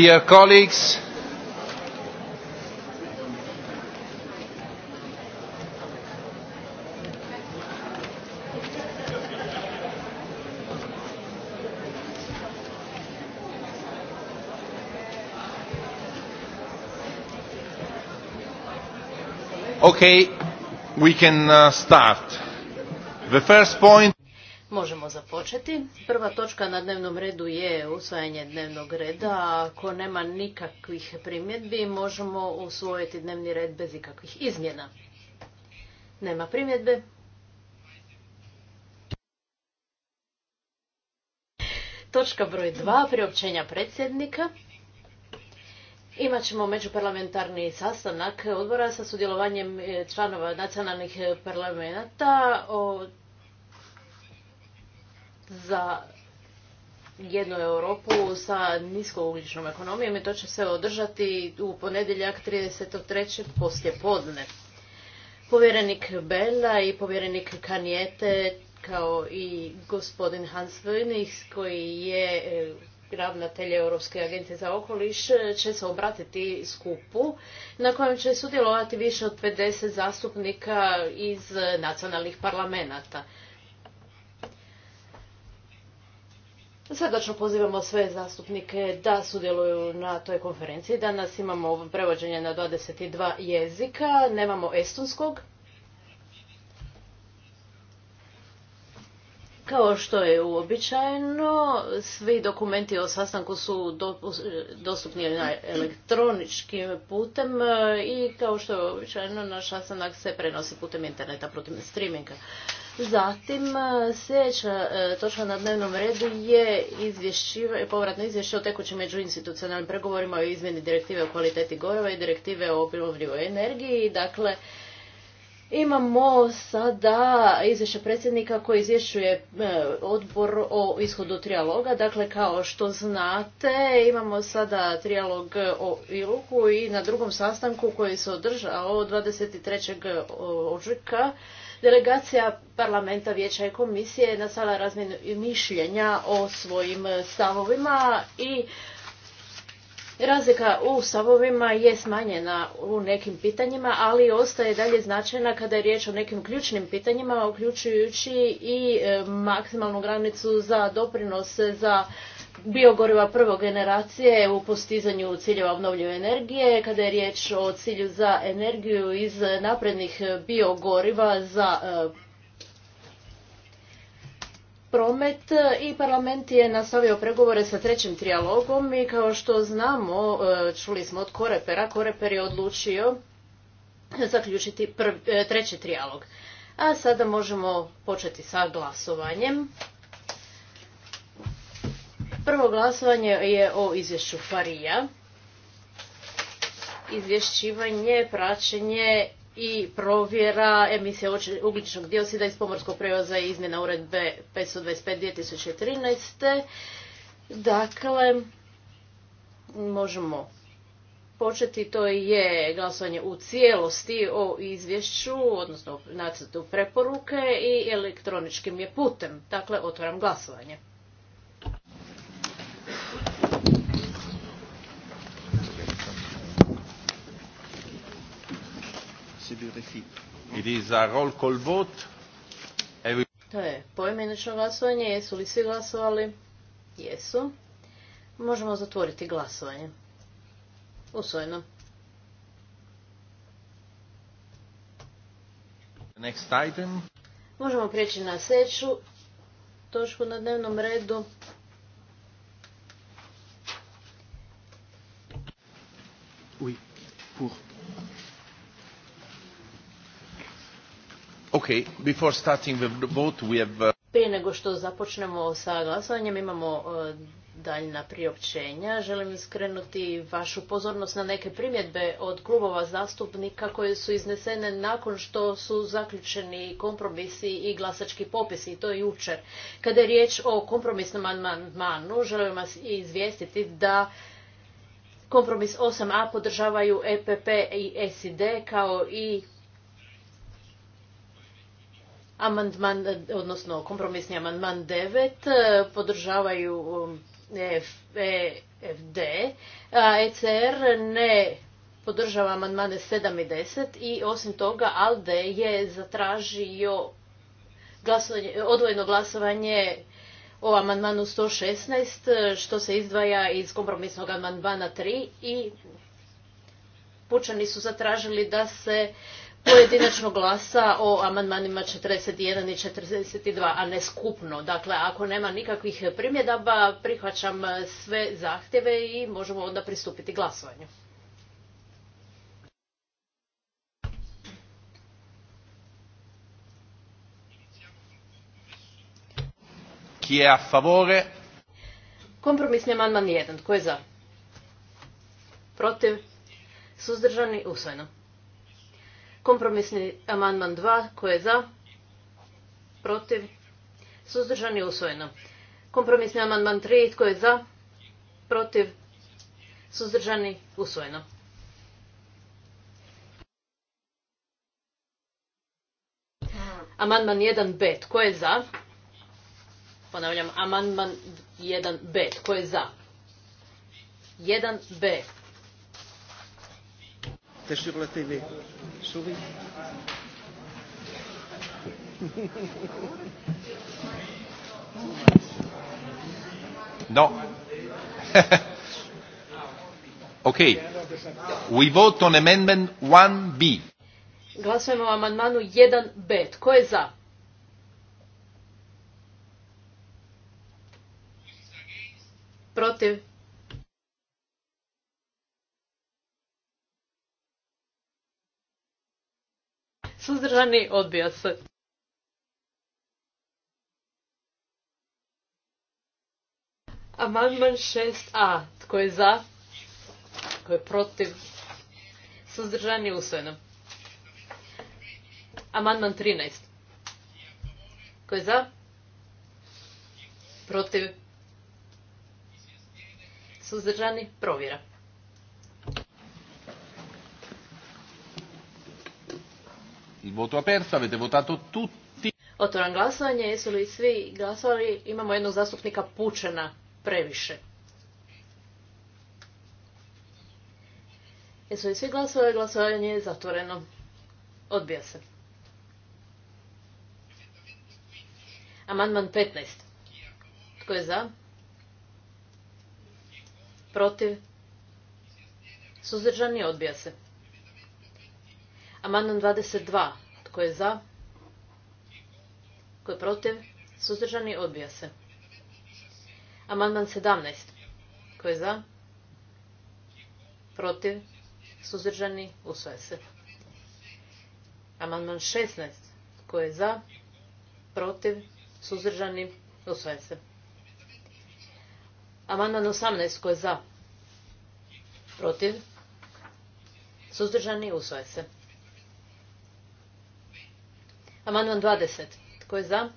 Dear colleagues, Okay, we can uh, start. The first point početi. Prva točka na dnevnom redu je usvajanje dnevnog reda. Ako nema nikakvih primjedbi, možemo usvojiti dnevni red bez ikakvih izmjena. Nema primjedbe. Točka broj 2, priopćenja predsjednika. Imaćemo ćemo međuparlamentarni sastanak odbora sa sudjelovanjem e, članova nacionalnih parlamenta o za jednu Europu sa niskougljičnom ekonomijom i to će se održati u ponedjeljak 33. poslje podne. Povjerenik Bella i povjerenik Kanijete kao i gospodin Hans Vönig koji je e, ravnatelj Europske agencije za okoliš će se obratiti skupu na kojem će sudjelovati više od 50 zastupnika iz nacionalnih parlamenata. Srdačno pozivamo sve zastupnike da sudjeluju na toj konferenciji. Danas imamo prevođenje na 22 jezika, nemamo estonskog. Kao što je uobičajeno, svi dokumenti o sastanku su dostupni na elektroničkim putem i kao što je uobičajeno, naš sastanak se prenosi putem interneta, putem streaminga. Zatim, e, sljedeća e, točka na dnevnom redu je povratno izvješće o tekućim međuinstitucionalnim pregovorima o izmjeni direktive o kvaliteti goriva i direktive o obnovljivoj energiji. Dakle, imamo sada izvješće predsjednika koji izvješćuje e, odbor o ishodu trijaloga. Dakle, kao što znate, imamo sada trijalog o Iluku i na drugom sastanku koji se održao 23. ožujka Delegacija parlamenta, vijeća i komisije je razmjenu mišljenja o svojim stavovima i Razlika u stavovima je smanjena u nekim pitanjima, ali ostaje dalje značajna kada je riječ o nekim ključnim pitanjima, uključujući i e, maksimalnu granicu za doprinose za biogoriva prve generacije u postizanju ciljeva obnovljive energije, kada je riječ o cilju za energiju iz naprednih biogoriva za e, promet i parlament je nastavio pregovore sa trećim trijalogom i kao što znamo, e, čuli smo od Korepera, Koreper je odlučio zaključiti e, treći trijalog. A sada možemo početi sa glasovanjem. Prvo glasovanje je o izvješću Farija. Izvješćivanje, praćenje i provjera emisije ugljičnog dioksida iz pomorskog prevoza i izmjena uredbe 525-2013. Dakle, možemo početi. To je glasovanje u cijelosti o izvješću, odnosno nacrtu preporuke i elektroničkim je putem. Dakle, otvaram glasovanje. is To je poimenično glasovanje. Jesu li svi glasovali? Jesu. Možemo zatvoriti glasovanje. Usvojeno. Možemo prijeći na sljedeću točku na dnevnom redu. Oui, pour Uh, Prije nego što započnemo sa glasovanjem imamo uh, daljna priopćenja. Želim skrenuti vašu pozornost na neke primjedbe od klubova zastupnika koje su iznesene nakon što su zaključeni kompromisi i glasački popisi i to je jučer. Kada je riječ o kompromisnom amandmanu, želim vas izvijestiti da kompromis 8a podržavaju EPP i SID kao i Amandman, odnosno kompromisni amandman 9 e, podržavaju um, FD, e, a ECR ne podržava amandmane 7 i 10 i osim toga ALDE je zatražio glasovanje, odvojeno glasovanje o amandmanu 116 e, što se izdvaja iz kompromisnog amandmana 3 i pučani su zatražili da se pojedinačno glasa o amandmanima 41 i 42, a ne skupno. Dakle, ako nema nikakvih primjedaba, prihvaćam sve zahtjeve i možemo onda pristupiti glasovanju. Kompromisni amandman 1. Tko je za? Protiv? Suzdržani? Usvojeno. Kompromisni amandman 2. koje je za? Protiv? Suzdržani usvojeno. Kompromisni amandman 3. koje je za? Protiv? Suzdržani usvojeno. Amandman 1b. Tko je za? Ponavljam, amandman 1b. Tko je za? 1b. T'es sur la TV. Souris. Non. Ok. We vote on amendment 1B. Glasujemo o amandmanu 1B. Tko je za? Protiv? Suzdržani odbija se. Amandman 6a. Tko je za? Tko je protiv? Suzdržani usvojeno. Amandman 13. Tko je za? Protiv? Suzdržani provjera. Il voto aperto, avete votato tutti. glasovanje, jesu li svi glasovali? Imamo jednog zastupnika pučena previše. Jesu li svi glasovali? Glasovanje je zatvoreno. Odbija se. Amandman 15. Tko je za? Protiv? Suzdržani odbija se. Amandman 22. Tko je za? Tko je protiv? Suzdržani odbija se. Amandman 17. Tko je za? Protiv? Suzdržani usvaja se. Amandman 16. Tko je za? Protiv? Suzdržani usvaja se. Amandman 18. Tko je za? Protiv? Suzdržani usvaja se. Amandman 20. Tko je za?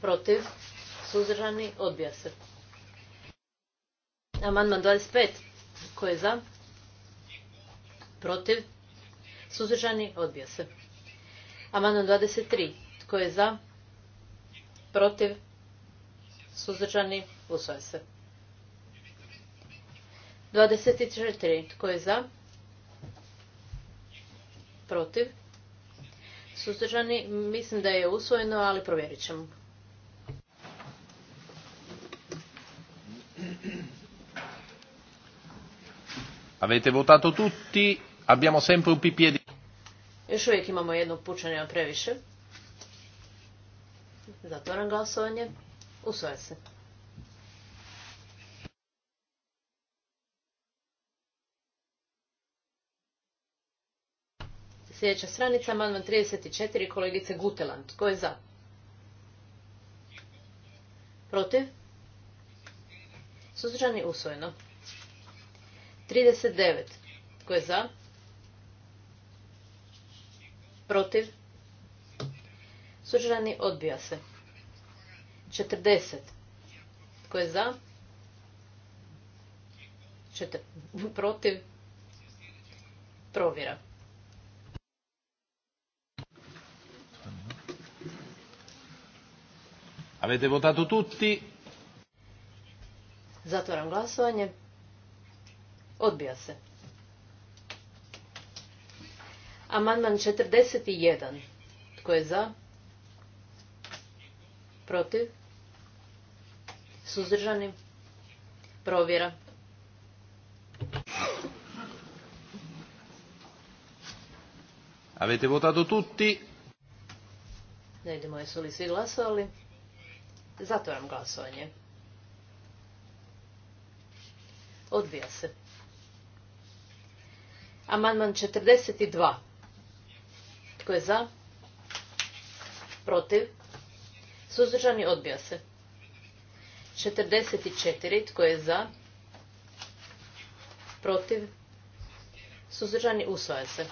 Protiv? Suzdržani? Odbija se. Amandman 25. Tko je za? Protiv? Suzdržani? Odbija se. Amandman 23. Tko je za? Protiv? Suzdržani? Usvaja se. 24. Tko je za? Protiv? Suzdržani? Mislim da je usvojeno, ali provjerit ćemo. Avete votato tutti? Abbiamo sempre un PPE di... Još uvijek imamo jednog pucciano previše. Zatvoram glasovanje. Usvaja se. Sljedeća stranica, amandman 34, kolegice Guteland. Tko je za? Protiv? Suzdržani usvojeno. 39. Tko je za? Protiv? Suzdržani odbija se. 40. Tko je za? Protiv? Provjera. Avete votato tutti? Zatvaram glasovanje. Odbija se. Amandman 41. Tko je za? Protiv? Suzdržani? Provjera. Avete votato tutti? Ne idemo, jesu li svi glasovali? Zatvoram glasovanje. Odbija se. Amandman 42. Tko je za? Protiv? Suzdržani odbija se. 44. Tko je za? Protiv? Suzdržani usvaja se.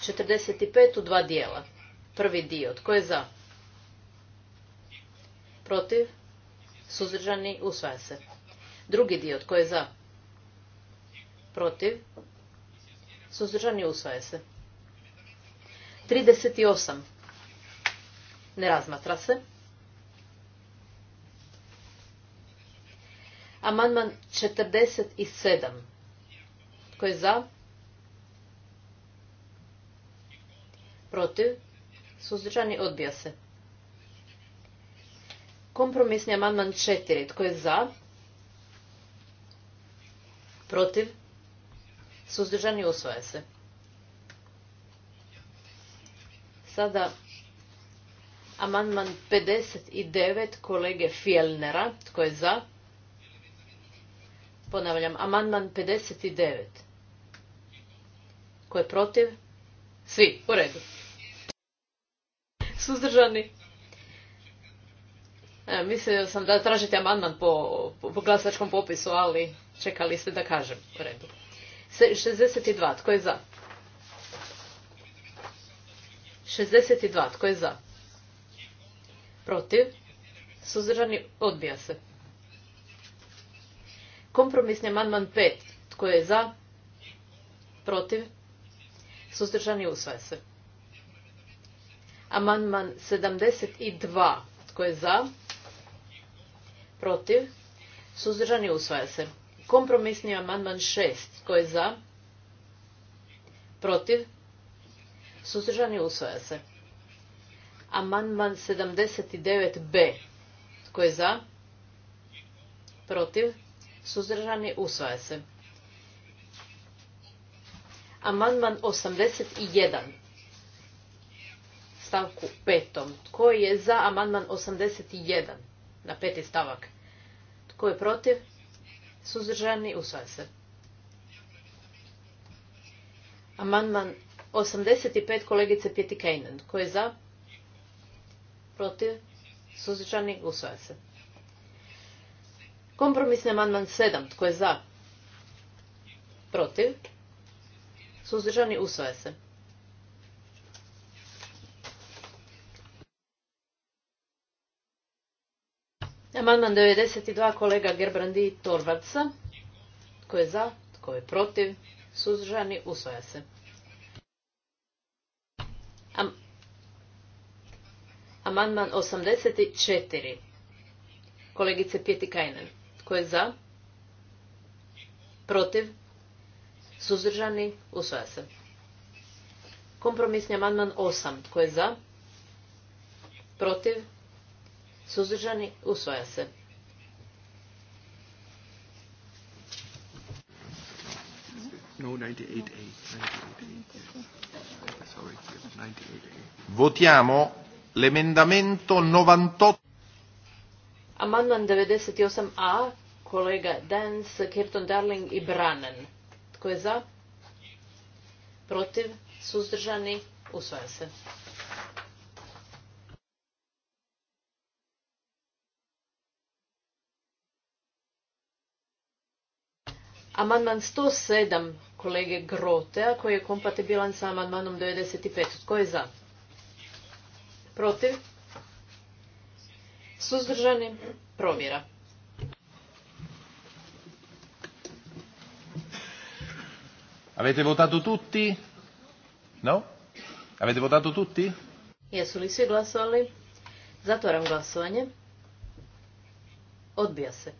45 u dva dijela. Prvi dio. Tko je za? protiv, suzdržani, usvaja se. Drugi dio, tko je za, protiv, suzdržani, usvaja se. 38. Ne razmatra se. Amandman 47. Tko je za? Protiv? Suzdržani odbija se. Kompromisni amandman četiri, Tko je za? Protiv? Suzdržani usvoje se. Sada amandman 59 kolege Fjelnera. Tko je za? Ponavljam, amandman 59. Tko je protiv? Svi, u redu. Suzdržani E, mislio sam da tražite amandman po, glasačkom popisu, ali čekali ste da kažem. U redu. 62. Tko je za? 62. Tko je za? Protiv? Suzdržani odbija se. Kompromisni amandman 5. Tko je za? Protiv? Suzdržani usvaja se. Amandman 72. Tko je za? protiv, suzdržani usvaja se. Kompromisni amandman šest, tko je za, protiv, suzdržani usvaja se. Amandman 79b, tko je za, protiv, suzdržani usvaja se. Amandman 81, stavku petom, Tko je za amandman 81? na peti stavak. Tko je protiv? Suzdržani usvaja se. Amandman 85 kolegice Pjeti Kejnen. Tko je za? Protiv? Suzdržani usvaja se. Kompromisni amandman 7. Tko je za? Protiv? Suzdržani usvaja se. Amandman 92 kolega Gerbrandi Torvaca, Tko je za? Tko je protiv? Suzdržani? Usvaja se. Am Amandman 84. Kolegice Pjeti Tko je za? Protiv? Suzdržani? Usvaja se. Kompromisni amandman 8. Tko je za? Protiv? Suzdržani? Usvaja se. 98A. Votiamo l'emendamento 98. Amandman 98a, kolega Dance, Kirton Darling i Branen. Tko je za? Protiv? Suzdržani? Usvaja se. Amandman 107 kolege Grotea koji je kompatibilan sa amandmanom 95. Tko je za? Protiv? Suzdržani? promjera Avete votato tutti? No? Avete votato tutti? Jesu li svi glasovali? Zatvaram glasovanje. Odbija se.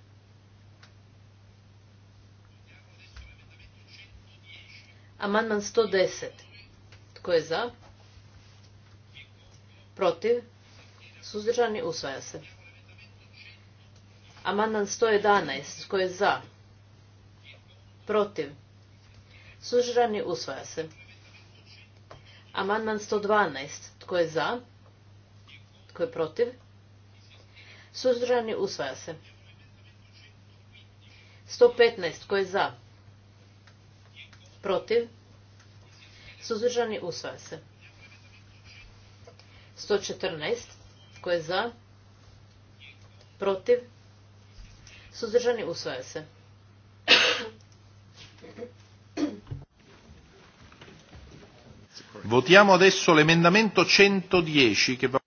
Amandman 110. Tko je za? Protiv? Suzdržani? Usvaja se. Amandman 111. Tko je za? Protiv? Suzdržani? Usvaja se. Amandman 112. Tko je za? Tko je protiv? Suzdržani? Usvaja se. 115. Tko je za? protiv, suzdržani, usvaja se. 114, Koje je za, protiv, suzdržani, usvaja se. Votiamo adesso l'emendamento 110 che va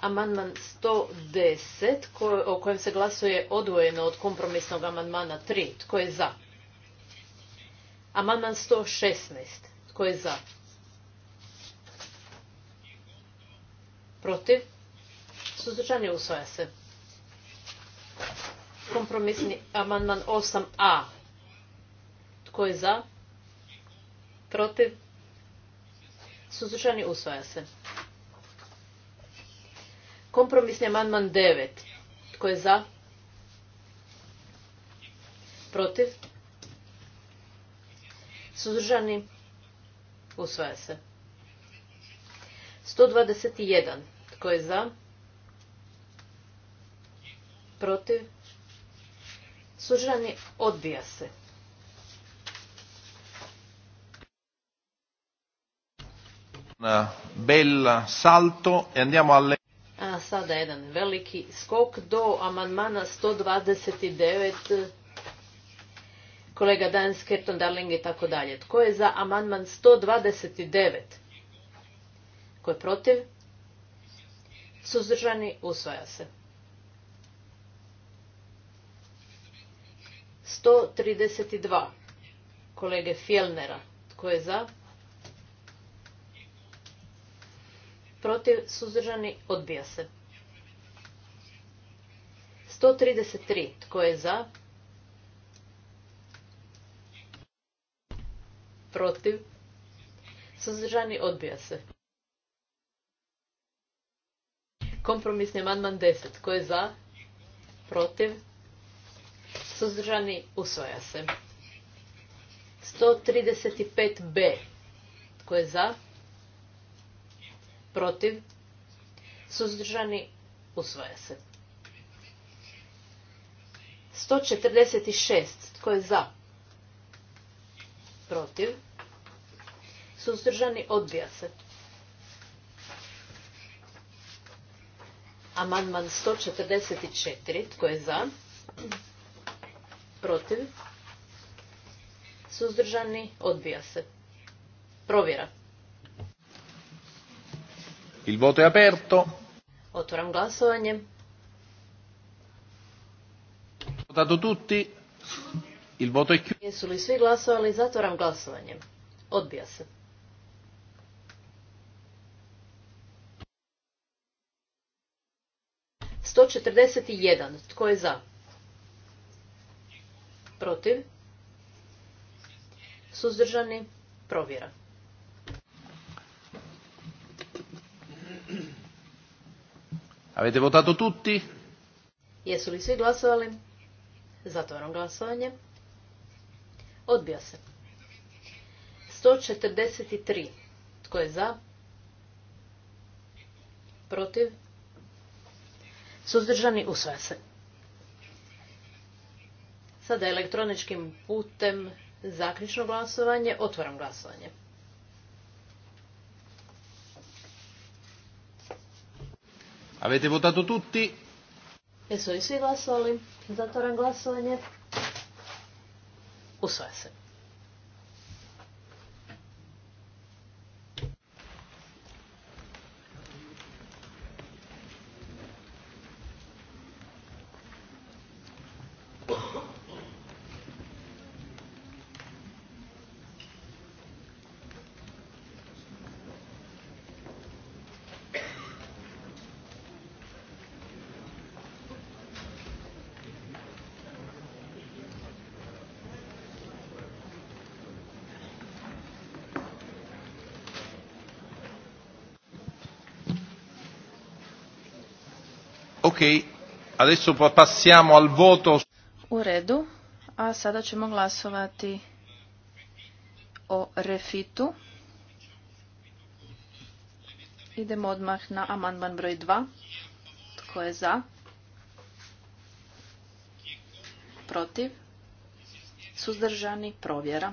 Amandman 110 o kojem se glasuje odvojeno od kompromisnog amandmana 3. Tko je za? Amandman 116. Tko je za? Protiv? Suzdržani usvaja se. Kompromisni amandman 8a. Tko je za? Protiv? Suzdržani usvaja se. Kompromisni amandman 9. Tko je za? Protiv? Suzdržani? Usvaja se. 121. Tko je za? Protiv? Suzdržani? Odbija se. Bel salto e andiamo alle... A sada jedan veliki skok do amandmana 129 kolega Dan Kerton, Darling i tako dalje. Tko je za amandman 129? Tko je protiv? Suzdržani usvaja se. 132. Kolege Fjelnera. Tko je za? Protiv suzdržani odbija se. 133. Tko je za? protiv, suzdržani, odbija se. Kompromisni amandman 10. Tko je za? Protiv? Suzdržani? Usvaja se. 135b. Tko je za? Protiv? Suzdržani? Usvaja se. 146. Tko je za? protiv, suzdržani, odbija se. Amandman 144, tko je za, protiv, suzdržani, odbija se. Provjera. Il voto je aperto. Otvaram glasovanje. Votato tutti. Il Jesu li svi glasovali? Zatvoram glasovanje. Odbija se. Sto četrdeset jedan. Tko je za? Protiv? Suzdržani? Provjera. Avete votato tutti? Jesu li svi glasovali? Zatvoram glasovanje. Odbija se. 143. Tko je za? Protiv? Suzdržani usvaja se. Sada elektroničkim putem zaključno glasovanje. Otvaram glasovanje. Avete votato tutti? Jesu li svi glasovali? Zatvaram glasovanje. Usvaja se. Oh. Ok, adesso pa- passiamo al voto. U redu, a sada ćemo glasovati o refitu. Idemo odmah na amandman broj 2. Tko je za? Protiv? Suzdržani? Provjera.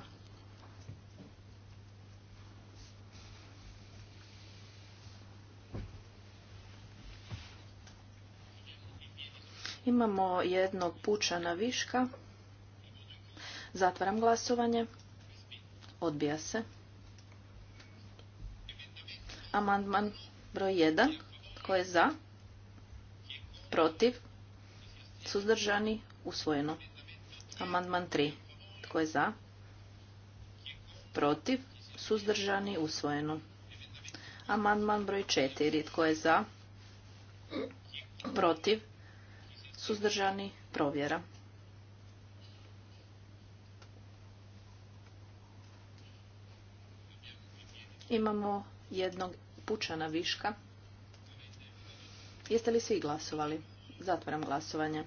Imamo jednog pučana viška. Zatvaram glasovanje. Odbija se. Amandman broj 1. tko je za? Protiv? Suzdržani? Usvojeno. Amandman 3. Tko je za? Protiv? Suzdržani? Usvojeno. Amandman broj 4. Tko je za? Protiv? suzdržani, provjera. Imamo jednog pučana viška. Jeste li svi glasovali? Zatvaram glasovanje.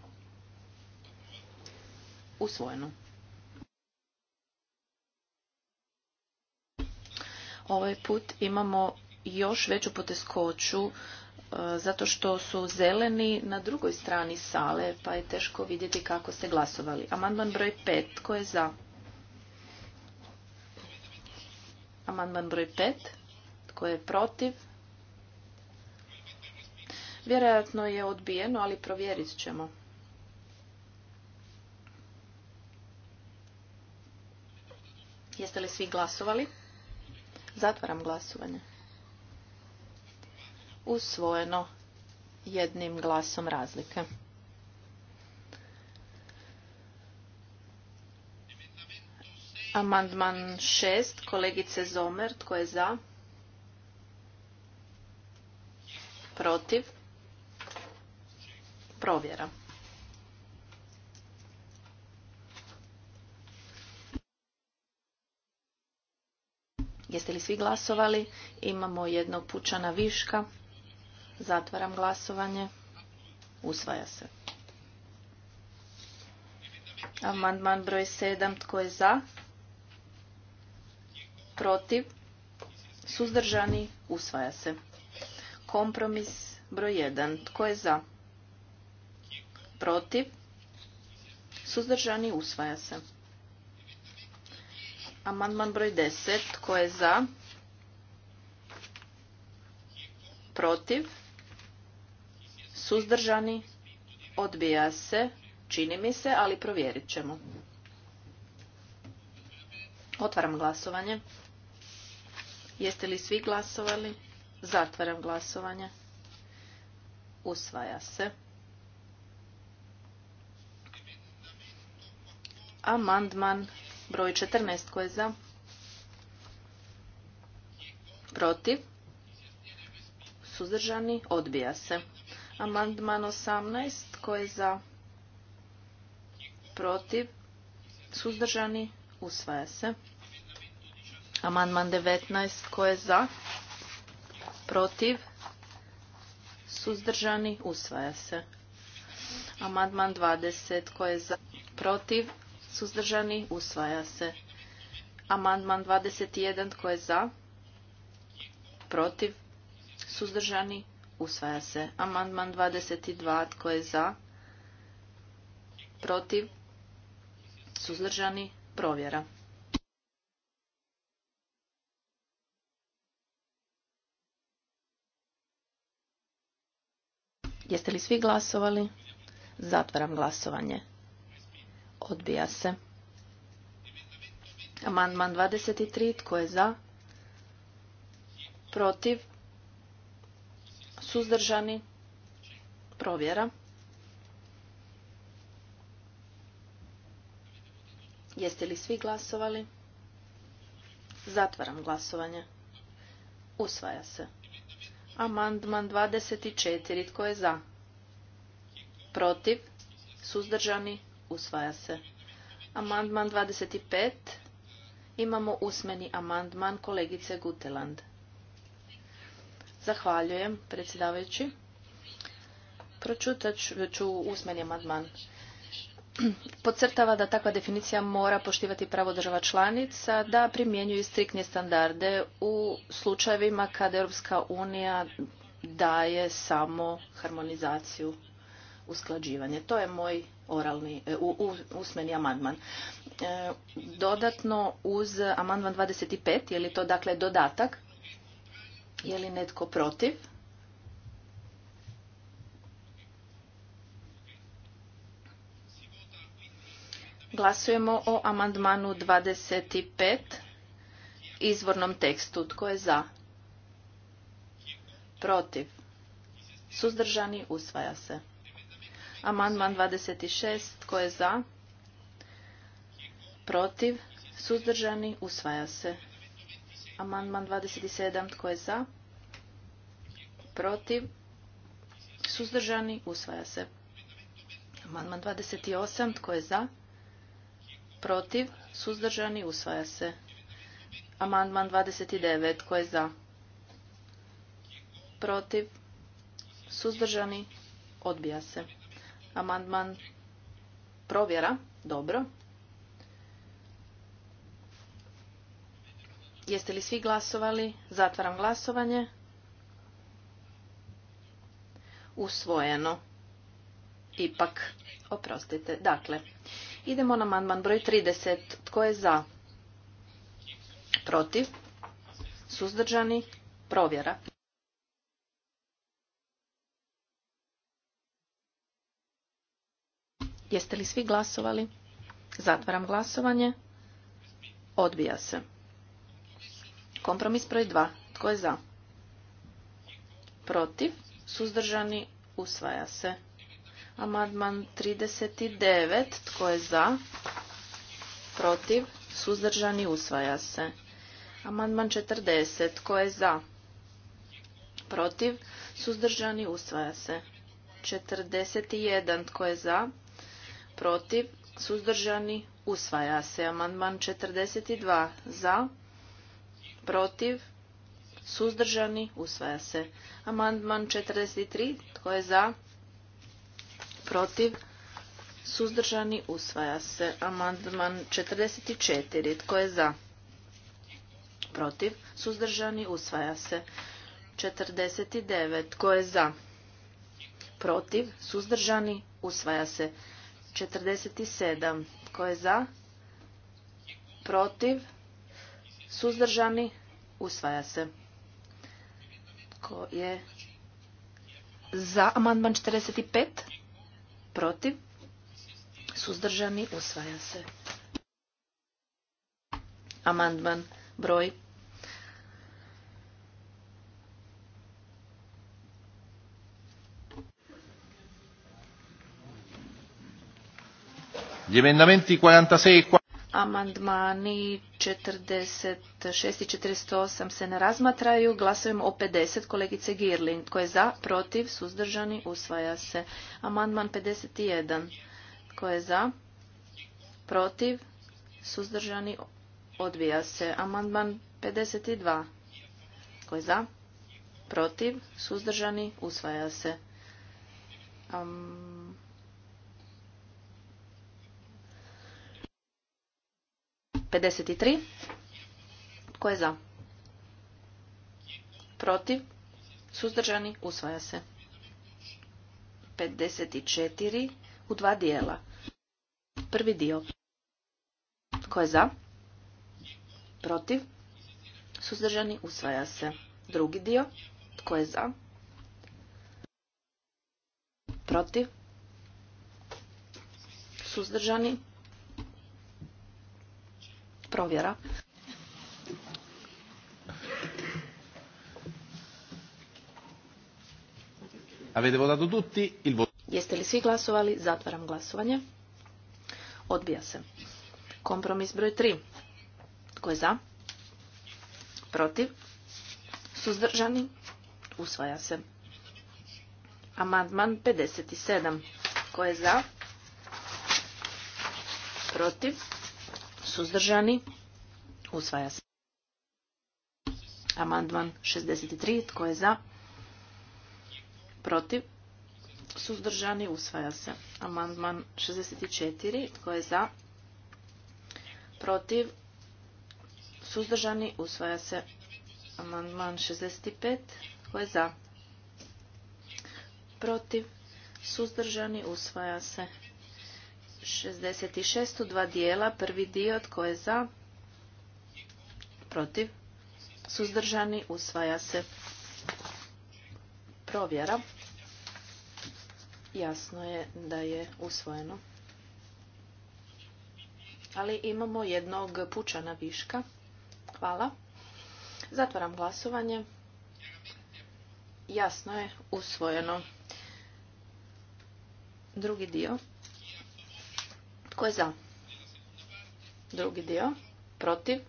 Usvojeno. Ovaj put imamo još veću poteskoću E, zato što su zeleni na drugoj strani sale, pa je teško vidjeti kako ste glasovali. Amandman broj 5, tko je za? Amandman broj pet, tko je protiv? Vjerojatno je odbijeno, ali provjerit ćemo. Jeste li svi glasovali? Zatvaram glasovanje usvojeno jednim glasom razlike. Amandman šest, kolegice Zomer, tko je za? Protiv? Provjera. Jeste li svi glasovali? Imamo jednog pučana viška. Zatvaram glasovanje. Usvaja se. Amandman broj 7. Tko je za? Protiv? Suzdržani? Usvaja se. Kompromis broj 1. Tko je za? Protiv? Suzdržani? Usvaja se. Amandman broj 10. Tko je za? Protiv? Suzdržani? Odbija se. Čini mi se, ali provjerit ćemo. Otvaram glasovanje. Jeste li svi glasovali? Zatvaram glasovanje. Usvaja se. Amandman broj 14 koji je za protiv suzdržani odbija se Amandman 18. Tko je za? Protiv? Suzdržani? Usvaja se. Amandman 19. Tko je za? Protiv? Suzdržani? Usvaja se. Amandman 20. Tko je za? Protiv? Suzdržani? Usvaja se. Amandman 21. Tko je za? Protiv? Suzdržani? Usvaja se. Amandman 22. Tko je za? Protiv? Suzdržani? Provjera. Jeste li svi glasovali? Zatvaram glasovanje. Odbija se. Amandman 23. Tko je za? Protiv? Suzdržani? Provjera. Jeste li svi glasovali? Zatvaram glasovanje. Usvaja se. Amandman 24. Tko je za? Protiv? Suzdržani? Usvaja se. Amandman 25. Imamo usmeni amandman kolegice Guteland. Zahvaljujem, predsjedavajući. Pročutat ću usmeni amandman. Podcrtava da takva definicija mora poštivati pravo država članica da primjenjuju striktne standarde u slučajevima kada Europska unija daje samo harmonizaciju usklađivanje. To je moj oralni, e, usmeni amandman. E, dodatno uz amandman 25, je li to dakle dodatak, je li netko protiv? Glasujemo o amandmanu 25, izvornom tekstu. Tko je za? Protiv. Suzdržani usvaja se. Amandman 26. Tko je za? Protiv. Suzdržani usvaja se. Amandman 27. Tko je za? Protiv? Suzdržani? Usvaja se. Amandman 28. Tko je za? Protiv? Suzdržani? Usvaja se. Amandman 29. Tko je za? Protiv? Suzdržani? Odbija se. Amandman provjera. Dobro. Jeste li svi glasovali? Zatvaram glasovanje. Usvojeno. Ipak, oprostite. Dakle, idemo na mandman broj 30. Tko je za? Protiv? Suzdržani? Provjera. Jeste li svi glasovali? Zatvaram glasovanje. Odbija se. Kompromis broj 2. Tko je za? Protiv. Suzdržani. Usvaja se. Amadman 39. Tko je za? Protiv. Suzdržani. Usvaja se. Amandman 40. Tko je za? Protiv. Suzdržani. Usvaja se. 41. Tko je za? Protiv. Suzdržani. Usvaja se. Amandman 42. Za protiv, suzdržani, usvaja se. Amandman 43, tko je za, protiv, suzdržani, usvaja se. Amandman 44, tko je za, protiv, suzdržani, usvaja se. 49, tko je za, protiv, suzdržani, usvaja se. 47, tko je za, protiv, Suzdržani? Usvaja se. Ko je za amandman 45? Protiv? Suzdržani? Usvaja se. Amandman broj Gli 46 e Amandmani 46 i 48 se ne razmatraju. Glasujemo o 50 kolegice Girlin. Tko je za, protiv, suzdržani, usvaja se. Amandman 51. Tko je za, protiv, suzdržani, odbija se. Amandman 52. Tko je za, protiv, suzdržani, usvaja se. Am... 53. Tko je za? Protiv? Suzdržani? Usvaja se. 54. U dva dijela. Prvi dio. Tko je za? Protiv? Suzdržani? Usvaja se. Drugi dio. Tko je za? Protiv? Suzdržani? Provjera. Avete votato tutti il Jeste li svi glasovali? Zatvaram glasovanje. Odbija se. Kompromis broj 3. Tko je za? Protiv? Suzdržani? Usvaja se. Amandman 57. Tko je za? Protiv? suzdržani, usvaja se. Amandman 63, tko je za, protiv, suzdržani, usvaja se. Amandman 64, tko je za, protiv, suzdržani, usvaja se. Amandman 65, tko je za, protiv, suzdržani, usvaja se. 66 dva dijela. Prvi dio tko je za? Protiv? Suzdržani? Usvaja se. Provjera. Jasno je da je usvojeno. Ali imamo jednog pučana viška. Hvala. Zatvaram glasovanje. Jasno je usvojeno. Drugi dio. Tko je za? Drugi dio. Protiv.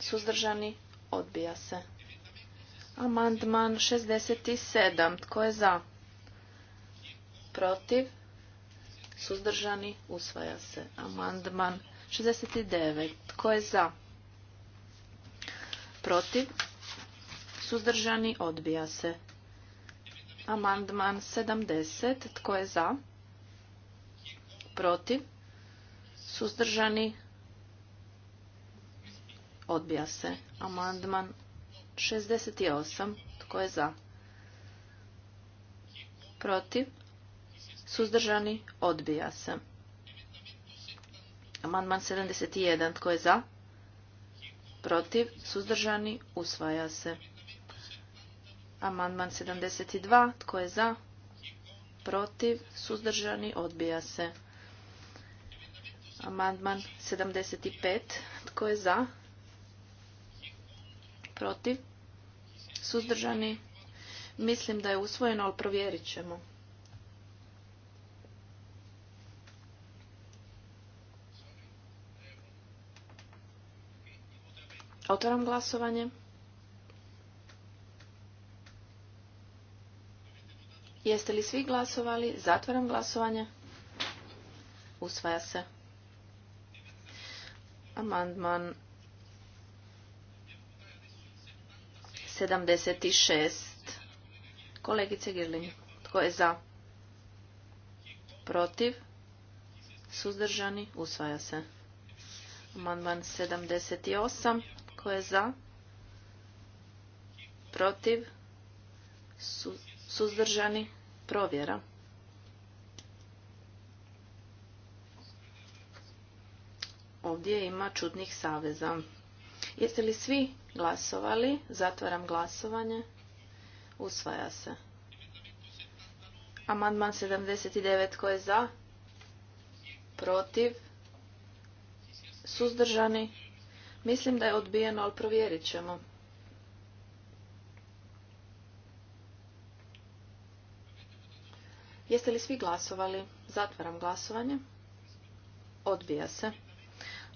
Suzdržani. Odbija se. Amandman 67. Tko je za? Protiv. Suzdržani. Usvaja se. Amandman 69. Tko je za? Protiv. Suzdržani. Odbija se. Amandman 70. Tko je za? protiv, suzdržani, odbija se. Amandman 68, tko je za, protiv, suzdržani, odbija se. Amandman 71, tko je za, protiv, suzdržani, usvaja se. Amandman 72, tko je za, protiv, suzdržani, odbija se. Amandman 75. Tko je za? Protiv? Suzdržani? Mislim da je usvojeno, ali provjerit ćemo. Otvaram glasovanje. Jeste li svi glasovali? Zatvaram glasovanje. Usvaja se. Amandman 76. Kolegice Girlin, tko je za? Protiv? Suzdržani? Usvaja se. Amandman 78. Tko je za? Protiv? suzdržani? Provjera. ovdje ima čudnih saveza. Jeste li svi glasovali? Zatvaram glasovanje. Usvaja se. Amandman 79 tko je za? Protiv? Suzdržani? Mislim da je odbijeno, ali provjerit ćemo. Jeste li svi glasovali? Zatvaram glasovanje. Odbija se.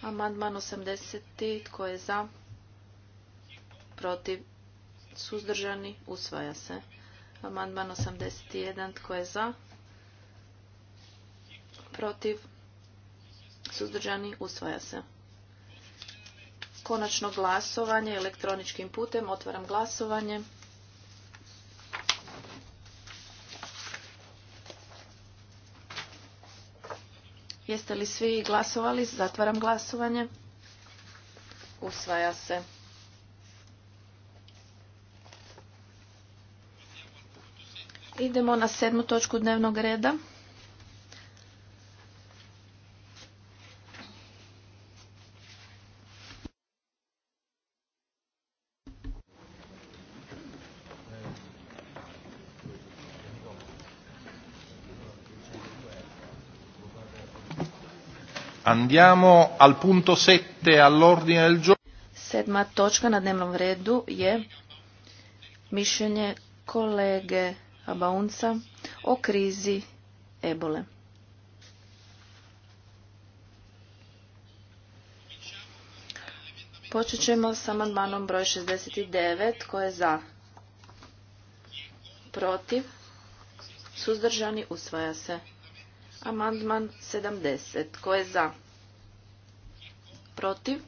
Amandman 80. Tko je za? Protiv? Suzdržani? Usvaja se. Amandman 81. Tko je za? Protiv? Suzdržani? Usvaja se. Konačno glasovanje elektroničkim putem. Otvaram glasovanje. Jeste li svi glasovali? Zatvaram glasovanje. Usvaja se. Idemo na sedmu točku dnevnog reda. Andiamo al punto 7 all'ordine del giorno. Sedma točka na dnevnom redu je mišljenje kolege Abaunca o krizi ebole. Počet ćemo s amandmanom broj 69 koje je za, protiv, suzdržani, usvaja se. Amandman 70. Tko je za? Protiv?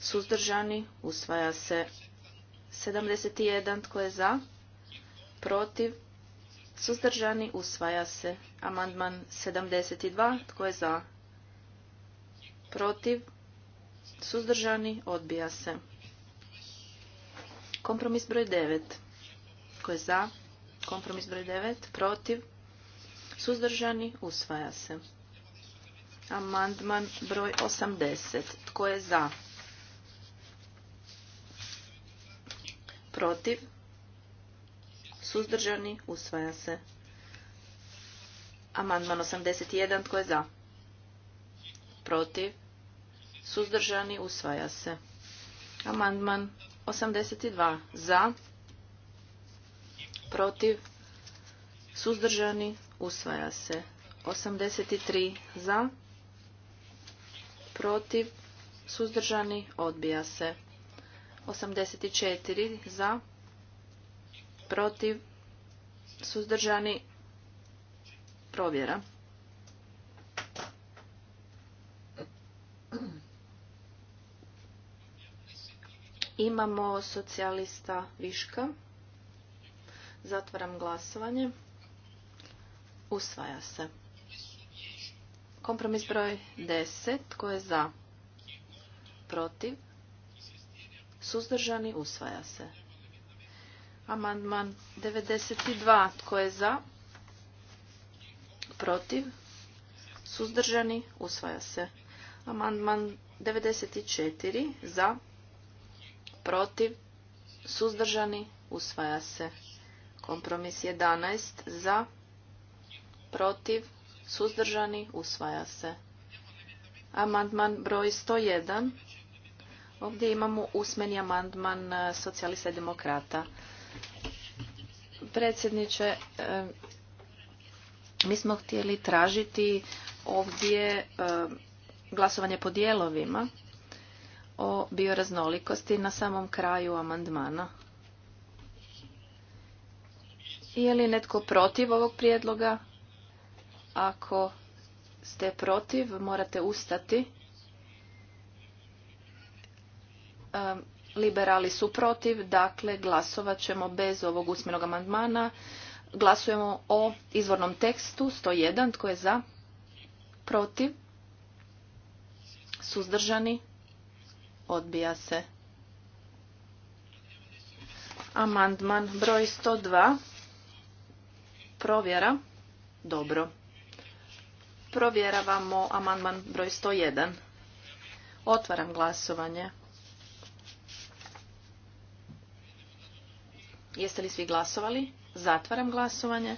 Suzdržani? Usvaja se. 71. Tko je za? Protiv? Suzdržani? Usvaja se. Amandman 72. Tko je za? Protiv? Suzdržani? Odbija se. Kompromis broj 9. Tko je za? Kompromis broj 9. Protiv? Suzdržani? Usvaja se. Amandman broj 80. Tko je za? Protiv? Suzdržani? Usvaja se. Amandman 81. Tko je za? Protiv? Suzdržani? Usvaja se. Amandman 82. Za? Protiv? Suzdržani? usvaja se. 83 za, protiv, suzdržani, odbija se. 84 za, protiv, suzdržani, provjera. Imamo socijalista Viška. Zatvaram glasovanje. Usvaja se. Kompromis broj 10. Tko je za? Protiv? Suzdržani? Usvaja se. Amandman 92. Tko je za? Protiv? Suzdržani? Usvaja se. Amandman 94. Za? Protiv? Suzdržani? Usvaja se. Kompromis 11. Za? protiv, suzdržani, usvaja se. Amandman broj 101. Ovdje imamo usmeni amandman e, socijalista i demokrata. Predsjedniče, e, mi smo htjeli tražiti ovdje e, glasovanje po dijelovima o bioraznolikosti na samom kraju amandmana. Je li netko protiv ovog prijedloga? Ako ste protiv, morate ustati. Liberali su protiv, dakle glasovat ćemo bez ovog usmenog amandmana. Glasujemo o izvornom tekstu 101. Tko je za? Protiv? Suzdržani? Odbija se. Amandman broj 102. Provjera. Dobro. Provjeravamo amandman broj 101. Otvaram glasovanje. Jeste li svi glasovali? Zatvaram glasovanje.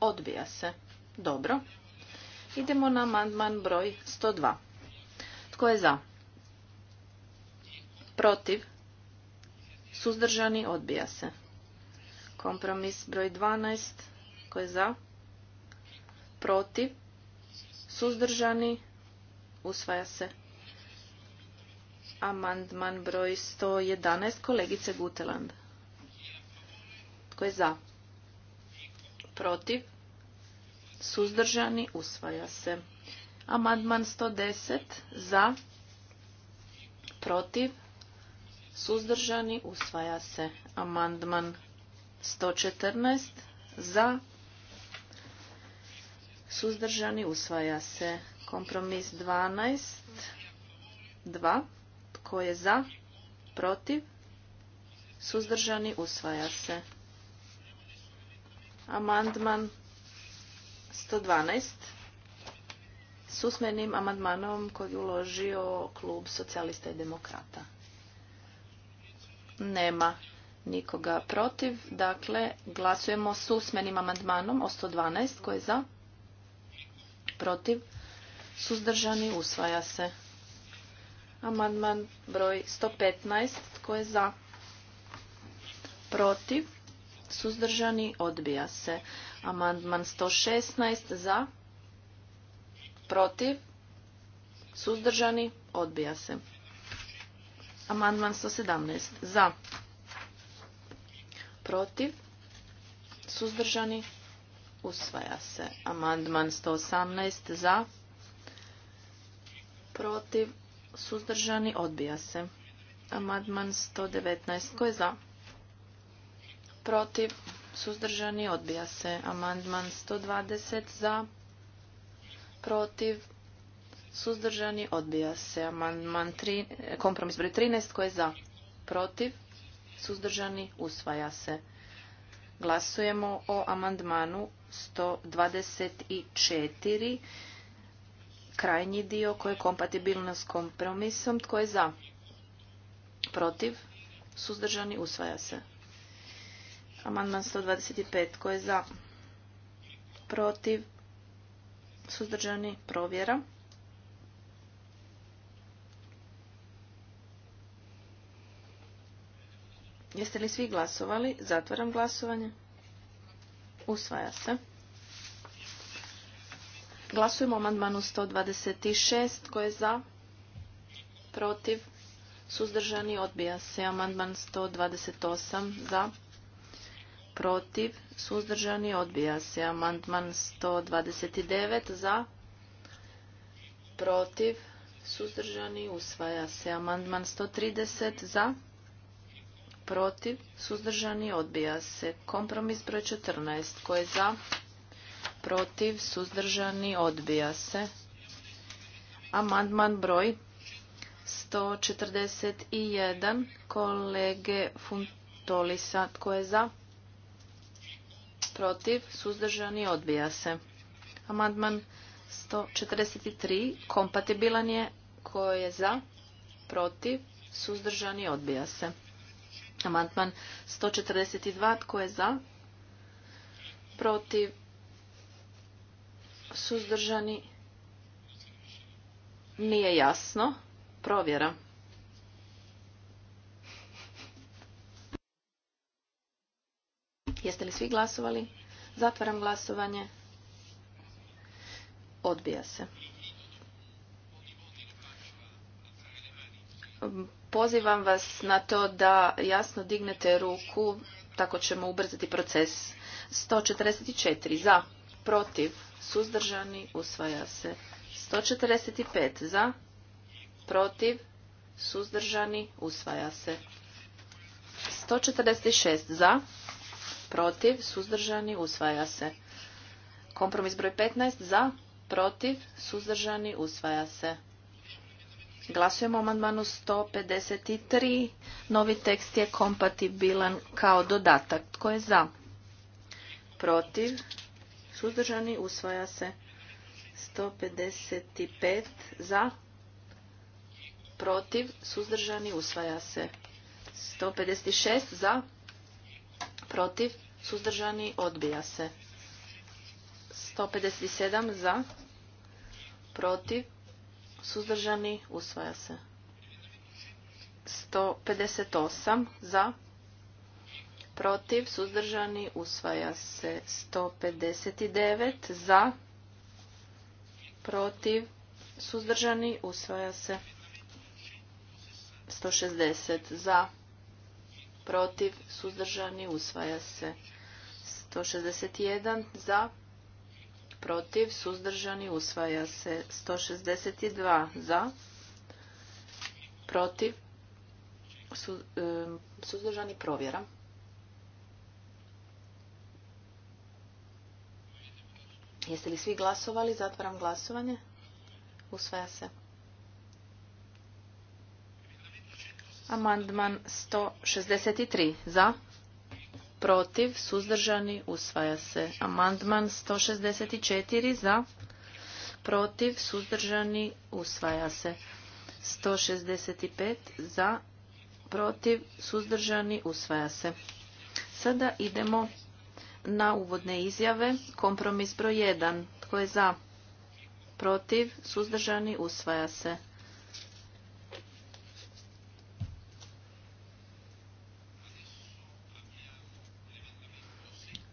Odbija se. Dobro. Idemo na amandman broj 102. Tko je za? Protiv? Suzdržani? Odbija se. Kompromis broj 12. Tko je za? protiv, suzdržani, usvaja se. Amandman broj 111, kolegice Guteland. Tko je za? Protiv, suzdržani, usvaja se. Amandman 110, za, protiv, suzdržani, usvaja se. Amandman 114, za, suzdržani, usvaja se. Kompromis 12, 2, tko je za, protiv, suzdržani, usvaja se. Amandman 112 s usmenim amandmanom koji je uložio klub socijalista i demokrata. Nema nikoga protiv. Dakle, glasujemo s usmenim amandmanom o 112 Tko je za, protiv, suzdržani, usvaja se. Amandman broj 115, tko je za, protiv, suzdržani, odbija se. Amandman 116, za, protiv, suzdržani, odbija se. Amandman 117, za, protiv, suzdržani, Usvaja se. Amandman 118 za. Protiv. Suzdržani. Odbija se. Amandman 119. Tko je za? Protiv. Suzdržani. Odbija se. Amandman 120 za. Protiv. Suzdržani. Odbija se. Amandman Kompromis broj 13. Tko je za? Protiv. Suzdržani. Usvaja se. Glasujemo o amandmanu 124, krajnji dio koji je kompatibilno s kompromisom. Tko je za? Protiv? Suzdržani? Usvaja se. Amandman 125. Tko je za? Protiv? Suzdržani? Provjera. Jeste li svi glasovali? Zatvaram glasovanje. Usvaja se. Glasujemo o amandmanu 126. Tko je za? Protiv? Suzdržani? Odbija se. Amandman 128. Za? Protiv? Suzdržani? Odbija se. Amandman 129. Za? Protiv? Suzdržani? Usvaja se. Amandman 130. Za? protiv, suzdržani, odbija se. Kompromis broj 14, tko je za, protiv, suzdržani, odbija se. Amandman broj 141, kolege Funtolisa, tko je za, protiv, suzdržani, odbija se. Amandman 143, kompatibilan je, tko je za, protiv, suzdržani, odbija se. Amandman 142. Tko je za? Protiv? Suzdržani? Nije jasno. Provjera. Jeste li svi glasovali? Zatvaram glasovanje. Odbija se. Pozivam vas na to da jasno dignete ruku, tako ćemo ubrzati proces. 144 za, protiv, suzdržani, usvaja se. 145 za, protiv, suzdržani, usvaja se. 146 za, protiv, suzdržani, usvaja se. Kompromis broj 15 za, protiv, suzdržani, usvaja se. Glasujemo o amandmanu 153. Novi tekst je kompatibilan kao dodatak. Tko je za? Protiv? Suzdržani? Usvaja se. 155. Za? Protiv? Suzdržani? Usvaja se. 156. Za? Protiv? Suzdržani? Odbija se. 157. Za? Protiv? suzdržani, usvaja se. 158 za, protiv, suzdržani, usvaja se. 159 za, protiv, suzdržani, usvaja se. 160 za, protiv, suzdržani, usvaja se. 161 za, protiv, suzdržani, usvaja se. 162 za, protiv, e, suzdržani, provjera. Jeste li svi glasovali? Zatvaram glasovanje. Usvaja se. Amandman 163 za, protiv, suzdržani, usvaja se. Amandman 164 za, protiv, suzdržani, usvaja se. 165 za, protiv, suzdržani, usvaja se. Sada idemo na uvodne izjave. Kompromis broj 1. Tko je za? Protiv, suzdržani, usvaja se.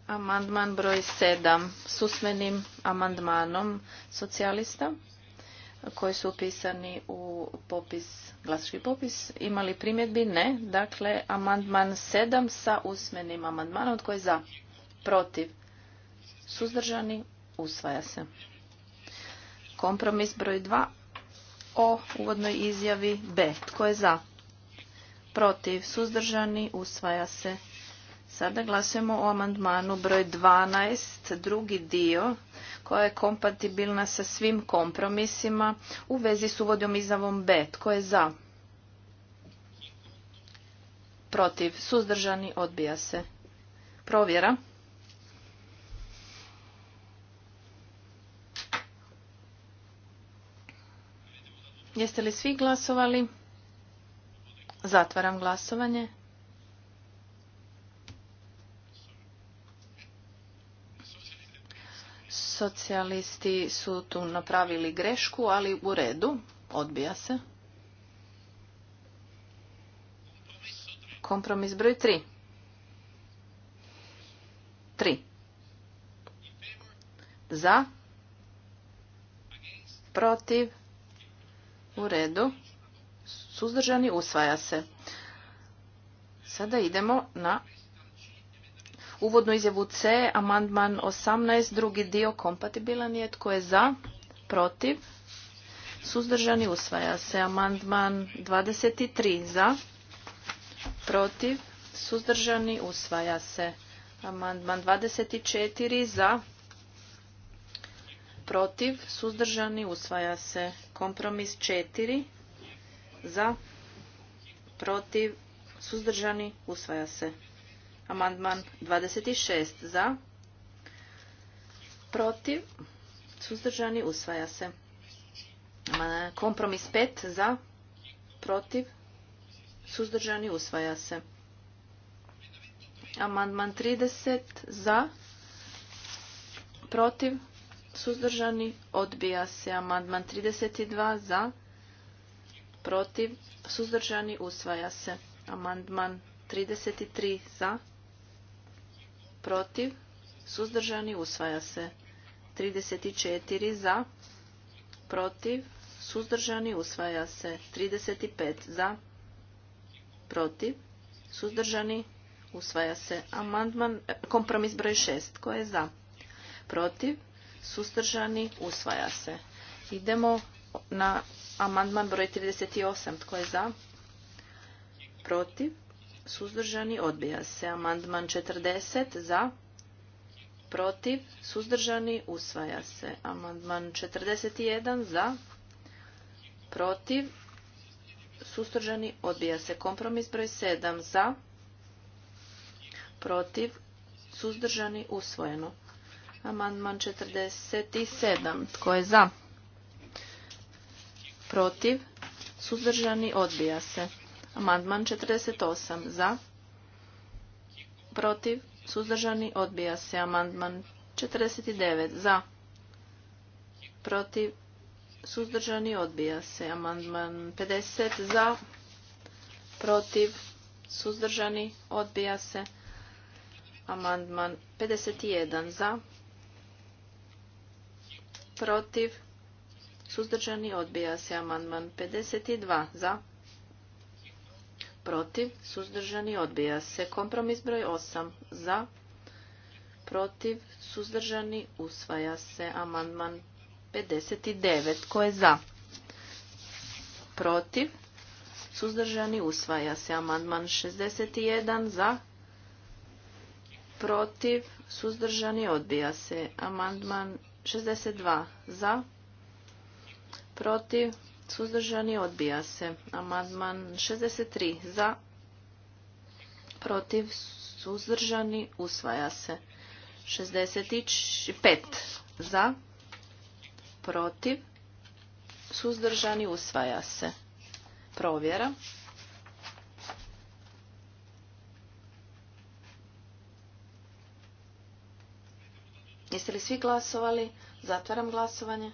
Amandman broj 7 s usmenim amandmanom socijalista koji su upisani u popis, glasački popis. Imali primjedbi? Ne. Dakle, amandman 7 sa usmenim amandmanom. Tko je za? Protiv? Suzdržani? Usvaja se. Kompromis broj 2 o uvodnoj izjavi B. Tko je za? Protiv? Suzdržani? Usvaja se. Sada glasujemo o amandmanu broj 12, drugi dio, koja je kompatibilna sa svim kompromisima u vezi s uvodom izavom B. Tko je za? Protiv. Suzdržani odbija se. Provjera. Jeste li svi glasovali? Zatvaram glasovanje. Socijalisti su tu napravili grešku, ali u redu, odbija se. Kompromis broj 3. 3. Za. Protiv. U redu. Suzdržani usvaja se. Sada idemo na Uvodnu izjavu C, amandman 18, drugi dio kompatibilan je. Tko je za? Protiv? Suzdržani usvaja se. Amandman 23 za. Protiv? Suzdržani usvaja se. Amandman 24 za. Protiv? Suzdržani usvaja se. Kompromis 4 za. Protiv? Suzdržani usvaja se. Amandman 26 za. Protiv. Suzdržani usvaja se. Kompromis 5 za. Protiv. Suzdržani usvaja se. Amandman 30 za. Protiv. Suzdržani odbija se. Amandman 32 za. Protiv. Suzdržani usvaja se. Amandman 33 za protiv, suzdržani, usvaja se. 34 za, protiv, suzdržani, usvaja se. 35 za, protiv, suzdržani, usvaja se. Amandman, kompromis broj 6, koje je za, protiv, suzdržani, usvaja se. Idemo na amandman broj 38, tko je za, protiv, suzdržani, odbija se. Amandman 40 za, protiv, suzdržani, usvaja se. Amandman 41 za, protiv, suzdržani, odbija se. Kompromis broj 7 za, protiv, suzdržani, usvojeno. Amandman 47. Tko je za? Protiv, suzdržani, odbija se. Amandman 48 za, protiv, suzdržani, odbija se. Amandman 49 za, protiv, suzdržani, odbija se. Amandman 50 za, protiv, suzdržani, odbija se. Amandman 51 za, protiv, suzdržani, odbija se. Amandman 52 za, protiv, suzdržani, odbija se. Kompromis broj 8 za, protiv, suzdržani, usvaja se. Amandman 59. Ko je za? Protiv, suzdržani, usvaja se. Amandman 61 za, protiv, suzdržani, odbija se. Amandman 62 za, protiv, Suzdržani odbija se. Amandman 63 za. Protiv suzdržani usvaja se. 65 za. Protiv suzdržani usvaja se. Provjera. Jeste li svi glasovali? Zatvaram glasovanje.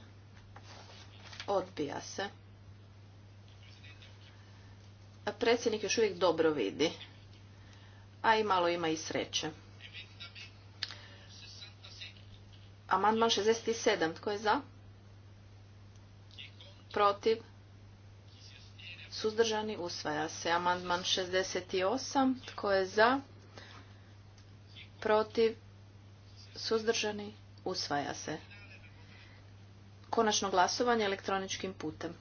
Odbija se predsjednik još uvijek dobro vidi, a i malo ima i sreće. Amandman 67. Tko je za? Protiv? Suzdržani? Usvaja se. Amandman 68. Tko je za? Protiv? Suzdržani? Usvaja se. Konačno glasovanje elektroničkim putem.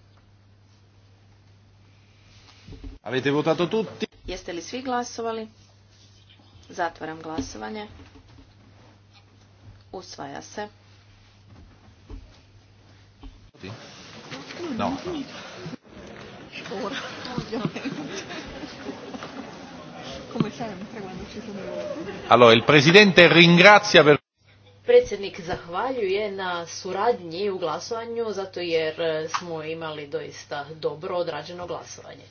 Avete votato tutti? Jeste li svi glasovali? Zatvaram glasovanje. Usvaja se. No. Allora, il presidente ringrazia per Predsjednik zahvaljuje na suradnji u glasovanju zato jer smo imali doista dobro odrađeno glasovanje.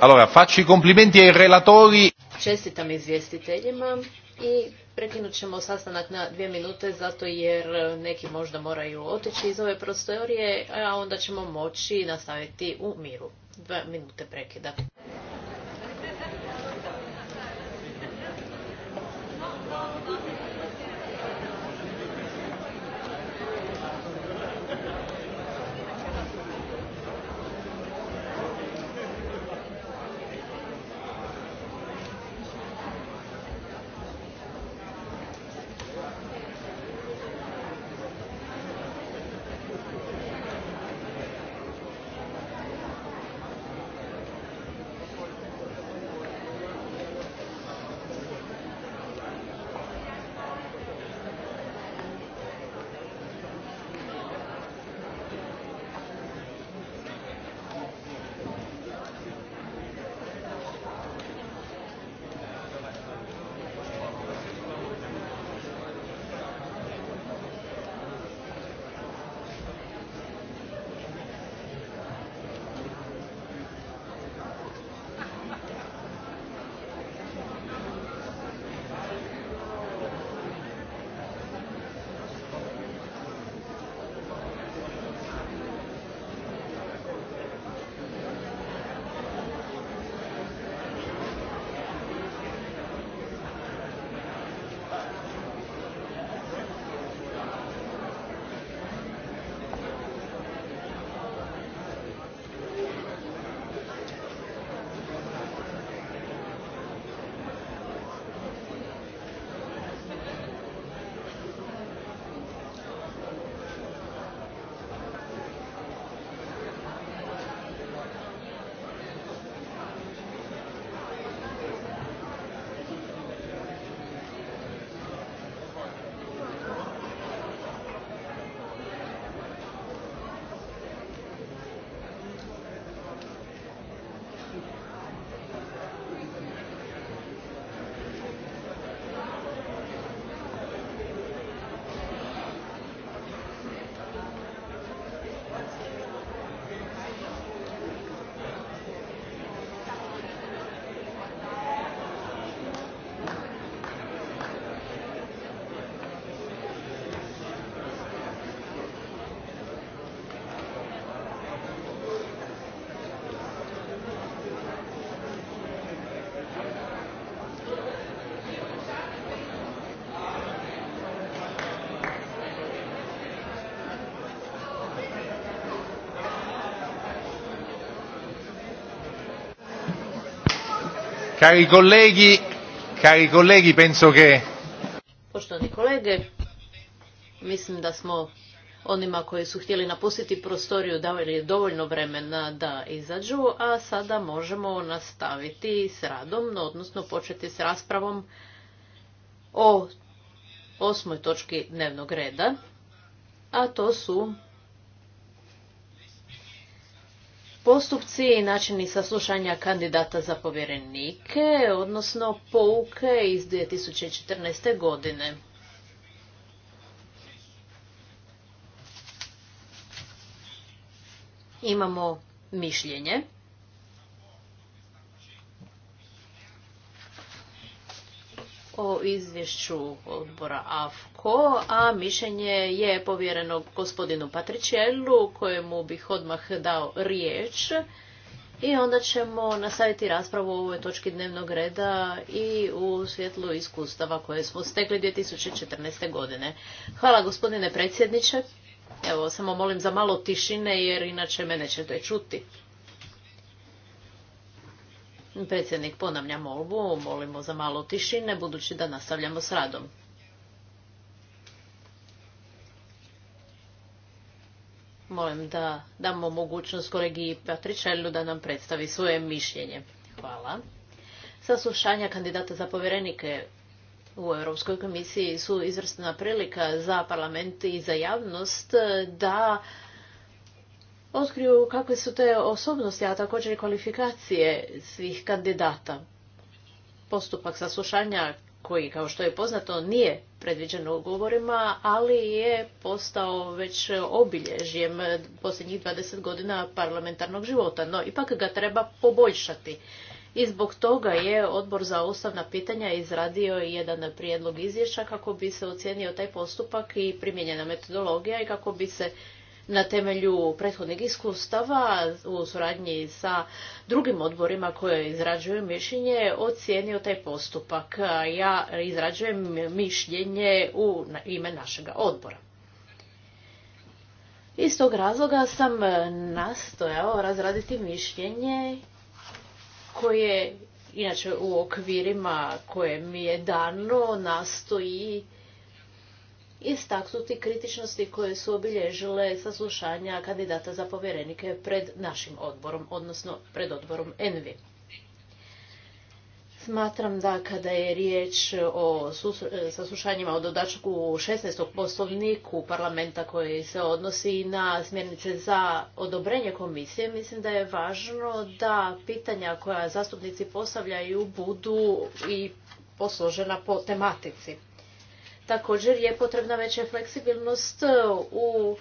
Allora, faccio complimenti ai relatori. Čestitam izvjestiteljima i prekinut ćemo sastanak na dvije minute zato jer neki možda moraju otići iz ove prostorije, a onda ćemo moći nastaviti u miru. Dva minute prekida. Cari colleghi, cari penso che... Poštovani kolege, mislim da smo onima koji su htjeli napustiti prostoriju davali dovoljno vremena da izađu, a sada možemo nastaviti s radom, odnosno početi s raspravom o osmoj točki dnevnog reda, a to su postupci i načini saslušanja kandidata za povjerenike, odnosno pouke iz 2014. godine. Imamo mišljenje. o izvješću odbora AFKO, a mišljenje je povjereno gospodinu Patričelu, kojemu bih odmah dao riječ. I onda ćemo nastaviti raspravu o ovoj točki dnevnog reda i u svjetlu iskustava koje smo stekli 2014. godine. Hvala gospodine predsjedniče. Evo, samo molim za malo tišine jer inače mene ćete čuti. Predsjednik ponavlja molbu, molimo za malo tišine budući da nastavljamo s radom. Molim da damo mogućnost kolegi Patričelju da nam predstavi svoje mišljenje. Hvala. Saslušanja kandidata za povjerenike u Europskoj komisiji su izvrstna prilika za parlament i za javnost da otkriju kakve su te osobnosti, a također i kvalifikacije svih kandidata. Postupak saslušanja koji, kao što je poznato, nije predviđen ugovorima, ali je postao već obilježjem posljednjih 20 godina parlamentarnog života, no ipak ga treba poboljšati. I zbog toga je Odbor za ustavna pitanja izradio jedan prijedlog izvješća kako bi se ocijenio taj postupak i primijenjena metodologija i kako bi se na temelju prethodnih iskustava u suradnji sa drugim odborima koje izrađuju mišljenje ocijenio taj postupak. Ja izrađujem mišljenje u ime našeg odbora. Iz tog razloga sam nastojao razraditi mišljenje koje, inače u okvirima koje mi je dano, nastoji istaknuti kritičnosti koje su obilježile saslušanja kandidata za povjerenike pred našim odborom, odnosno pred odborom ENVI. Smatram da kada je riječ o saslušanjima o dodačku 16. poslovniku parlamenta koji se odnosi na smjernice za odobrenje komisije, mislim da je važno da pitanja koja zastupnici postavljaju budu i posložena po tematici. Također je potrebna veća fleksibilnost e, u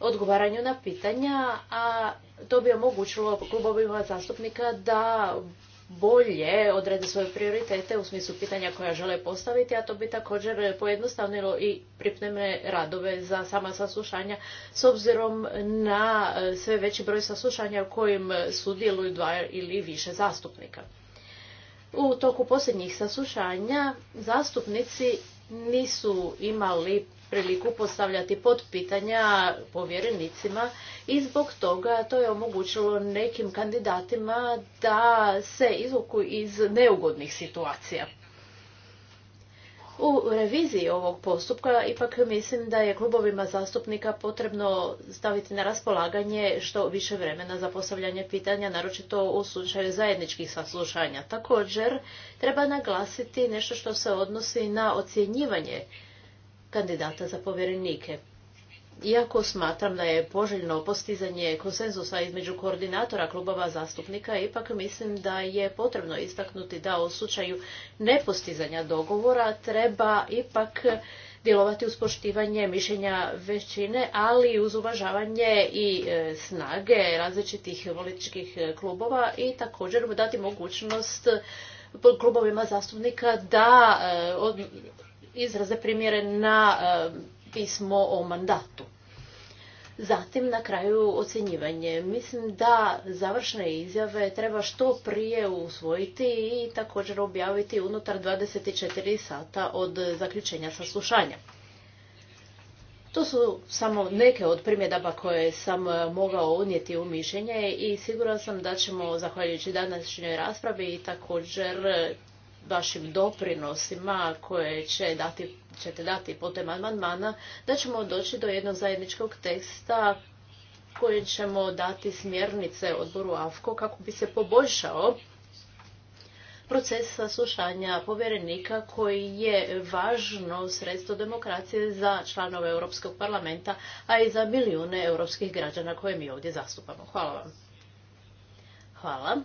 odgovaranju na pitanja, a to bi omogućilo klubovima zastupnika da bolje odrede svoje prioritete u smislu pitanja koja žele postaviti, a to bi također pojednostavnilo i pripneme radove za sama saslušanja s obzirom na e, sve veći broj saslušanja u kojim sudjeluju dva ili više zastupnika. U toku posljednjih saslušanja zastupnici nisu imali priliku postavljati potpitanja povjerenicima i zbog toga to je omogućilo nekim kandidatima da se izvuku iz neugodnih situacija. U reviziji ovog postupka ipak mislim da je klubovima zastupnika potrebno staviti na raspolaganje što više vremena za postavljanje pitanja, naročito u slučaju zajedničkih saslušanja. Također treba naglasiti nešto što se odnosi na ocjenjivanje kandidata za povjerenike. Iako smatram da je poželjno postizanje konsenzusa između koordinatora klubova zastupnika, ipak mislim da je potrebno istaknuti da u slučaju nepostizanja dogovora treba ipak djelovati uz poštivanje mišljenja većine, ali uz uvažavanje i e, snage različitih političkih klubova i također dati mogućnost klubovima zastupnika da e, izraze primjere na e, pismo o mandatu. Zatim na kraju ocjenjivanje. Mislim da završne izjave treba što prije usvojiti i također objaviti unutar 24 sata od zaključenja saslušanja. To su samo neke od primjedaba koje sam mogao unijeti u mišljenje i siguran sam da ćemo, zahvaljujući današnjoj raspravi i također vašim doprinosima koje će dati, ćete dati putem amandmana, da ćemo doći do jednog zajedničkog teksta koji ćemo dati smjernice odboru AFKO kako bi se poboljšao proces saslušanja povjerenika koji je važno sredstvo demokracije za članove Europskog parlamenta, a i za milijune europskih građana koje mi ovdje zastupamo. Hvala vam. Hvala.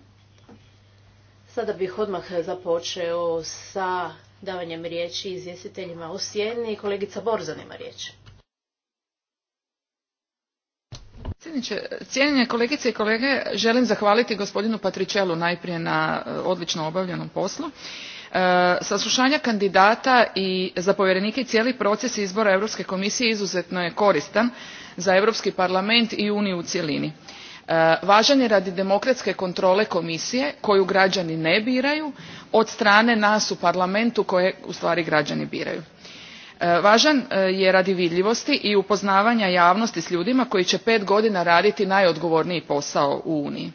Sada bih odmah započeo sa davanjem riječi izvjestiteljima u sjeni i kolegica Borzan ima riječ. Cijenjene kolegice i kolege, želim zahvaliti gospodinu Patričelu najprije na e, odlično obavljenom poslu. E, saslušanja kandidata i za povjerenike cijeli proces izbora Europske komisije izuzetno je koristan za Europski parlament i Uniju u cjelini Eh, važan je radi demokratske kontrole komisije koju građani ne biraju od strane nas u parlamentu koje ustvari građani biraju eh, važan eh, je radi vidljivosti i upoznavanja javnosti s ljudima koji će pet godina raditi najodgovorniji posao u uniji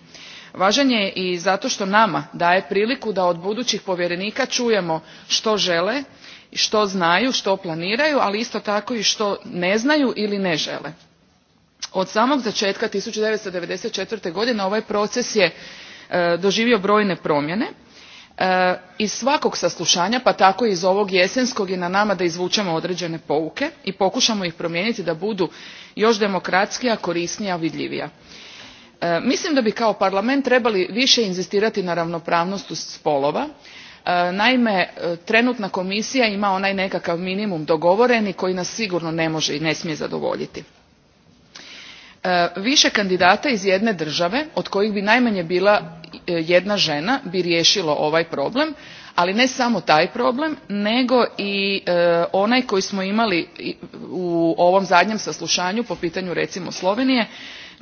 važan je i zato što nama daje priliku da od budućih povjerenika čujemo što žele što znaju što planiraju ali isto tako i što ne znaju ili ne žele od samog začetka 1994. thousand nine hundred and godine ovaj proces je e, doživio brojne promjene e, iz svakog saslušanja pa tako i iz ovog jesenskog je na nama da izvučemo određene pouke i pokušamo ih promijeniti da budu još demokratskija korisnija vidljivija e, mislim da bi kao parlament trebali više inzistirati na ravnopravnosti spolova naime trenutna komisija ima onaj nekakav minimum dogovoreni koji nas sigurno ne može i ne smije zadovoljiti E, više kandidata iz jedne države od kojih bi najmanje bila e, jedna žena bi riješilo ovaj problem ali ne samo taj problem nego i e, onaj koji smo imali u ovom zadnjem saslušanju po pitanju recimo slovenije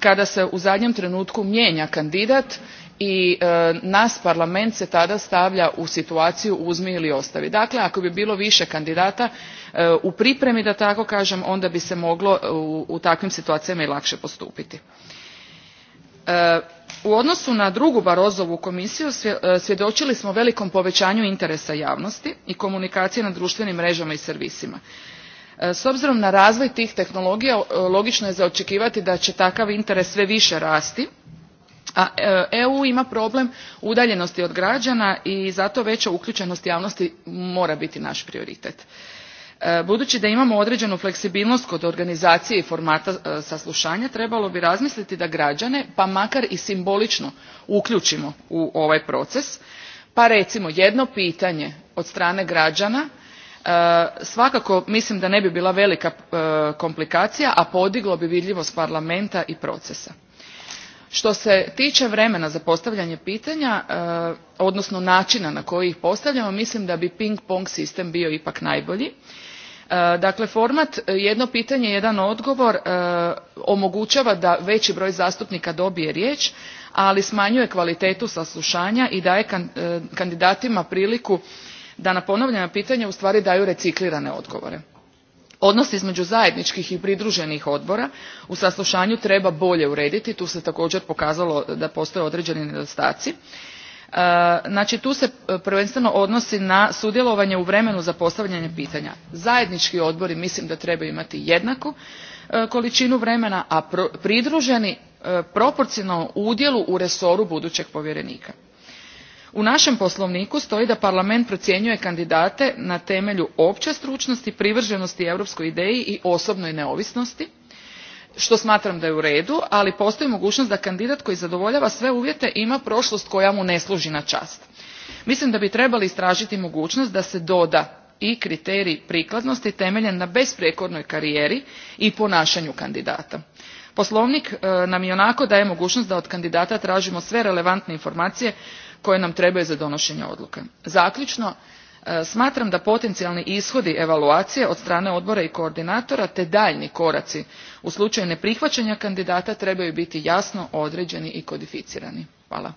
kada se u zadnjem trenutku mijenja kandidat i e, nas parlament se tada stavlja u situaciju uzmi ili ostavi. dakle ako bi bilo više kandidata e, u pripremi da tako kažem onda bi se moglo e, u, takvim situacijama i lakše postupiti. u odnosu na drugu Barozovu komisiju svjedočili smo velikom povećanju interesa javnosti i komunikacije na društvenim mrežama i servisima. S obzirom na razvoj tih tehnologija logično je za da će takav interes sve više rasti a eu e ima problem udaljenosti od građana i zato veća uključenost javnosti mora biti naš prioritet e, budući da imamo određenu fleksibilnost kod organizacije i formata e, saslušanja trebalo bi razmisliti da građane pa makar i simbolično uključimo u ovaj proces pa recimo jedno pitanje od strane građana svakako mislim da ne bi bila velika komplikacija a podiglo bi vidljivost parlamenta i procesa što se tiče vremena za postavljanje pitanja e, odnosno načina na koji ih postavljamo mislim da bi ping pong sistem bio ipak najbolji e, dakle format e, jedno pitanje jedan odgovor omogućava da veći broj zastupnika dobije riječ ali smanjuje kvalitetu saslušanja i daje kandidatima priliku da na ponovljena pitanja ustvari daju reciklirane odgovore odnos između zajedničkih i pridruženih odbora u saslušanju treba bolje urediti tu se također pokazalo da postoje određeni nedostaci e, znači tu se e, prvenstveno odnosi na sudjelovanje u vremenu za postavljanje pitanja zajednički odbori mislim da trebaju imati jednaku e, količinu vremena a pridruženi proporcionalno udjelu u resoru budućeg povjerenika u našem poslovniku stoji da parlament procjenjuje kandidate na temelju opće stručnosti privrženosti europskoj ideji i osobnoj neovisnosti što smatram da je u redu ali postoji mogućnost da kandidat koji zadovoljava sve uvjete ima prošlost koja mu ne služi na čast. mislim da bi trebali istražiti mogućnost da se doda i kriterij prikladnosti temeljen na besprijekornoj karijeri i ponašanju kandidata. poslovnik e, nam ionako daje mogućnost da od kandidata tražimo sve relevantne informacije koje nam trebaju za donošenje odluke. zaključno e, smatram da potencijalni ishodi evaluacije od strane odbora i koordinatora te daljnji koraci u slučaju neprihvaćanja kandidata trebaju biti jasno određeni i kodificirani. hvala.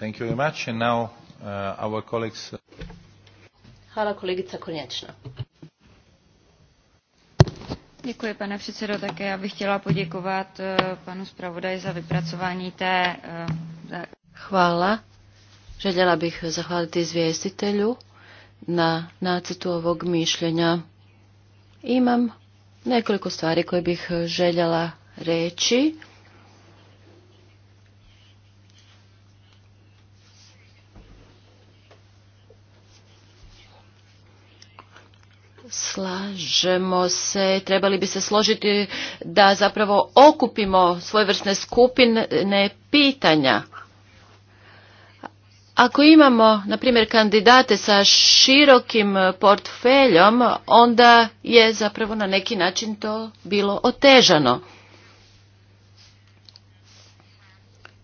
Uh, hvala kolegica Konječna. Děkuji, pane předsedo. Také já bych chtěla poděkovat eh, panu zpravodaji za vypracování té... Eh, Hvala. Željela bih zahvaliti izvjestitelju na nacrtu ovog mišljenja. Imam nekoliko stvari koje bih željela reći. slažemo se, trebali bi se složiti da zapravo okupimo svojevrsne skupine pitanja. Ako imamo, na primjer, kandidate sa širokim portfeljom, onda je zapravo na neki način to bilo otežano.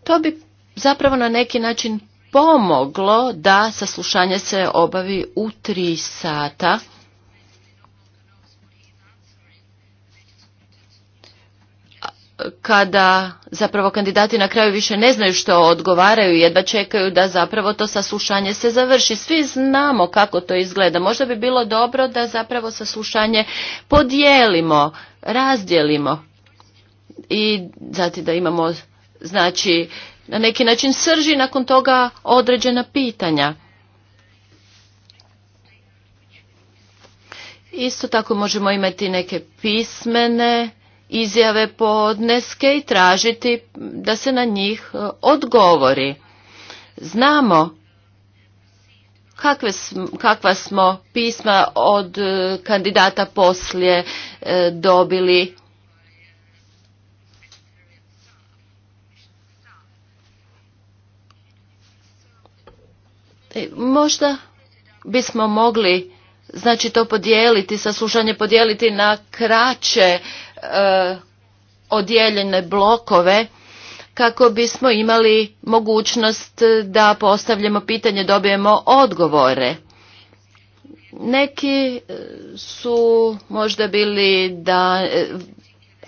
To bi zapravo na neki način pomoglo da saslušanje se obavi u tri sata. kada zapravo kandidati na kraju više ne znaju što odgovaraju, jedva čekaju da zapravo to saslušanje se završi. Svi znamo kako to izgleda. Možda bi bilo dobro da zapravo saslušanje podijelimo, razdijelimo. i zati da imamo znači na neki način srži nakon toga određena pitanja. Isto tako možemo imati neke pismene izjave podneske i tražiti da se na njih e, odgovori. Znamo kakve, kakva smo pisma od e, kandidata poslije e, dobili Možda bismo mogli znači to podijeliti, saslušanje podijeliti na kraće E, odjeljene blokove kako bismo imali mogućnost da postavljamo pitanje, dobijemo odgovore. Neki e, su možda bili da e,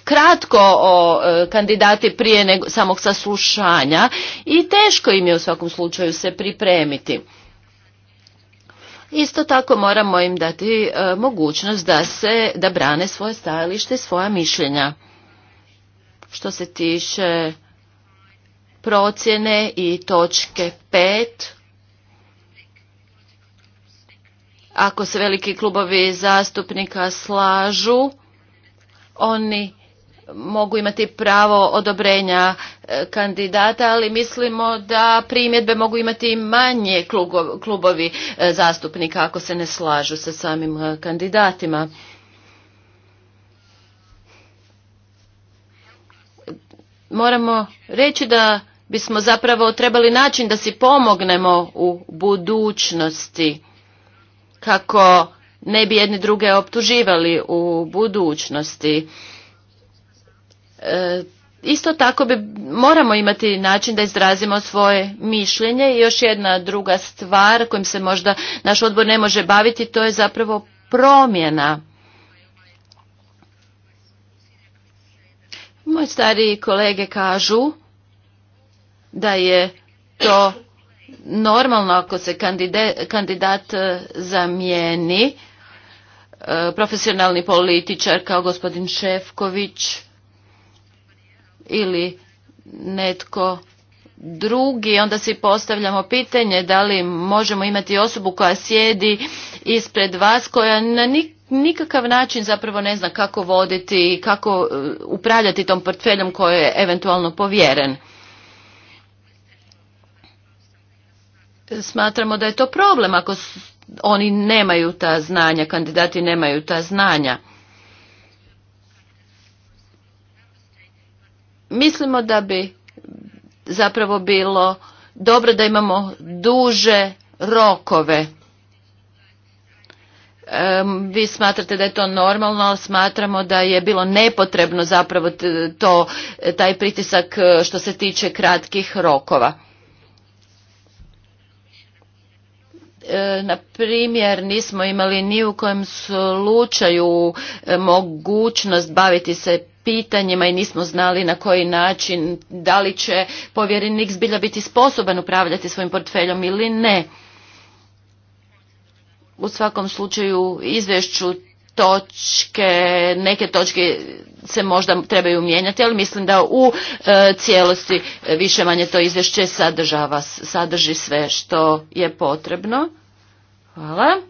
kratko o kandidati prije nego samog saslušanja i teško im je u svakom slučaju se pripremiti. Isto tako moramo im dati e, mogućnost da se, da brane svoje stajalište i svoja mišljenja. Što se tiče procjene i točke pet. ako se veliki klubovi zastupnika slažu, oni mogu imati pravo odobrenja e, kandidata, ali mislimo da primjedbe mogu imati i manje klubovi e, zastupnika ako se ne slažu sa samim e, kandidatima. Moramo reći da bismo zapravo trebali način da si pomognemo u budućnosti kako ne bi jedni druge optuživali u budućnosti. E, isto tako bi, moramo imati način da izrazimo svoje mišljenje i još jedna druga stvar kojim se možda naš odbor ne može baviti, to je zapravo promjena. Moji stari kolege kažu da je to normalno ako se kandidat e, zamijeni, e, profesionalni političar kao gospodin Šefković, ili netko drugi, onda si postavljamo pitanje da li možemo imati osobu koja sjedi ispred vas, koja na nikakav način zapravo ne zna kako voditi, i kako uh, upravljati tom portfeljom koji je eventualno povjeren. Smatramo da je to problem ako oni nemaju ta znanja, kandidati nemaju ta znanja. Mislimo da bi zapravo bilo dobro da imamo duže rokove. Vi smatrate da je to normalno, ali smatramo da je bilo nepotrebno zapravo to, taj pritisak e, što se tiče kratkih rokova. E, na primjer nismo imali ni u kojem slučaju e, mogućnost baviti se pitanjima i nismo znali na koji način, da li će povjerenik zbilja biti sposoban upravljati svojim portfeljom ili ne. U svakom slučaju izvješću točke, neke točke se možda trebaju mijenjati, ali mislim da u e, cijelosti više manje to izvješće sadržava, sadrži sve što je potrebno. Hvala.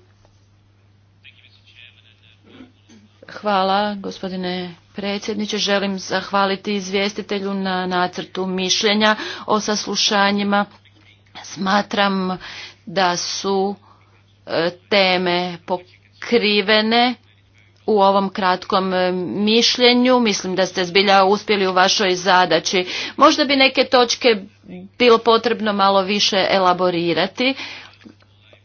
Hvala gospodine predsjedniče. Želim zahvaliti izvjestitelju na nacrtu mišljenja o saslušanjima. Smatram da su e, teme pokrivene u ovom kratkom e, mišljenju. Mislim da ste zbilja uspjeli u vašoj zadaći. Možda bi neke točke bilo potrebno malo više elaborirati,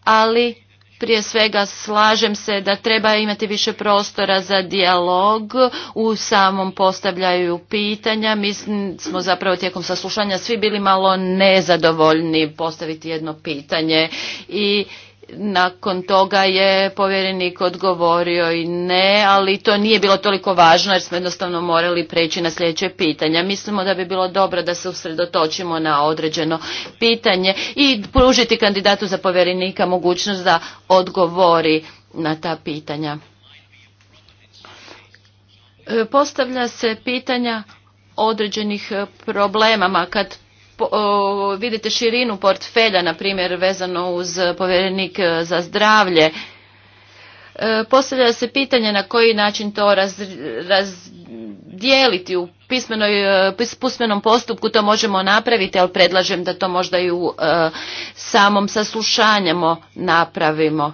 ali prije svega slažem se da treba imati više prostora za dijalog u samom postavljaju pitanja. Mi smo zapravo tijekom saslušanja svi bili malo nezadovoljni postaviti jedno pitanje i nakon toga je povjerenik odgovorio i ne, ali to nije bilo toliko važno jer smo jednostavno morali preći na sljedeće pitanja. Mislimo da bi bilo dobro da se usredotočimo na određeno pitanje i pružiti kandidatu za povjerenika mogućnost da odgovori na ta pitanja. E, postavlja se pitanja određenih problemama kad vidite širinu portfelja, na primjer vezano uz povjerenik e, za zdravlje, e, postavlja se pitanje na koji način to razdijeliti u pismenom e, postupku to možemo napraviti, ali predlažem da to možda i u samom saslušanjem napravimo.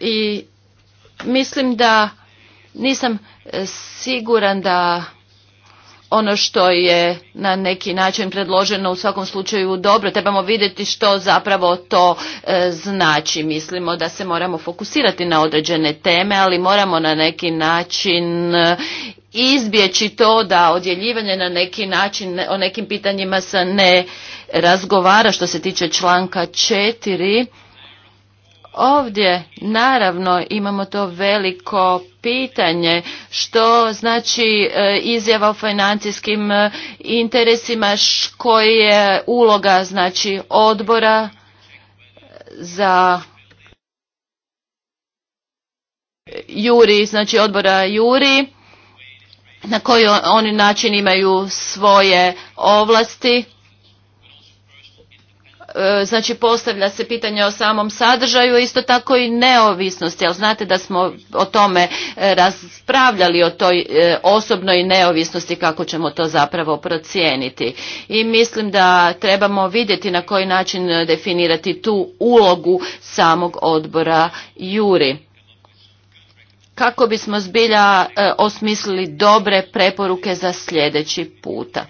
I mislim da nisam siguran da ono što je na neki način predloženo u svakom slučaju dobro. Trebamo vidjeti što zapravo to e, znači. Mislimo da se moramo fokusirati na određene teme, ali moramo na neki način e, izbjeći to da odjeljivanje na neki način o nekim pitanjima se ne razgovara što se tiče članka četiri. Ovdje naravno imamo to veliko pitanje što znači e, izjava o financijskim e, interesima koja je uloga znači odbora za juri, znači odbora juri na koji oni način imaju svoje ovlasti E, znači postavlja se pitanje o samom sadržaju, isto tako i neovisnosti, ali znate da smo o tome e, raspravljali o toj e, osobnoj neovisnosti kako ćemo to zapravo procijeniti. I mislim da trebamo vidjeti na koji način definirati tu ulogu samog odbora Juri kako bismo zbilja osmislili dobre preporuke za sljedeći puta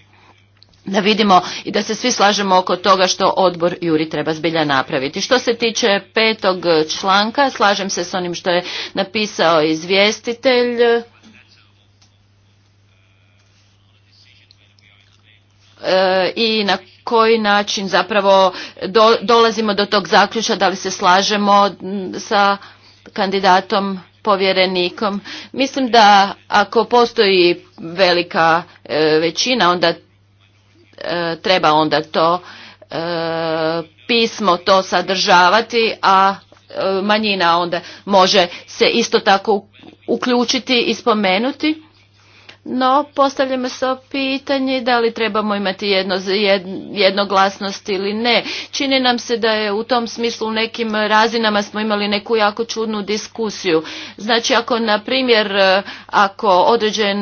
da vidimo i da se svi slažemo oko toga što odbor Juri treba zbilja napraviti. Što se tiče petog članka, slažem se s onim što je napisao izvjestitelj. E, I na koji način zapravo dolazimo do tog zaključa, da li se slažemo sa kandidatom povjerenikom. Mislim da ako postoji velika e, većina, onda E, treba onda to e, pismo to sadržavati, a e, manjina onda može se isto tako uključiti i spomenuti no, postavljamo se pitanje da li trebamo imati jedno, jednoglasnost ili ne. Čini nam se da je u tom smislu u nekim razinama smo imali neku jako čudnu diskusiju. Znači, ako, na primjer, e, ako određen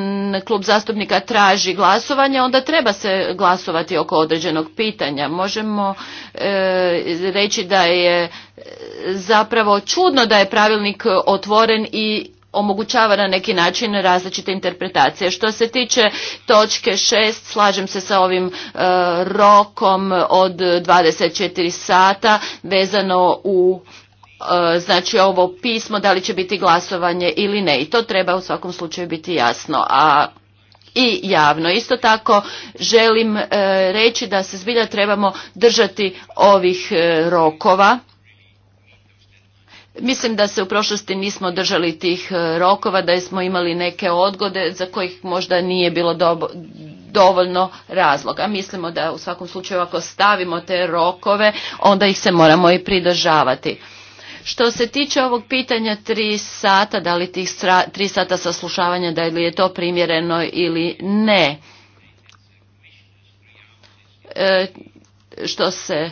klub zastupnika traži glasovanje, onda treba se glasovati oko određenog pitanja. Možemo e, reći da je e, zapravo čudno da je pravilnik otvoren i omogućava na neki način različite interpretacije. Što se tiče točke 6, slažem se sa ovim e, rokom od 24 sata vezano u e, znači ovo pismo da li će biti glasovanje ili ne i to treba u svakom slučaju biti jasno a i javno. Isto tako želim e, reći da se zbilja trebamo držati ovih rokova Mislim da se u prošlosti nismo držali tih e, rokova, da smo imali neke odgode za kojih možda nije bilo dovoljno razloga. Mislimo da u svakom slučaju ako stavimo te rokove, onda ih se moramo i pridržavati. Što se tiče ovog pitanja tri sata, da li tih tri sata saslušavanja, da li je to primjereno ili ne, e, što se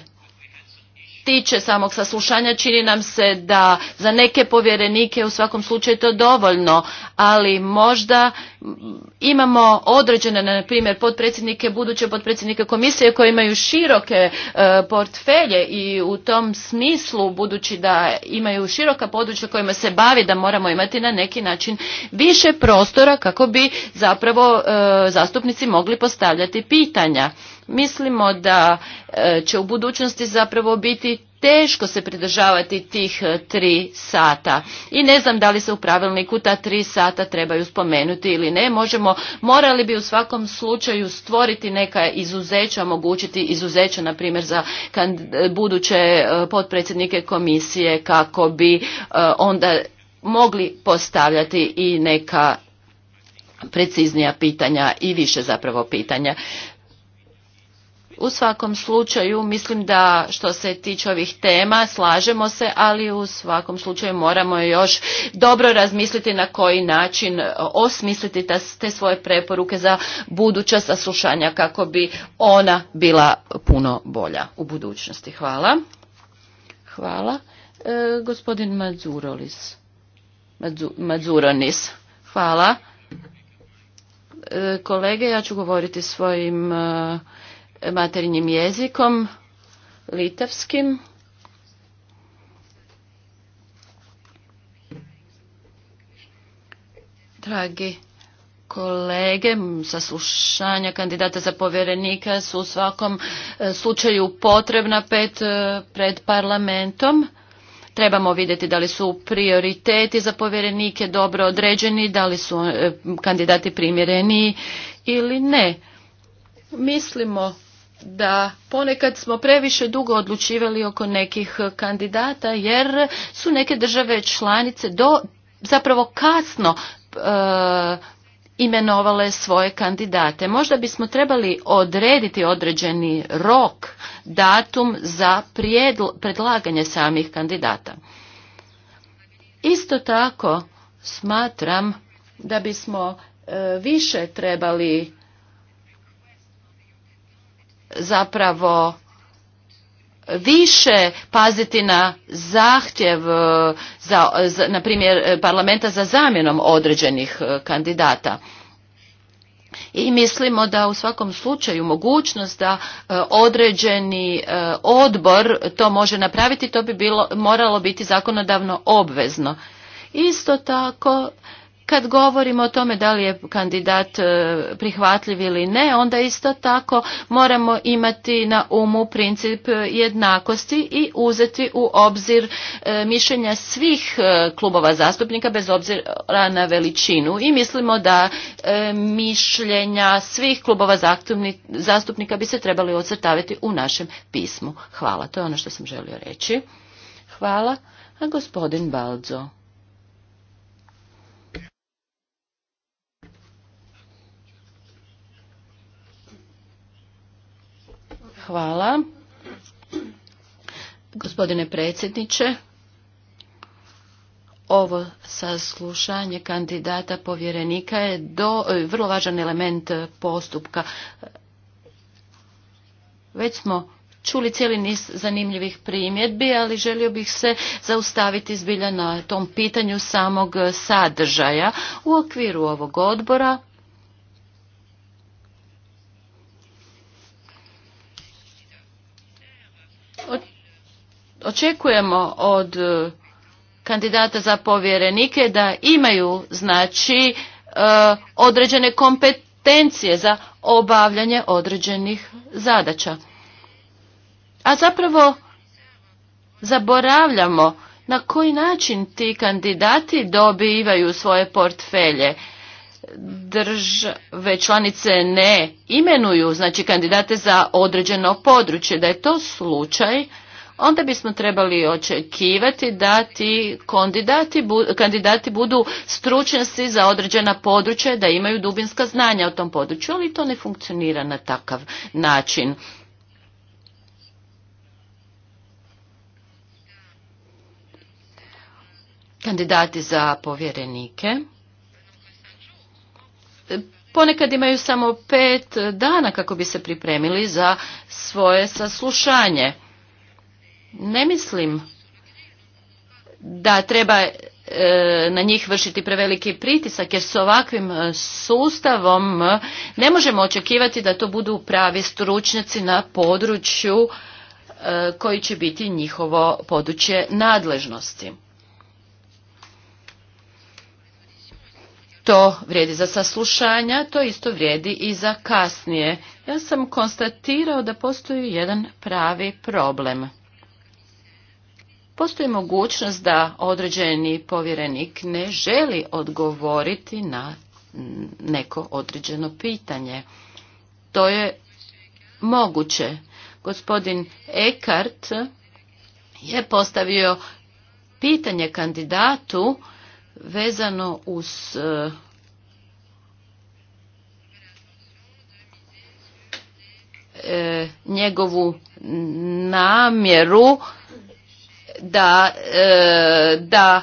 tiče samog saslušanja čini nam se da za neke povjerenike u svakom slučaju to dovoljno, ali možda imamo određene, na primjer, potpredsjednike, buduće potpredsjednike komisije koji imaju široke e, portfelje i u tom smislu, budući da imaju široka područja kojima se bavi, da moramo imati na neki način više prostora kako bi zapravo e, zastupnici mogli postavljati pitanja. Mislimo da e, će u budućnosti zapravo biti teško se pridržavati tih e, tri sata. I ne znam da li se u pravilniku ta tri sata trebaju spomenuti ili ne. Možemo, morali bi u svakom slučaju stvoriti neka izuzeća, omogućiti izuzeća, na primjer, za buduće e, potpredsjednike komisije kako bi onda mogli postavljati i neka preciznija pitanja i više zapravo pitanja. U svakom slučaju mislim da što se tiče ovih tema slažemo se, ali u svakom slučaju moramo još dobro razmisliti na koji način e, osmisliti te svoje preporuke za buduća saslušanja kako bi ona bila puno bolja u budućnosti. Hvala. Hvala. E, gospodin Mazurolis. Hvala. E, kolege, ja ću govoriti svojim materinjim jezikom, litavskim. Dragi kolege, saslušanja kandidata za povjerenika su u svakom e, slučaju potrebna pet, e, pred parlamentom. Trebamo vidjeti da li su prioriteti za povjerenike dobro određeni, da li su e, kandidati primjereni ili ne. Mislimo da ponekad smo previše dugo odlučivali oko nekih kandidata jer su neke države članice do zapravo kasno e, imenovale svoje kandidate. Možda bismo trebali odrediti određeni rok, datum za predlaganje samih kandidata. Isto tako smatram da bismo e, više trebali zapravo više paziti na zahtjev e, za, na primjer e, parlamenta za zamjenom određenih e, kandidata i mislimo da u svakom slučaju mogućnost da određeni odbor to može napraviti to bi bilo moralo biti zakonodavno obvezno isto tako kad govorimo o tome da li je kandidat e, prihvatljiv ili ne, onda isto tako moramo imati na umu princip e, jednakosti i uzeti u obzir e, mišljenja svih klubova zastupnika bez obzira na veličinu. I mislimo da mišljenja svih klubova zastupnika bi se trebali ocrtaviti u našem pismu. Hvala, to je ono što sam želio reći. Hvala, a gospodin Balzo? Hvala. Gospodine predsjedniče, ovo saslušanje kandidata povjerenika je do, vrlo važan element postupka. Već smo čuli cijeli niz zanimljivih primjedbi, ali želio bih se zaustaviti zbilja na tom pitanju samog sadržaja. U okviru ovog odbora očekujemo od e, kandidata za povjerenike da imaju znači e, određene kompetencije za obavljanje određenih zadaća. A zapravo zaboravljamo na koji način ti kandidati dobivaju svoje portfelje. Države članice ne imenuju znači kandidate za određeno područje. Da je to slučaj, onda bismo trebali očekivati da ti kandidati, kandidati budu stručnjaci za određena područja, da imaju dubinska znanja o tom području, ali to ne funkcionira na takav način. Kandidati za povjerenike ponekad imaju samo pet dana kako bi se pripremili za svoje saslušanje. Ne mislim da treba e, na njih vršiti preveliki pritisak jer s ovakvim e, sustavom e, ne možemo očekivati da to budu pravi stručnjaci na području koji će biti njihovo područje nadležnosti. To vrijedi za saslušanja, to isto vrijedi i za kasnije. Ja sam konstatirao da postoji jedan pravi problem. Postoji mogućnost da određeni povjerenik ne želi odgovoriti na neko određeno pitanje. To je moguće. Gospodin Eckart je postavio pitanje kandidatu vezano uz e, njegovu namjeru da, e, da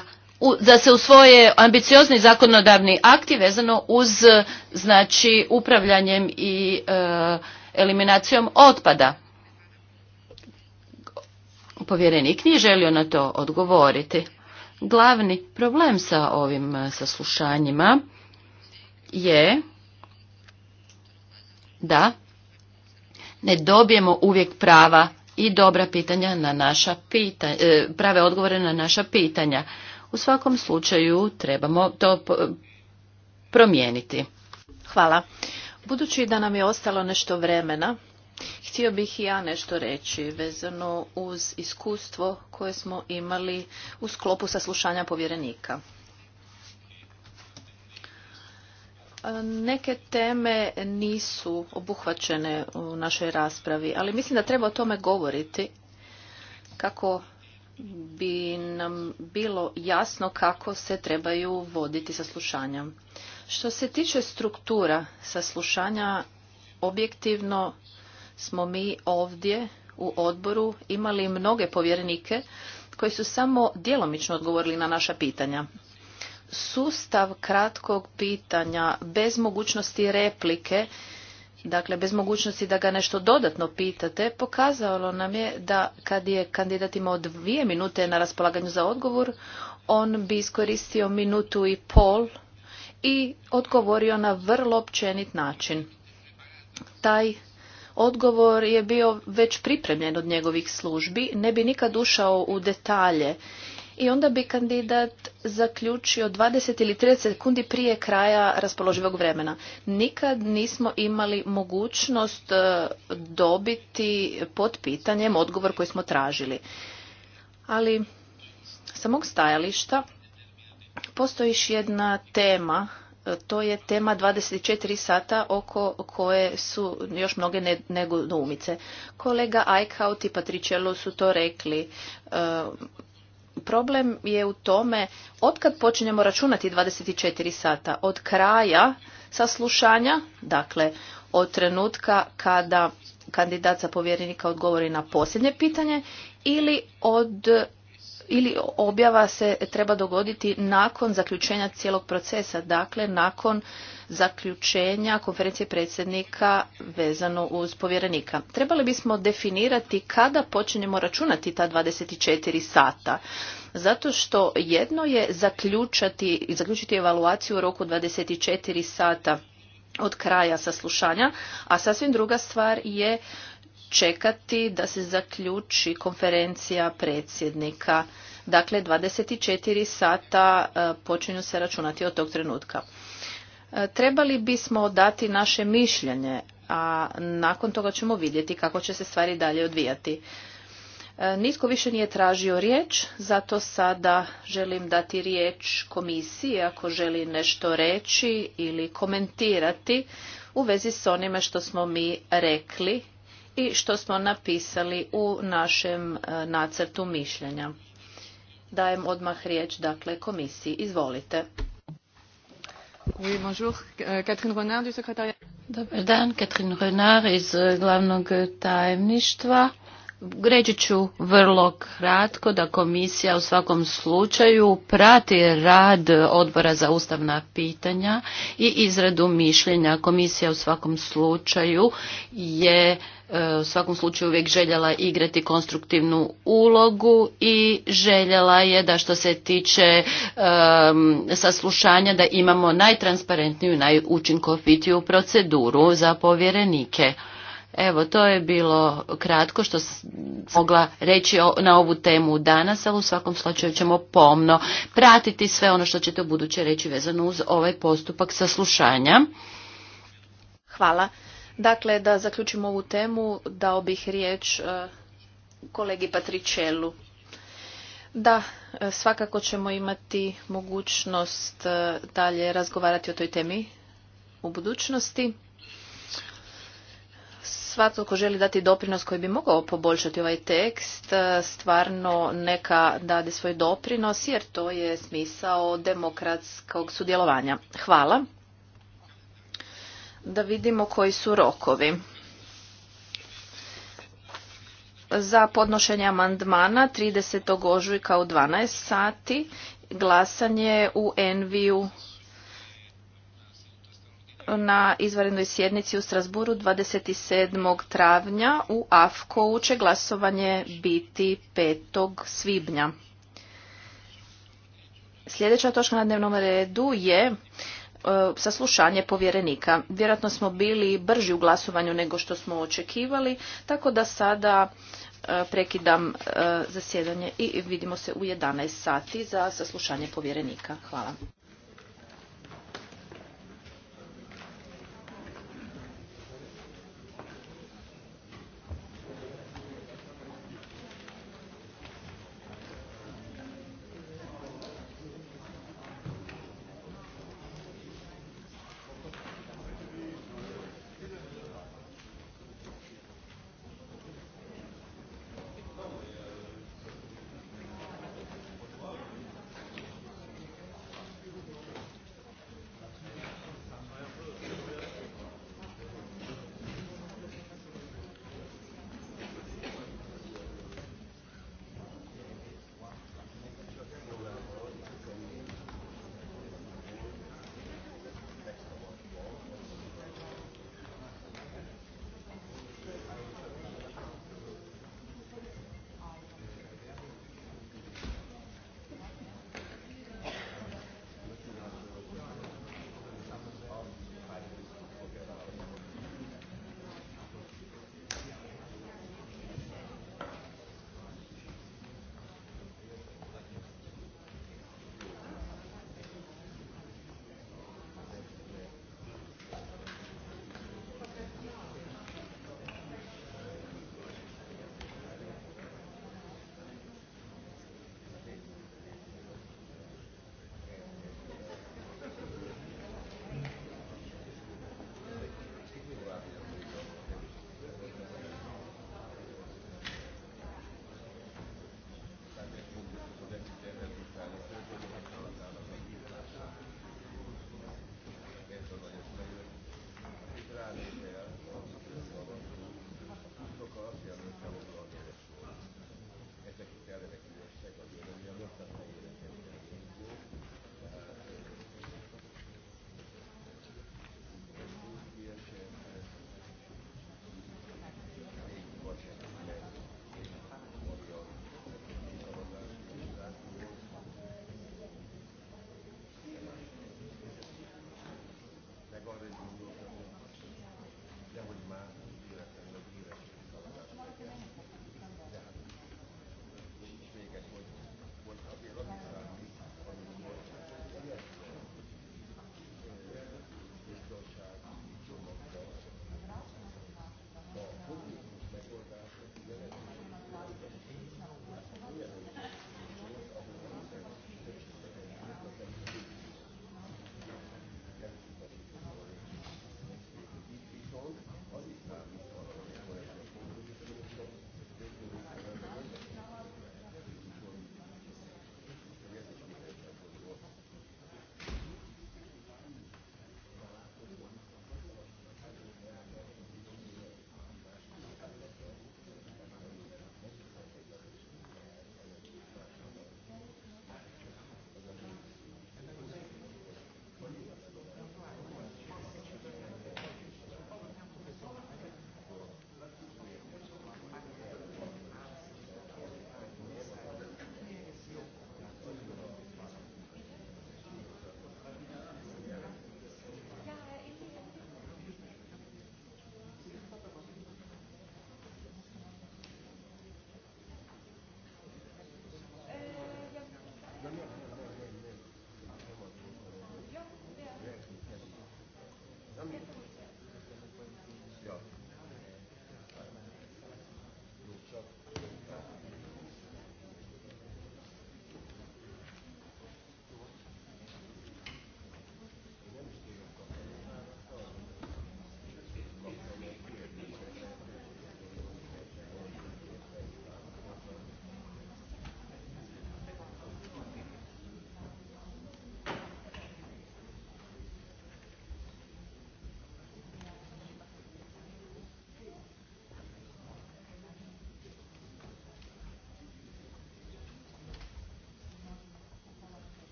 da se usvoje ambiciozni zakonodavni akti vezano uz znači upravljanjem i e, eliminacijom otpada. Povjerenik nije želio na to odgovoriti. Glavni problem sa ovim e, saslušanjima je da ne dobijemo uvijek prava i dobra pitanja na naša pitanja, e, prave odgovore na naša pitanja. U svakom slučaju trebamo to promijeniti. Hvala. Budući da nam je ostalo nešto vremena, Htio bih i ja nešto reći vezano uz iskustvo koje smo imali u sklopu saslušanja povjerenika. Neke teme nisu obuhvaćene u našoj raspravi, ali mislim da treba o tome govoriti kako bi nam bilo jasno kako se trebaju voditi saslušanja. Što se tiče struktura saslušanja, objektivno smo mi ovdje u odboru imali mnoge povjerenike koji su samo djelomično odgovorili na naša pitanja sustav kratkog pitanja bez mogućnosti replike, dakle bez mogućnosti da ga nešto dodatno pitate, pokazalo nam je da kad je kandidat imao dvije minute na raspolaganju za odgovor, on bi iskoristio minutu i pol i odgovorio na vrlo općenit način. Taj odgovor je bio već pripremljen od njegovih službi, ne bi nikad ušao u detalje i onda bi kandidat zaključio 20 ili 30 sekundi prije kraja raspoloživog vremena. Nikad nismo imali mogućnost e, dobiti pod pitanjem odgovor koji smo tražili. Ali sa mog stajališta postoji još jedna tema e, to je tema 24 sata oko koje su još mnoge umice. Kolega Eichhout i Patricello su to rekli. E, problem je u tome otkad počinjemo računati 24 sata od kraja saslušanja, dakle od trenutka kada kandidat za povjerenika odgovori na posljednje pitanje ili od ili objava se treba dogoditi nakon zaključenja cijelog procesa, dakle nakon zaključenja konferencije predsjednika vezano uz povjerenika. Trebali bismo definirati kada počinjemo računati ta 24 sata. Zato što jedno je zaključati, zaključiti evaluaciju u roku 24 sata od kraja saslušanja, a sasvim druga stvar je čekati da se zaključi konferencija predsjednika. Dakle, 24 sata e, počinju se računati od tog trenutka. E, trebali bismo dati naše mišljenje, a nakon toga ćemo vidjeti kako će se stvari dalje odvijati. E, nitko više nije tražio riječ, zato sada želim dati riječ komisiji ako želi nešto reći ili komentirati u vezi s onime što smo mi rekli i što smo napisali u našem e, nacrtu mišljenja. Dajem odmah riječ dakle komisiji. Izvolite. Oui, Dobar dan, Katrin Renard iz e, glavnog e, tajemništva. Reći ću vrlo kratko da komisija u svakom slučaju prati rad odbora za ustavna pitanja i izradu mišljenja. Komisija u svakom slučaju je e, u svakom slučaju uvijek željela igrati konstruktivnu ulogu i željela je da što se tiče saslušanja da imamo najtransparentniju i najučinkovitiju proceduru za povjerenike. Evo, to je bilo kratko što sam mogla reći na ovu temu danas, ali u svakom slučaju ćemo pomno pratiti sve ono što ćete u buduće reći vezano uz ovaj postupak saslušanja. Hvala. Dakle, da zaključimo ovu temu, dao bih riječ e, kolegi Patričelu. Da, e, svakako ćemo imati mogućnost e, dalje razgovarati o toj temi u budućnosti svatko ko želi dati doprinos koji bi mogao poboljšati ovaj tekst, e, stvarno neka dade svoj doprinos, jer to je smisao demokratskog sudjelovanja. Hvala. Da vidimo koji su rokovi. Za podnošenje amandmana 30. ožujka u 12 sati, glasanje u Enviju na izvanrednoj sjednici u Strasburu 27. travnja u AFKO će glasovanje biti 5. svibnja. Sljedeća točka na dnevnom redu je e, saslušanje povjerenika. Vjerojatno smo bili brži u glasovanju nego što smo očekivali, tako da sada e, prekidam e, zasjedanje i vidimo se u 11 sati za saslušanje povjerenika. Hvala.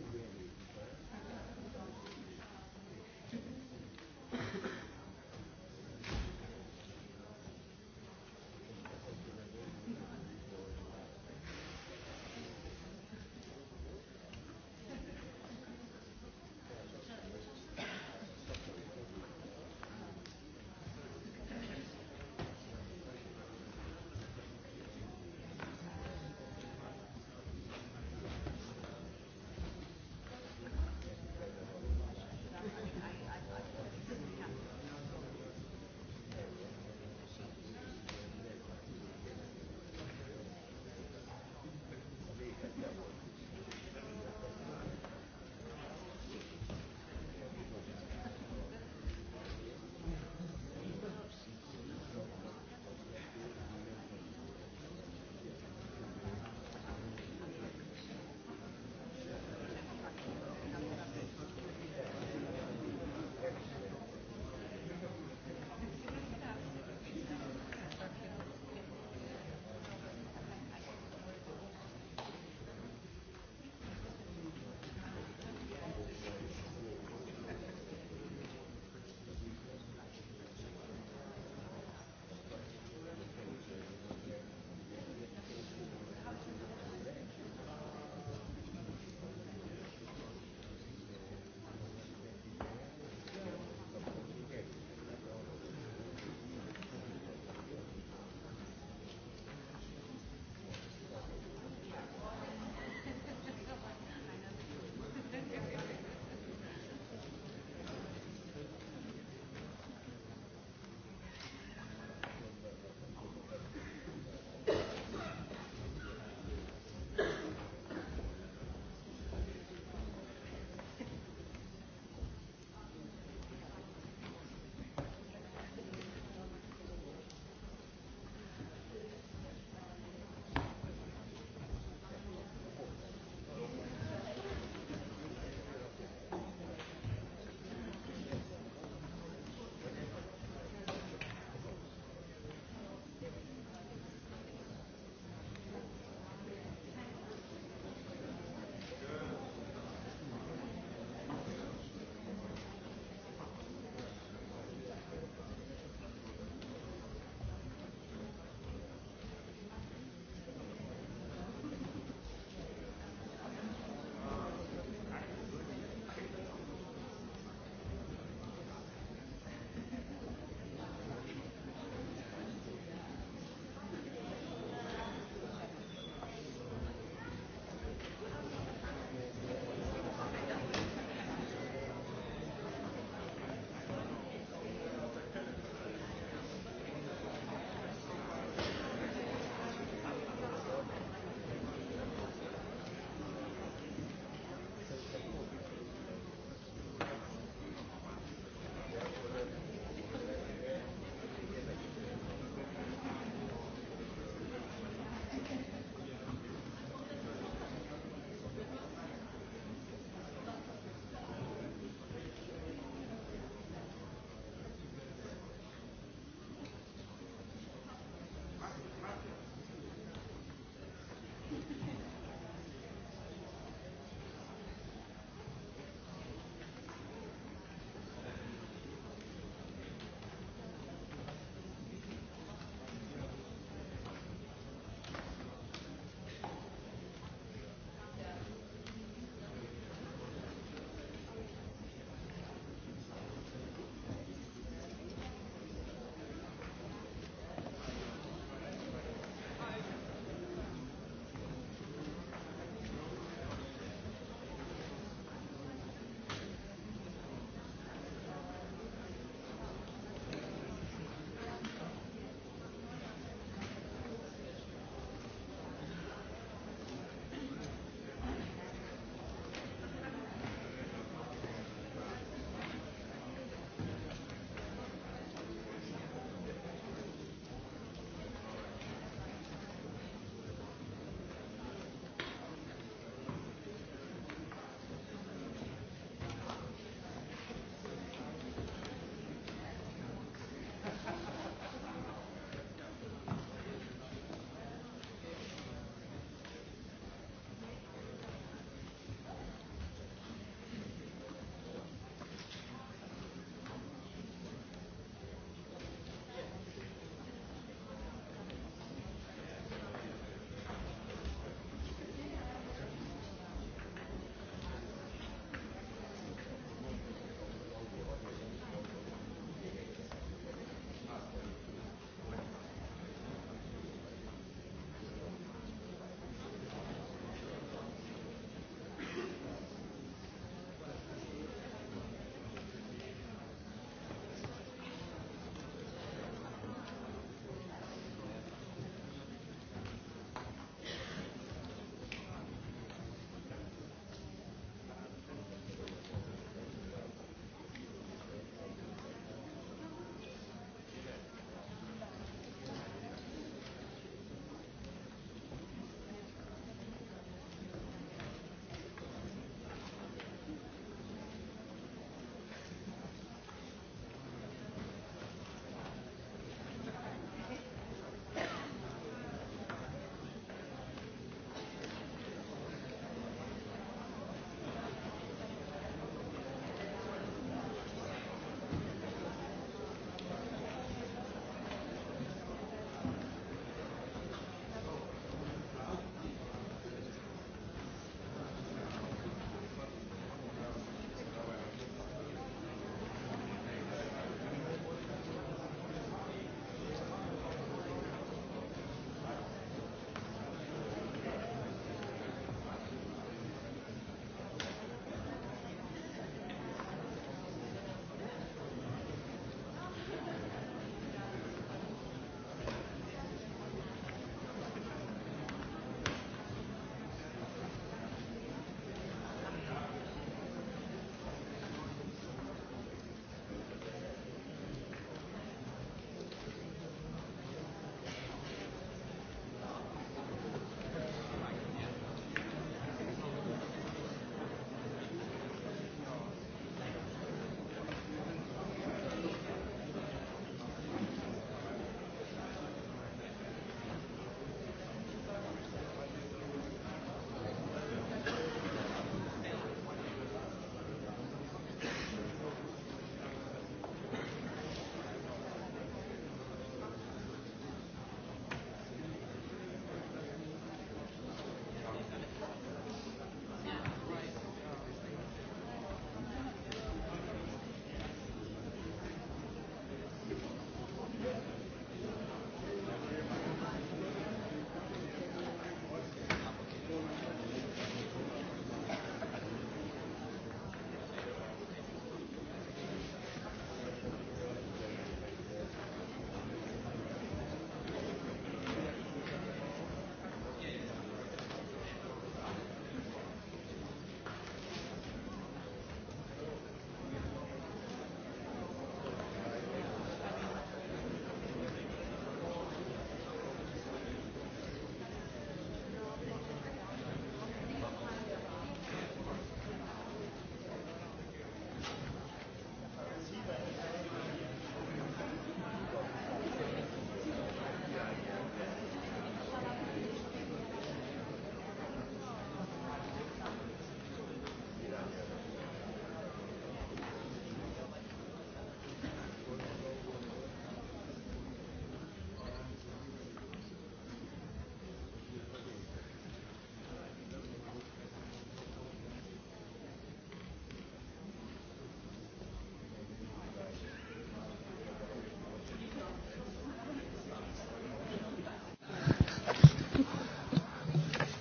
namjera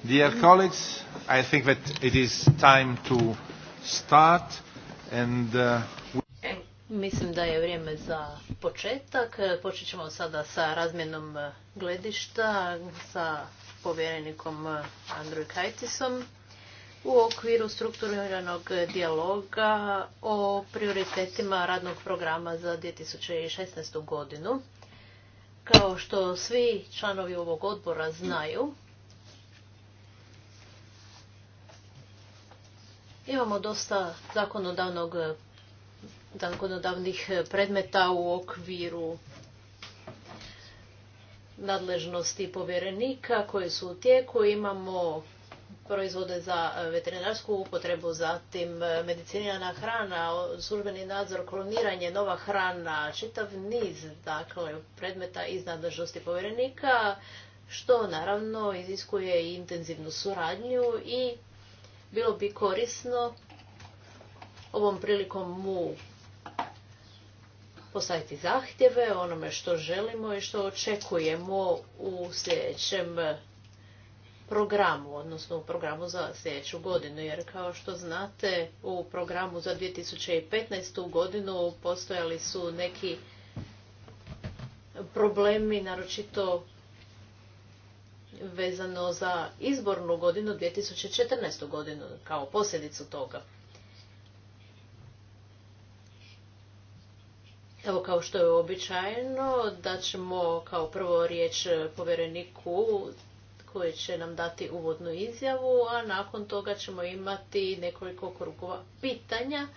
Dear colleagues, I think that it is time to start and uh, e, Mislim da je vrijeme za početak. E, počet ćemo sada sa razmjenom e, gledišta sa povjerenikom Andrew Kajtisom u okviru strukturiranog dijaloga o prioritetima radnog programa za 2016. godinu. Kao što svi članovi ovog odbora znaju, Imamo dosta zakonodavnog, e, zakonodavnih e, predmeta u okviru nadležnosti povjerenika koje su u tijeku. Imamo proizvode za e, veterinarsku upotrebu, zatim medicinirana hrana, službeni nadzor, kloniranje, nova hrana, čitav niz dakle, predmeta iz nadležnosti povjerenika, što naravno iziskuje i intenzivnu suradnju i bilo bi korisno ovom prilikom mu postaviti zahtjeve onome što želimo i što očekujemo u sljedećem programu, odnosno u programu za sljedeću godinu, jer kao što znate u programu za 2015. godinu postojali su neki problemi, naročito vezano za izbornu godinu 2014. godinu kao posljedicu toga. Evo kao što je običajno, da ćemo kao prvo riječ povjereniku koji će nam dati uvodnu izjavu, a nakon toga ćemo imati nekoliko krugova pitanja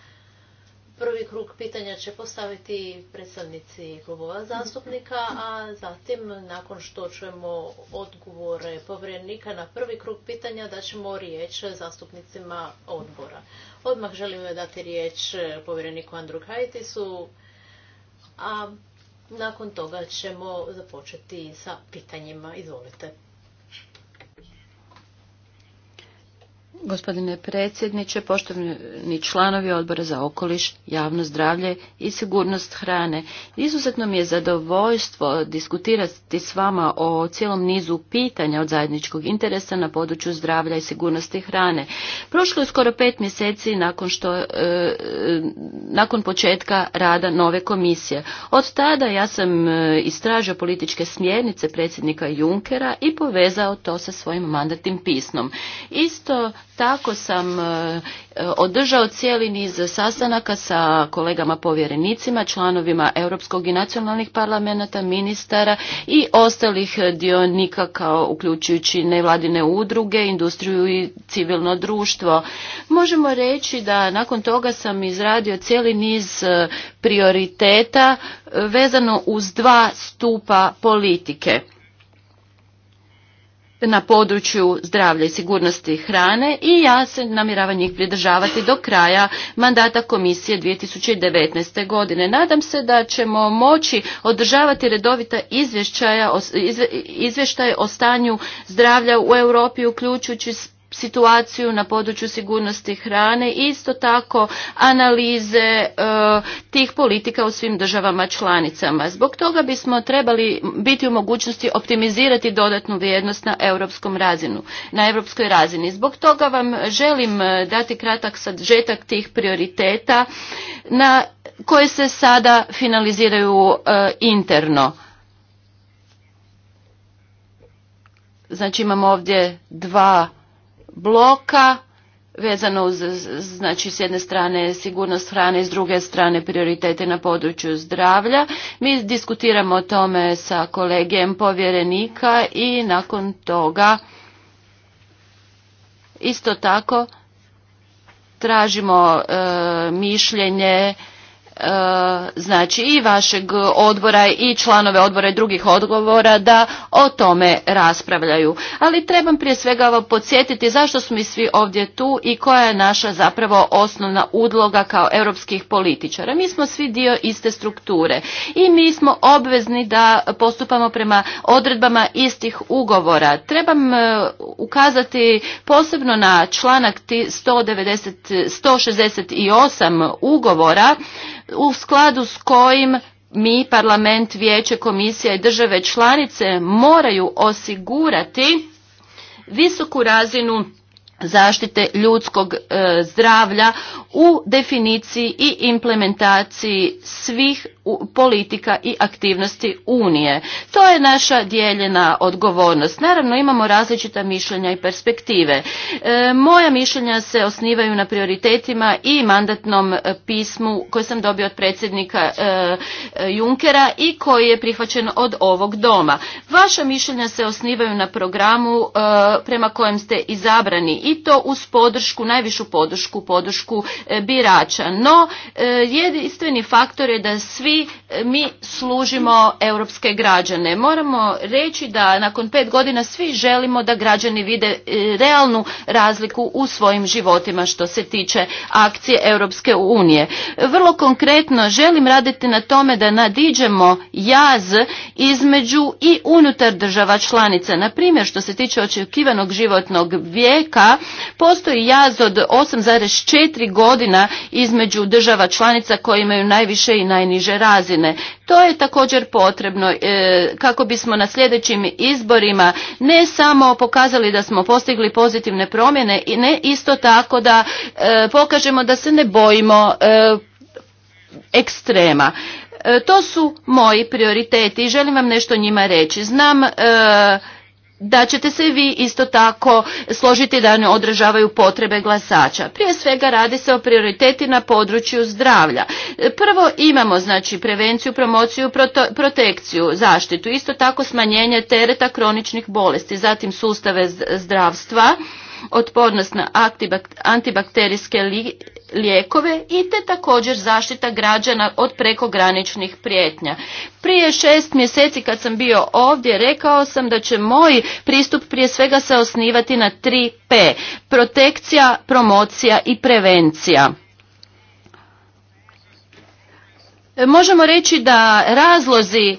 Prvi krug pitanja će postaviti predstavnici klubova zastupnika, a zatim nakon što čujemo odgovore povjerenika na prvi krug pitanja da ćemo riječ zastupnicima odbora. Odmah želim dati riječ povjereniku Andru Kajtisu, a nakon toga ćemo započeti sa pitanjima. Izvolite. Gospodine predsjedniče, poštovni članovi odbora za okoliš, javno zdravlje i sigurnost hrane, izuzetno mi je zadovoljstvo diskutirati s vama o cijelom nizu pitanja od zajedničkog interesa na području zdravlja i sigurnosti hrane. Prošlo je skoro pet mjeseci nakon, što, e, nakon početka rada nove komisije. Od tada ja sam e, istražio političke smjernice predsjednika Junckera i povezao to sa svojim mandatnim pisnom. Isto tako sam e, održao cijeli niz sastanaka sa kolegama povjerenicima, članovima Europskog i nacionalnih parlamenta, ministara i ostalih dionika kao uključujući nevladine udruge, industriju i civilno društvo. Možemo reći da nakon toga sam izradio cijeli niz e, prioriteta vezano uz dva stupa politike na području zdravlja i sigurnosti hrane i ja se namjeravam njih pridržavati do kraja mandata komisije 2019. godine. Nadam se da ćemo moći održavati redovita izvještaje o stanju zdravlja u Europi uključujući situaciju na području sigurnosti hrane i isto tako analize e, tih politika u svim državama članicama. Zbog toga bismo trebali biti u mogućnosti optimizirati dodatnu vrijednost na europskom razinu, na europskoj razini. Zbog toga vam želim e, dati kratak sadžetak tih prioriteta na koje se sada finaliziraju e, interno. Znači imamo ovdje dva bloka vezano uz znači s jedne strane sigurnost hrane s druge strane prioritete na području zdravlja mi diskutiramo o tome sa kolegijem povjerenika i nakon toga isto tako tražimo e, mišljenje E, znači i vašeg odbora i članove odbora i drugih odgovora da o tome raspravljaju. Ali trebam prije svega podsjetiti zašto smo mi svi ovdje tu i koja je naša zapravo osnovna udloga kao europskih političara. Mi smo svi dio iste strukture i mi smo obvezni da postupamo prema odredbama istih ugovora. Trebam e, ukazati posebno na članak 190, 168 ugovora u skladu s kojim mi, parlament, vijeće, komisija i države članice moraju osigurati visoku razinu zaštite ljudskog e, zdravlja u definiciji i implementaciji svih politika i aktivnosti unije to je naša dijeljena odgovornost naravno imamo različita mišljenja i perspektive e, moja mišljenja se osnivaju na prioritetima i mandatnom e, pismu koje sam dobio od predsjednika Junkera i koji je prihvaćen od ovog doma vaša mišljenja se osnivaju na programu prema kojem ste izabrani i to uz podršku, najvišu podršku, podršku e, birača. No, e, jedinstveni faktor je da svi e, mi služimo europske građane. Moramo reći da nakon pet godina svi želimo da građani vide realnu razliku u svojim životima što se tiče akcije Europske unije. Vrlo konkretno želim raditi na tome da nadiđemo jaz između i unutar država članica. Na primjer, što se tiče očekivanog životnog vijeka, postoji jaz od 8,4 godina između država članica koje imaju najviše i najniže razine. To je također potrebno e, kako bismo na sljedećim izborima ne samo pokazali da smo postigli pozitivne promjene i ne isto tako da e, pokažemo da se ne bojimo e, ekstrema. To su moji prioriteti i želim vam nešto njima reći. Znam da ćete se vi isto tako složiti da ne odražavaju potrebe glasača. Prije svega radi se o prioriteti na području zdravlja. Prvo imamo znači prevenciju, promociju, protekciju, zaštitu, isto tako smanjenje tereta kroničnih bolesti, zatim sustave zdravstva, otpornost na antibakterijske li, lijekove i te također zaštita građana od prekograničnih prijetnja. Prije šest mjeseci kad sam bio ovdje rekao sam da će moj pristup prije svega se osnivati na 3P. Protekcija, promocija i prevencija. Možemo reći da razlozi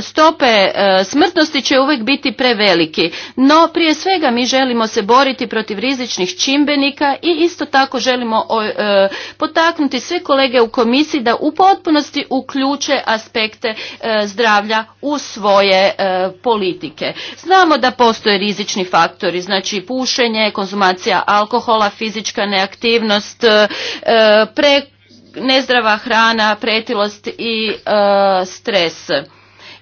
stope eh, smrtnosti će uvijek biti preveliki, no prije svega mi želimo se boriti protiv rizičnih čimbenika i isto tako želimo eh, potaknuti sve kolege u komisiji da u potpunosti uključe aspekte eh, zdravlja u svoje politike. Znamo da postoje rizični faktori, znači pušenje, konzumacija alkohola, fizička neaktivnost, preko nezdrava hrana, pretilost i e, stres.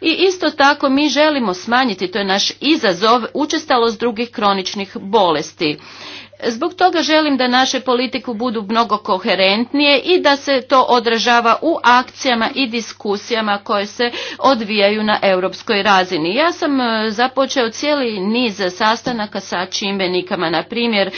I isto tako mi želimo smanjiti, to je naš izazov, učestalost drugih kroničnih bolesti. Zbog toga želim da naše politiku budu mnogo koherentnije i da se to odražava u akcijama i diskusijama koje se odvijaju na europskoj razini. Ja sam e, započeo cijeli niz sastanaka sa čimbenikama, na primjer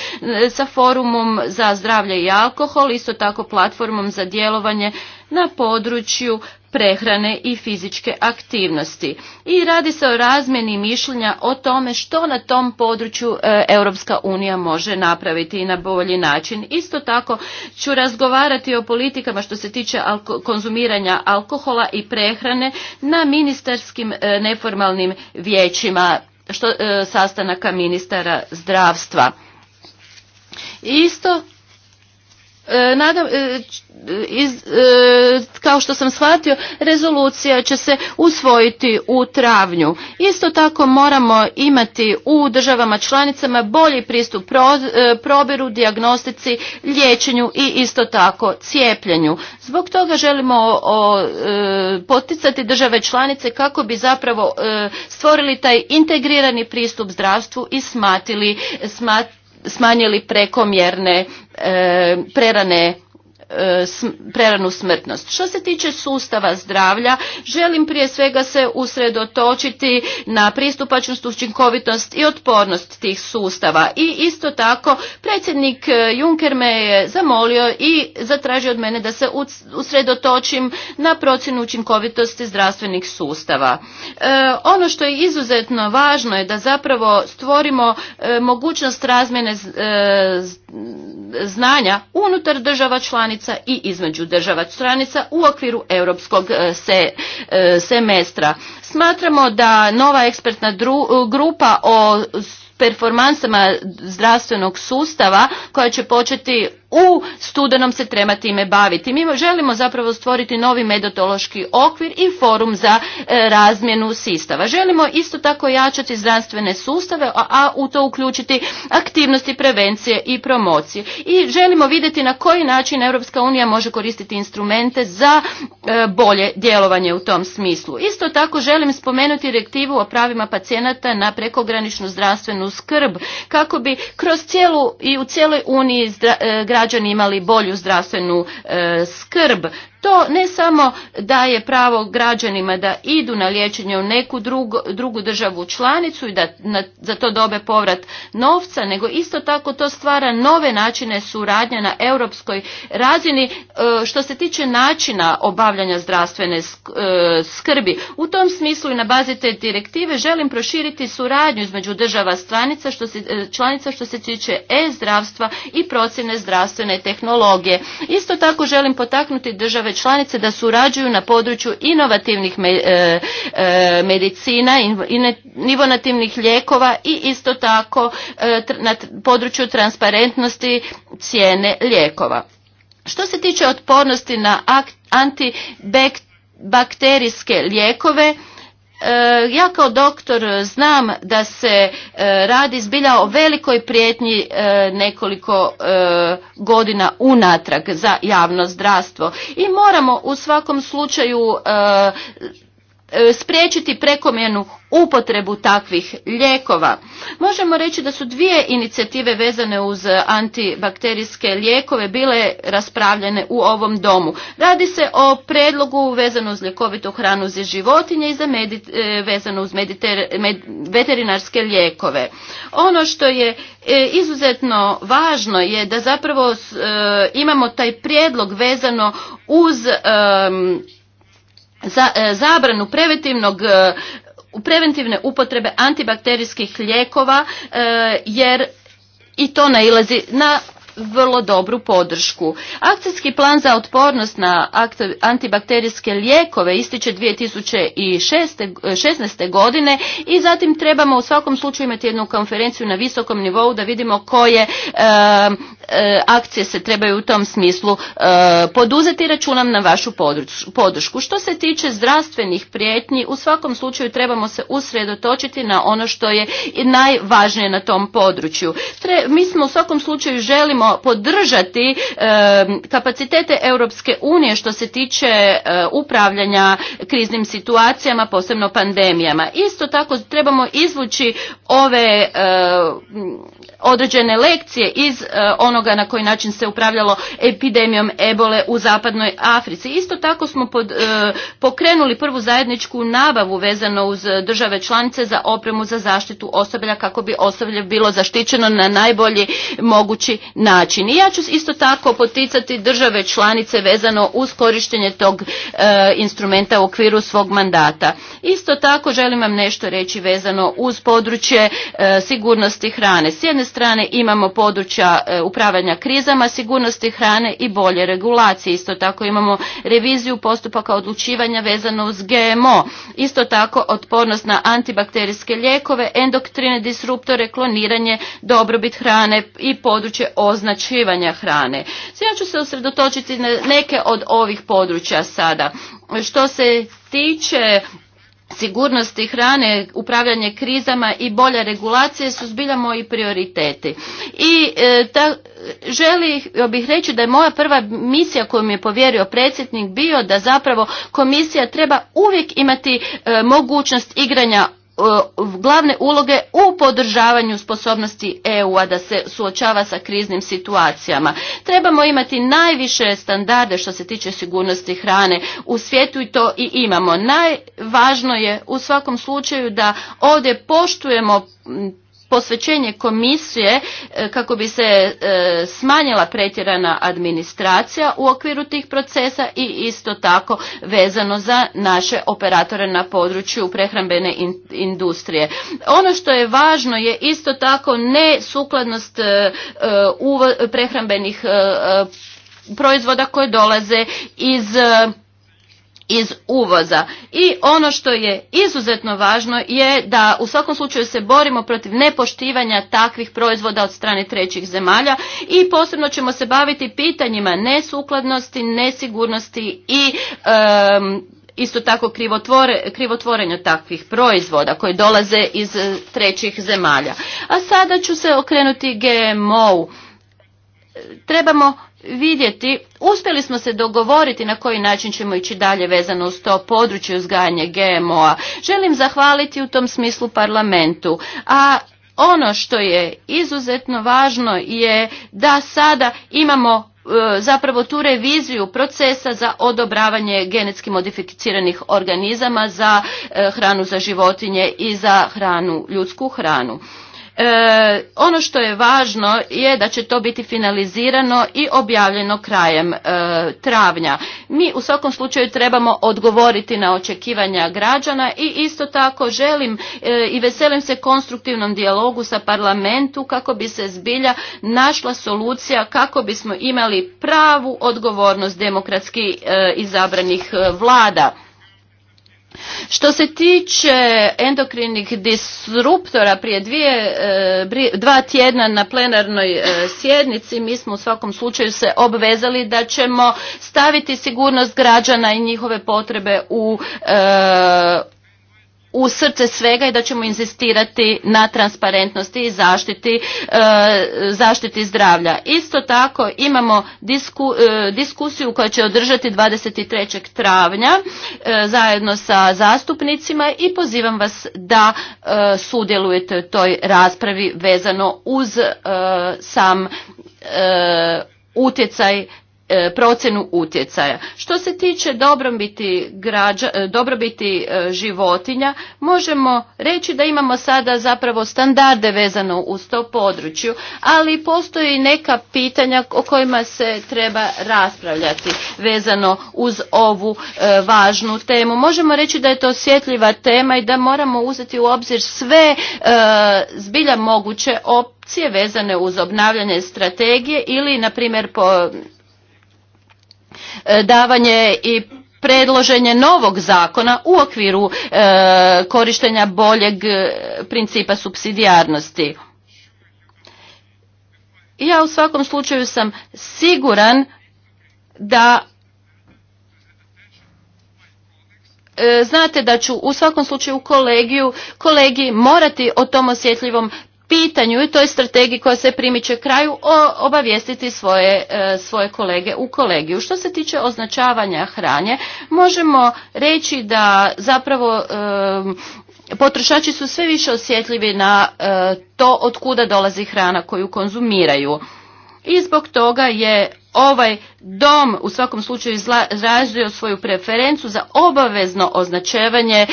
e, sa forumom za zdravlje i alkohol, isto tako platformom za djelovanje na području prehrane i fizičke aktivnosti. I radi se o razmjeni mišljenja o tome što na tom području e, Europska unija može napraviti i na bolji način. Isto tako ću razgovarati o politikama što se tiče konzumiranja alkohola i prehrane na ministarskim e, neformalnim vijećima što e, sastanaka ministara zdravstva. Isto E, nadam, e, e, iz, kao što sam shvatio, rezolucija će se usvojiti u travnju. Isto tako moramo imati u državama članicama bolji pristup probiru, diagnostici, liječenju i isto tako cijepljenju. Zbog toga želimo poticati države članice kako bi zapravo stvorili taj integrirani pristup zdravstvu i smatili, smatili smanjili prekomjerne e, prerane E, preranu smrtnost. Što se tiče sustava zdravlja, želim prije svega se usredotočiti na pristupačnost, učinkovitost i otpornost tih sustava. I isto tako, predsjednik e, Juncker me je zamolio i zatražio od mene da se usredotočim na procjenu učinkovitosti zdravstvenih sustava. E, ono što je izuzetno važno je da zapravo stvorimo mogućnost razmjene znanja unutar država članica i između država članica u okviru europskog e, e, semestra. Smatramo da nova ekspertna grupa o performansama zdravstvenog sustava koja će početi u studenom se treba time baviti. Mi želimo zapravo stvoriti novi metodološki okvir i forum za e, razmjenu sistava. Želimo isto tako jačati zdravstvene sustave, a, u to uključiti aktivnosti prevencije i promocije. I želimo vidjeti na koji način Europska unija može koristiti instrumente za e, bolje djelovanje u tom smislu. Isto tako želim spomenuti direktivu o pravima pacijenata na prekograničnu zdravstvenu skrb kako bi kroz cijelu i u cijeloj uniji zdra, e, građani imali bolju zdravstvenu e, skrb to ne samo daje pravo građanima da idu na liječenje u neku drugu, drugu državu članicu i da za to dobe povrat novca, nego isto tako to stvara nove načine suradnje na europskoj razini e, što se tiče načina obavljanja zdravstvene e, skrbi. U tom smislu i na bazi te direktive želim proširiti suradnju između država stranica što se, e, članica što se tiče e-zdravstva i procjene zdravstvene tehnologije. Isto tako želim potaknuti države članice da surađuju na području inovativnih me, e, e medicina, inovativnih lijekova i isto tako e, na području transparentnosti cijene lijekova. Što se tiče otpornosti na antibakterijske lijekove, Eh, ja kao doktor znam da se eh, radi zbilja o velikoj prijetnji eh, nekoliko godina unatrag za javno zdravstvo i moramo u svakom slučaju E, spriječiti prekomjernu upotrebu takvih lijekova. Možemo reći da su dvije inicijative vezane uz antibakterijske lijekove bile raspravljene u ovom domu. Radi se o predlogu vezano uz ljekovitu hranu za životinje i za e, vezano uz veterinarske lijekove. Ono što je e, izuzetno važno je da zapravo imamo taj prijedlog vezano uz za, e, zabranu preventivnog e, preventivne upotrebe antibakterijskih lijekova e, jer i to nailazi na vrlo dobru podršku. Akcijski plan za otpornost na antibakterijske lijekove ističe 2016. godine i zatim trebamo u svakom slučaju imati jednu konferenciju na visokom nivou da vidimo koje E, akcije se trebaju u tom smislu e, poduzeti. Računam na vašu podršku. Što se tiče zdravstvenih prijetnji, u svakom slučaju trebamo se usredotočiti na ono što je najvažnije na tom području. Mi smo u svakom slučaju želimo podržati e, kapacitete Europske unije što se tiče upravljanja kriznim situacijama, posebno pandemijama. Isto tako trebamo izvući ove određene lekcije iz e, onoga na koji način se upravljalo epidemijom ebole u zapadnoj Africi. Isto tako smo pod, e, pokrenuli prvu zajedničku nabavu vezano uz države članice za opremu za zaštitu osoblja kako bi osoblje bilo zaštićeno na najbolji mogući način. I ja ću isto tako poticati države članice vezano uz korištenje tog e, instrumenta u okviru svog mandata. Isto tako želim vam nešto reći vezano uz područje sigurnosti hrane. S jedne strane imamo područja e, upravljanja krizama, sigurnosti hrane i bolje regulacije. Isto tako imamo reviziju postupaka odlučivanja vezano uz GMO. Isto tako otpornost na antibakterijske lijekove, endoktrine disruptore, kloniranje, dobrobit hrane i područje označivanja hrane. Sada ću se usredotočiti na neke od ovih područja sada. Što se tiče sigurnosti hrane, upravljanje krizama i bolja regulacije su zbilja moji prioriteti. I e, ta, želio bih reći da je moja prva misija koju mi je povjerio predsjednik bio da zapravo komisija treba uvijek imati e, mogućnost igranja E, glavne uloge u podržavanju sposobnosti EU-a da se suočava sa kriznim situacijama. Trebamo imati najviše standarde što se tiče sigurnosti hrane u svijetu i to i imamo. Najvažno je u svakom slučaju da ovdje poštujemo posvećenje komisije e, kako bi se e, smanjila pretjerana administracija u okviru tih procesa i isto tako vezano za naše operatore na području prehrambene industrije. Ono što je važno je isto tako nesukladnost e, prehrambenih proizvoda koje dolaze iz iz uvoza. I ono što je izuzetno važno je da u svakom slučaju se borimo protiv nepoštivanja takvih proizvoda od strane trećih zemalja i posebno ćemo se baviti pitanjima nesukladnosti, nesigurnosti i isto tako krivotvore, krivotvorenju takvih proizvoda koji dolaze iz eh, trećih zemalja. A sada ću se okrenuti GMO-u trebamo vidjeti, uspjeli smo se dogovoriti na koji način ćemo ići dalje vezano uz to područje uzgajanja GMO-a. Želim zahvaliti u tom smislu parlamentu. A ono što je izuzetno važno je da sada imamo e, zapravo tu reviziju procesa za odobravanje genetski modificiranih organizama za e, hranu za životinje i za hranu, ljudsku hranu. E, ono što je važno je da će to biti finalizirano i objavljeno krajem e, travnja. Mi u svakom slučaju trebamo odgovoriti na očekivanja građana i isto tako želim e, i veselim se konstruktivnom dijalogu sa parlamentu kako bi se zbilja našla solucija kako bismo imali pravu odgovornost demokratski e, izabranih vlada. Što se tiče endokrinih disruptora, prije dvije, e, dva tjedna na plenarnoj e, sjednici mi smo u svakom slučaju se obvezali da ćemo staviti sigurnost građana i njihove potrebe u, e, u srce svega i da ćemo inzistirati na transparentnosti i zaštiti, e, zaštiti zdravlja. Isto tako imamo disku, e, diskusiju koja će održati 23. travnja e, zajedno sa zastupnicima i pozivam vas da sudjelujete u toj raspravi vezano uz sam utjecaj E, procjenu utjecaja. Što se tiče dobrobiti, građa, e, dobrobiti e, životinja, možemo reći da imamo sada zapravo standarde vezano uz to području, ali postoje i neka pitanja o kojima se treba raspravljati vezano uz ovu važnu temu. Možemo reći da je to osjetljiva tema i da moramo uzeti u obzir sve zbilja moguće opcije vezane uz obnavljanje strategije ili, na primjer, po E, davanje i predloženje novog zakona u okviru e, korištenja boljeg e, principa subsidijarnosti. Ja u svakom slučaju sam siguran da znate da ću u svakom slučaju kolegiju kolegi morati o tom osjetljivom pitanju i toj strategiji koja se primiče kraju obavijestiti e, svoje, kolege u kolegiju. Što se tiče označavanja hranje, možemo reći da zapravo e, potrošači su sve više osjetljivi na e, to od kuda dolazi hrana koju konzumiraju. I zbog toga je ovaj dom u svakom slučaju izrazio svoju preferencu za obavezno označevanje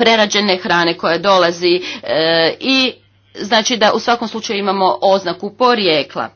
prerađene hrane koja dolazi e, i znači da u svakom slučaju imamo oznaku porijekla.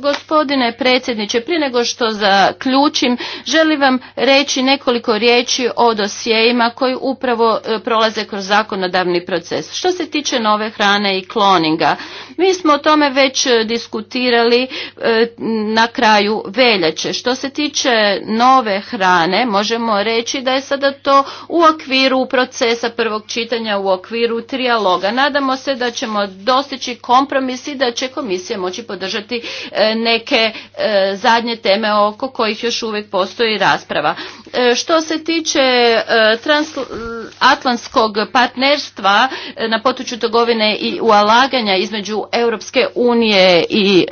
Gospodine predsjedniče, prije nego što zaključim, želim vam reći nekoliko riječi o dosjejima koji upravo e, prolaze kroz zakonodavni proces. Što se tiče nove hrane i kloninga, mi smo o tome već e, diskutirali e, na kraju veljače. Što se tiče nove hrane, možemo reći da je sada to u okviru procesa prvog čitanja, u okviru trijaloga. Nadamo se da ćemo dostići kompromis i da će komisija moći podržati E, neke e, zadnje teme oko kojih još uvijek postoji rasprava. E, što se tiče transatlantskog partnerstva na području trgovine i ulaganja između Europske unije i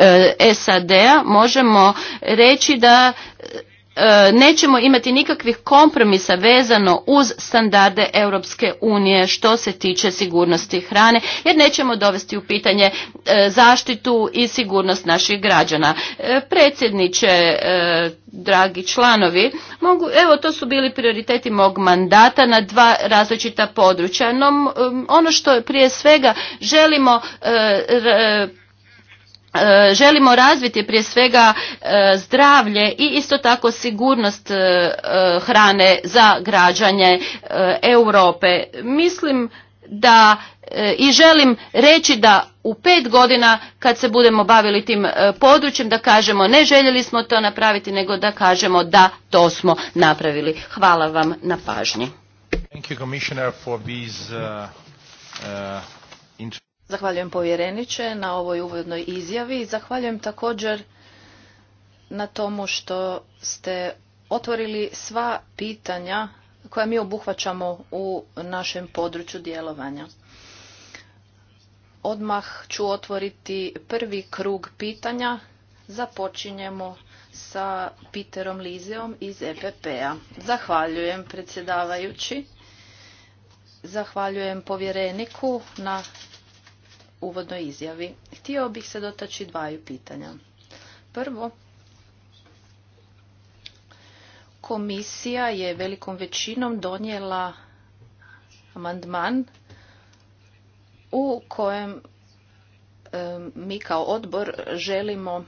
SAD-a možemo reći da E, nećemo imati nikakvih kompromisa vezano uz standarde Europske unije što se tiče sigurnosti hrane jer nećemo dovesti u pitanje e, zaštitu i sigurnost naših građana. E, predsjedniče, dragi članovi, mogu, evo to su bili prioriteti mog mandata na dva različita područja, no ono što prije svega želimo E, želimo razviti prije svega e, zdravlje i isto tako sigurnost e, hrane za građanje Europe. Mislim da i želim reći da u pet godina kad se budemo bavili tim područjem da kažemo ne željeli smo to napraviti nego da kažemo da to smo napravili. Hvala vam na pažnji. Zahvaljujem povjereniče na ovoj uvodnoj izjavi zahvaljujem također na tomu što ste otvorili sva pitanja koja mi obuhvaćamo u našem području djelovanja. Odmah ću otvoriti prvi krug pitanja. Započinjemo sa Peterom Lizeom iz EPP-a. Zahvaljujem predsjedavajući. Zahvaljujem povjereniku na uvodnoj izjavi, htio bih se dotaći dvaju pitanja. Prvo, komisija je velikom većinom donijela amandman u kojem mi kao odbor želimo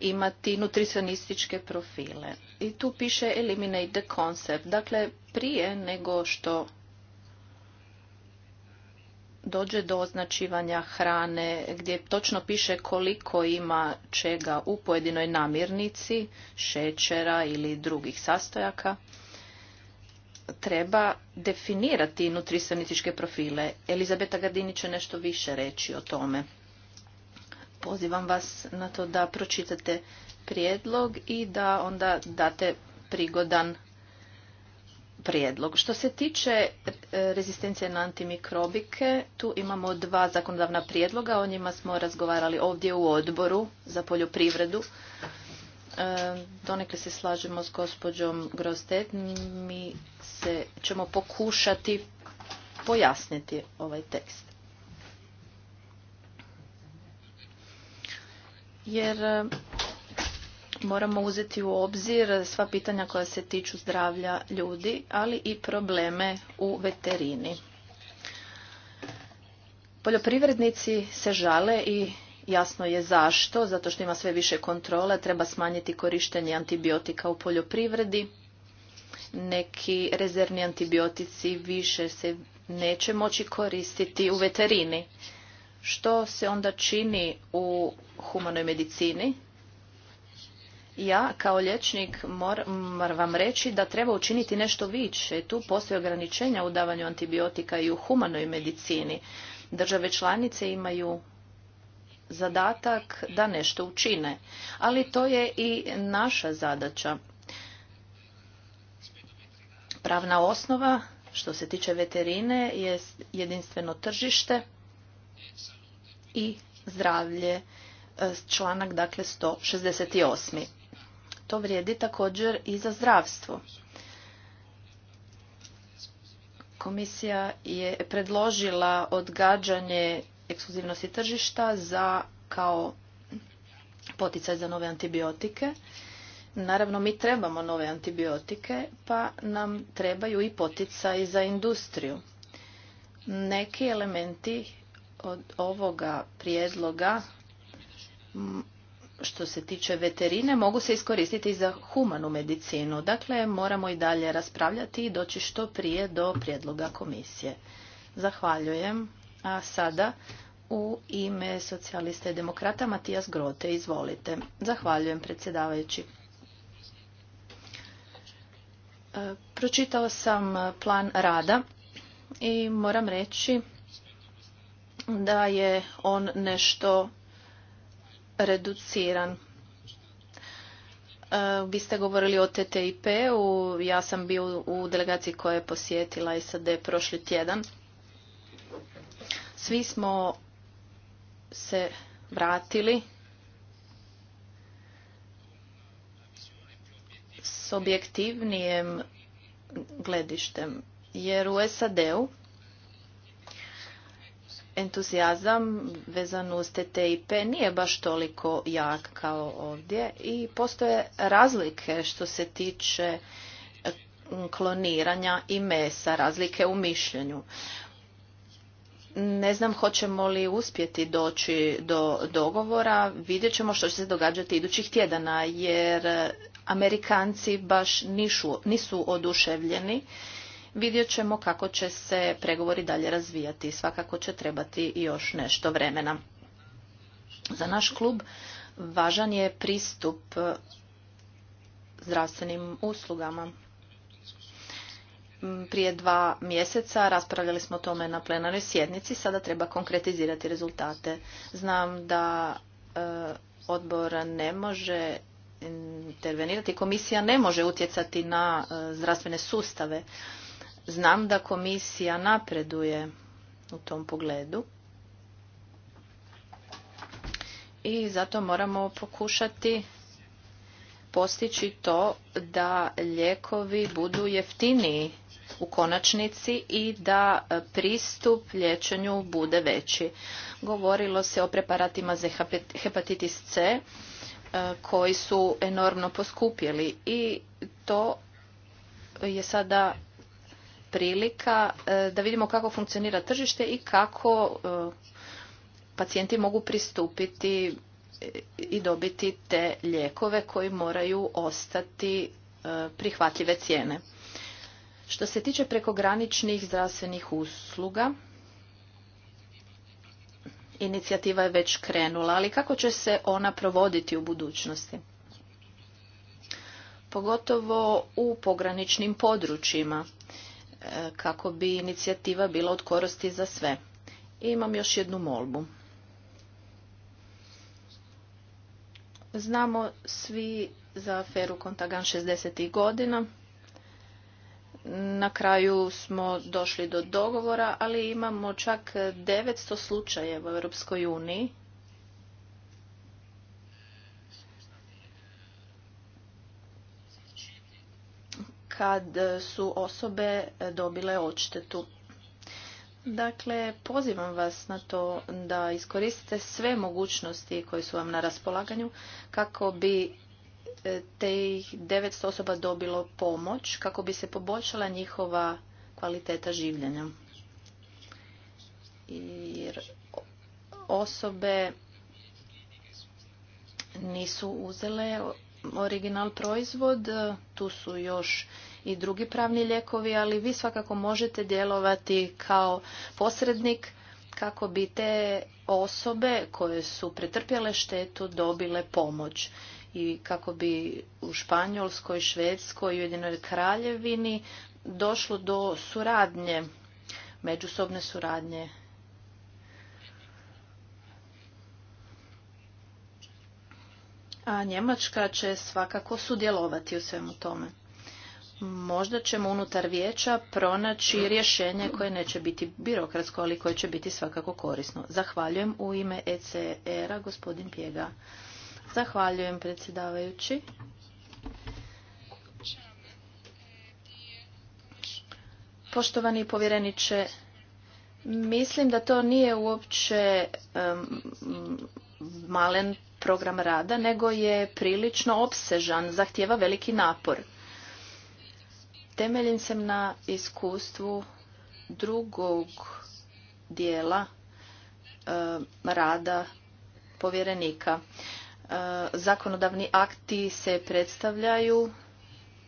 imati nutricionističke profile. I tu piše eliminate the concept. Dakle, prije nego što dođe do označivanja hrane gdje točno piše koliko ima čega u pojedinoj namirnici, šećera ili drugih sastojaka, treba definirati nutricionitičke profile. Elizabeta Gardini će nešto više reći o tome. Pozivam vas na to da pročitate prijedlog i da onda date prigodan prijedlog. Što se tiče e, rezistencije na antimikrobike, tu imamo dva zakonodavna prijedloga, o njima smo razgovarali ovdje u odboru za poljoprivredu. E, donekle se slažemo s gospođom Grostet, mi se ćemo pokušati pojasniti ovaj tekst. Jer moramo uzeti u obzir sva pitanja koja se tiču zdravlja ljudi, ali i probleme u veterini. Poljoprivrednici se žale i jasno je zašto, zato što ima sve više kontrole, treba smanjiti korištenje antibiotika u poljoprivredi. Neki rezervni antibiotici više se neće moći koristiti u veterini. Što se onda čini u humanoj medicini? ja kao liječnik moram vam reći da treba učiniti nešto više. Tu postoje ograničenja u davanju antibiotika i u humanoj medicini. Države članice imaju zadatak da nešto učine, ali to je i naša zadaća. Pravna osnova što se tiče veterine je jedinstveno tržište i zdravlje e, članak dakle 168. To vrijedi također i za zdravstvo. Komisija je predložila odgađanje ekskluzivnosti tržišta za kao poticaj za nove antibiotike. Naravno, mi trebamo nove antibiotike, pa nam trebaju i poticaj za industriju. Neki elementi od ovoga prijedloga što se tiče veterine mogu se iskoristiti za humanu medicinu. Dakle, moramo i dalje raspravljati i doći što prije do prijedloga komisije. Zahvaljujem. A sada u ime socijaliste i demokrata Matijas Grote, izvolite. Zahvaljujem predsjedavajući. E, Pročitao sam plan rada i moram reći da je on nešto reduciran. E, vi ste govorili o TTIP-u, ja sam bio u delegaciji koja je posjetila SAD prošli tjedan. Svi smo se vratili s objektivnijem gledištem, jer u SAD-u entuzijazam vezan uz TTIP nije baš toliko jak kao ovdje i postoje razlike što se tiče mm, kloniranja i mesa, razlike u mišljenju. Ne znam hoćemo li uspjeti doći do dogovora, vidjet ćemo što će se događati idućih tjedana jer Amerikanci baš nisu oduševljeni vidjet ćemo kako će se pregovori dalje razvijati. Svakako će trebati još nešto vremena. Za naš klub važan je pristup zdravstvenim uslugama. Prije dva mjeseca raspravljali smo o tome na plenarnoj sjednici, sada treba konkretizirati rezultate. Znam da e, odbor ne može intervenirati, komisija ne može utjecati na e, zdravstvene sustave. Znam da komisija napreduje u tom pogledu i zato moramo pokušati postići to da lijekovi budu jeftiniji u konačnici i da pristup liječenju bude veći. Govorilo se o preparatima za hepatitis C e, koji su enormno poskupjeli i to je sada prilika e, da vidimo kako funkcionira tržište i kako e, pacijenti mogu pristupiti e, i dobiti te lijekove koji moraju ostati prihvatljive cijene. Što se tiče prekograničnih zdravstvenih usluga, inicijativa je već krenula, ali kako će se ona provoditi u budućnosti? Pogotovo u pograničnim područjima kako bi inicijativa bila od koristi za sve. I imam još jednu molbu. Znamo svi za aferu Kontagan 60. godina. Na kraju smo došli do dogovora, ali imamo čak 900 slučajeva u Europskoj uniji kad e, su osobe e, dobile odštetu. Dakle, pozivam vas na to da iskoristite sve mogućnosti koje su vam na raspolaganju kako bi te 900 osoba dobilo pomoć, kako bi se poboljšala njihova kvaliteta življenja. Jer osobe nisu uzele original proizvod, e, tu su još i drugi pravni lijekovi, ali vi svakako možete djelovati kao posrednik kako bi te osobe koje su pretrpjele štetu dobile pomoć i kako bi u Španjolskoj, Švedskoj i Ujedinoj kraljevini došlo do suradnje, međusobne suradnje a Njemačka će svakako sudjelovati u svemu tome. Možda ćemo unutar vijeća pronaći rješenje koje neće biti birokratsko, ali koje će biti svakako korisno. Zahvaljujem u ime ECR-a gospodin Pjega. Zahvaljujem predsjedavajući. Poštovani povjereniče, mislim da to nije uopće malen program rada, nego je prilično opsežan, zahtjeva veliki napor. Temeljim se na iskustvu drugog dijela e, rada povjerenika. E, zakonodavni akti se predstavljaju,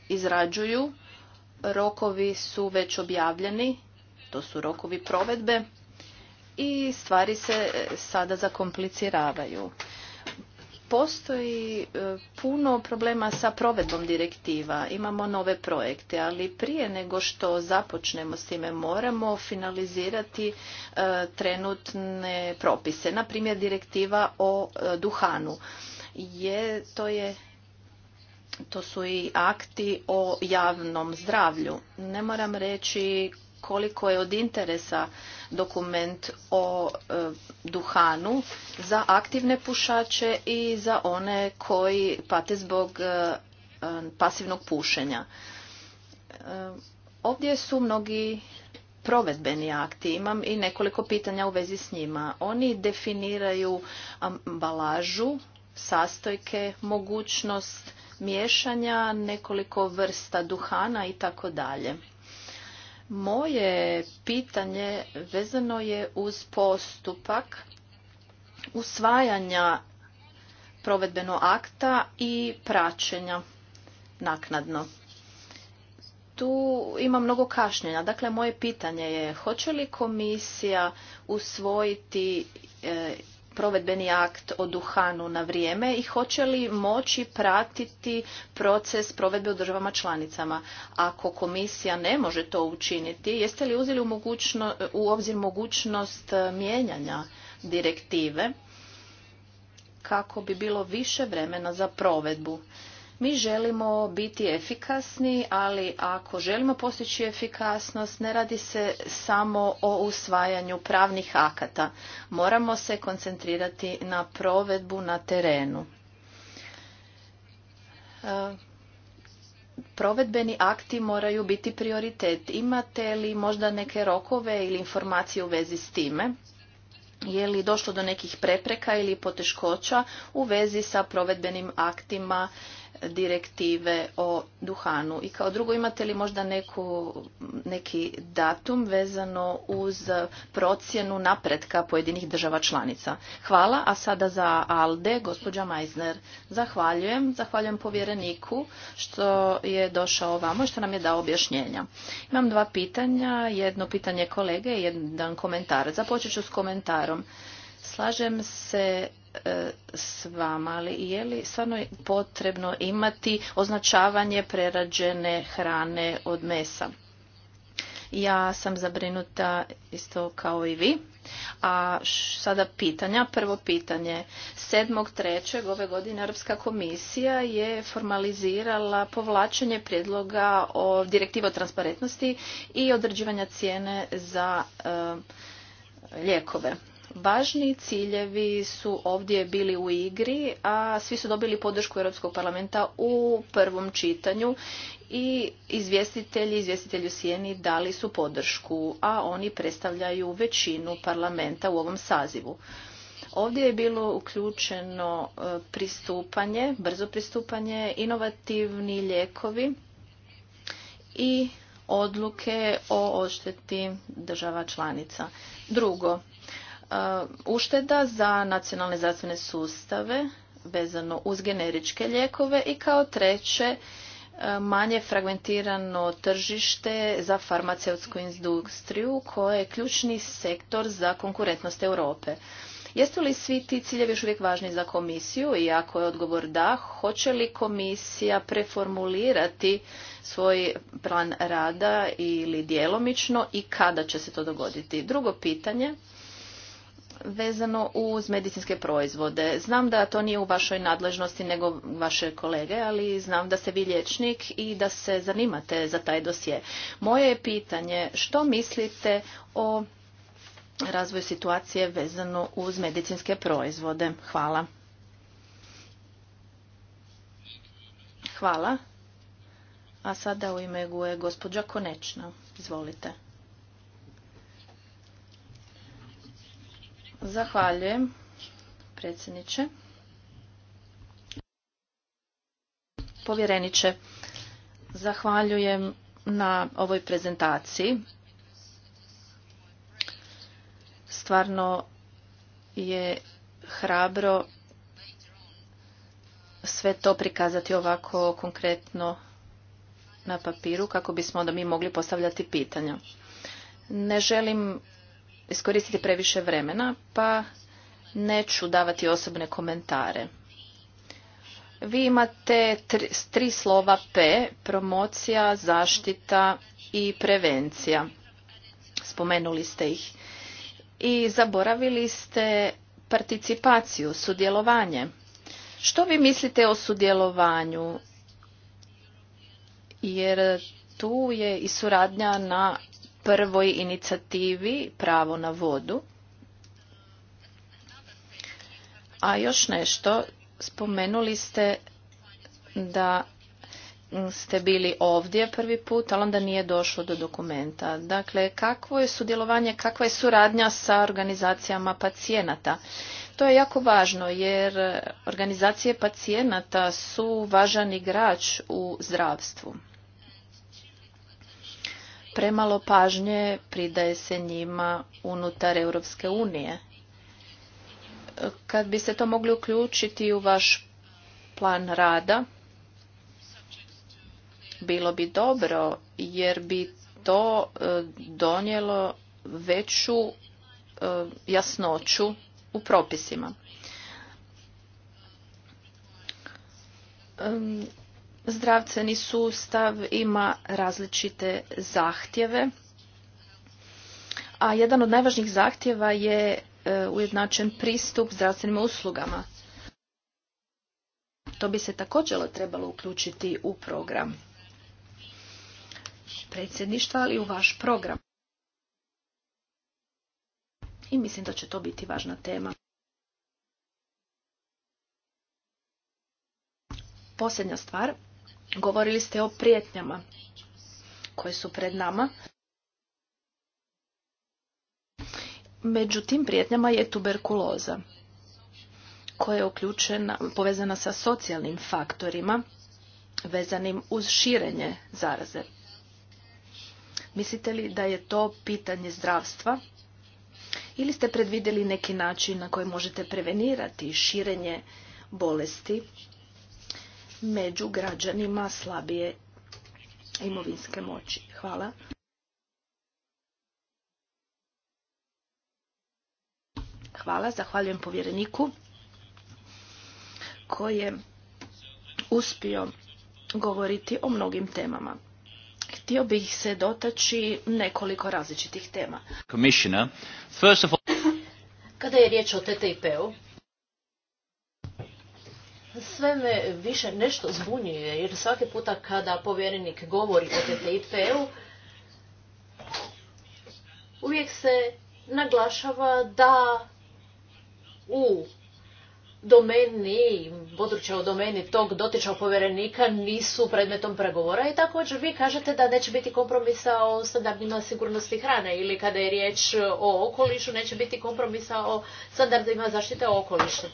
izrađuju, rokovi su već objavljeni, to su rokovi provedbe i stvari se e, sada zakompliciravaju postoji e, puno problema sa provedbom direktiva. Imamo nove projekte, ali prije nego što započnemo s time moramo finalizirati e, trenutne propise. Na primjer direktiva o e, duhanu. Je, to je to su i akti o javnom zdravlju. Ne moram reći koliko je od interesa dokument o e, duhanu za aktivne pušače i za one koji pate zbog e, e, pasivnog pušenja. ovdje su mnogi provedbeni akti. Imam i nekoliko pitanja u vezi s njima. Oni definiraju ambalažu, sastojke, mogućnost miješanja, nekoliko vrsta duhana i tako dalje. Moje pitanje vezano je uz postupak usvajanja provedbenog akta i praćenja naknadno. Tu ima mnogo kašnjenja. Dakle, moje pitanje je hoće li komisija usvojiti e, provedbeni akt o duhanu na vrijeme i hoće li moći pratiti proces provedbe u državama članicama. Ako komisija ne može to učiniti, jeste li uzeli u, u obzir mogućnost e, mijenjanja direktive kako bi bilo više vremena za provedbu? Mi želimo biti efikasni, ali ako želimo postići efikasnost, ne radi se samo o usvajanju pravnih akata. Moramo se koncentrirati na provedbu na terenu. E, provedbeni akti moraju biti prioritet. Imate li možda neke rokove ili informacije u vezi s time? Je li došlo do nekih prepreka ili poteškoća u vezi sa provedbenim aktima direktive o duhanu? I kao drugo, imate li možda neku, neki datum vezano uz procjenu napretka pojedinih država članica? Hvala, a sada za ALDE, gospođa Majzner. Zahvaljujem, zahvaljujem povjereniku što je došao vamo i što nam je dao objašnjenja. Imam dva pitanja, jedno pitanje kolege i jedan komentar. Započet ću s komentarom. Slažem se s vama, ali je li stvarno potrebno imati označavanje prerađene hrane od mesa? Ja sam zabrinuta isto kao i vi. A sada pitanja. Prvo pitanje. 7.3. ove godine Europska komisija je formalizirala povlačenje prijedloga o direktivu o transparentnosti i određivanja cijene za ljekove. lijekove. Važni ciljevi su ovdje bili u igri, a svi su dobili podršku Europskog parlamenta u prvom čitanju i izvjestitelji, izvjestitelji u Sijeni dali su podršku, a oni predstavljaju većinu parlamenta u ovom sazivu. Ovdje je bilo uključeno e, pristupanje, brzo pristupanje, inovativni lijekovi i odluke o odšteti država članica. Drugo, ušteda za nacionalne zdravstvene sustave vezano uz generičke lijekove i kao treće e, manje fragmentirano tržište za farmaceutsku industriju koje je ključni sektor za konkurentnost Europe. Jesu li svi ti ciljevi još uvijek važni za komisiju i ako je odgovor da, hoće li komisija preformulirati svoj plan rada ili djelomično i kada će se to dogoditi? Drugo pitanje vezano uz medicinske proizvode. Znam da to nije u vašoj nadležnosti nego vaše kolege, ali znam da ste vi liječnik i da se zanimate za taj dosje. Moje je pitanje što mislite o razvoju situacije vezano uz medicinske proizvode? Hvala. Hvala. A sada u ime e, gospođa Konečna. Izvolite. Zahvaljujem, predsjedniče. Povjereniče, zahvaljujem na ovoj prezentaciji. Stvarno je hrabro sve to prikazati ovako konkretno na papiru kako bismo onda mi mogli postavljati pitanja. Ne želim iskoristiti previše vremena, pa neću davati osobne komentare. Vi imate tri, tri slova P, promocija, zaštita i prevencija. Spomenuli ste ih. I zaboravili ste participaciju, sudjelovanje. Što vi mislite o sudjelovanju? Jer tu je i suradnja na prvoj inicijativi Pravo na vodu. A još nešto, spomenuli ste da ste bili ovdje prvi put, ali onda nije došlo do dokumenta. Dakle, kakvo je sudjelovanje, kakva je suradnja sa organizacijama pacijenata? To je jako važno jer organizacije pacijenata su važan igrač u zdravstvu premalo pažnje pridaje se njima unutar Europske unije. Kad bi se to mogli uključiti u vaš plan rada, bilo bi dobro jer bi to e, donijelo veću e, jasnoću u propisima zdravstveni sustav ima različite zahtjeve, a jedan od najvažnijih zahtjeva je e, ujednačen pristup zdravstvenim uslugama. To bi se također trebalo uključiti u program predsjedništva, ali u vaš program. I mislim da će to biti važna tema. Posljednja stvar, Govorili ste o prijetnjama koje su pred nama. Među tim prijetnjama je tuberkuloza koja je uključena, povezana sa socijalnim faktorima vezanim uz širenje zaraze. Mislite li da je to pitanje zdravstva ili ste predvidjeli neki način na koji možete prevenirati širenje bolesti među građanima slabije imovinske moći. Hvala. Hvala, zahvaljujem povjereniku koji je uspio govoriti o mnogim temama. Htio bih se dotaći nekoliko različitih tema. Kada je riječ o TTIP-u, sve me više nešto zbunjuje, jer svaki puta kada povjerenik govori o TTIP-u, uvijek se naglašava da u domeni, područja u domeni tog dotičnog povjerenika nisu predmetom pregovora i također vi kažete da neće biti kompromisa o standardima sigurnosti hrane ili kada je riječ o okolišu neće biti kompromisa o standardima zaštite okoliša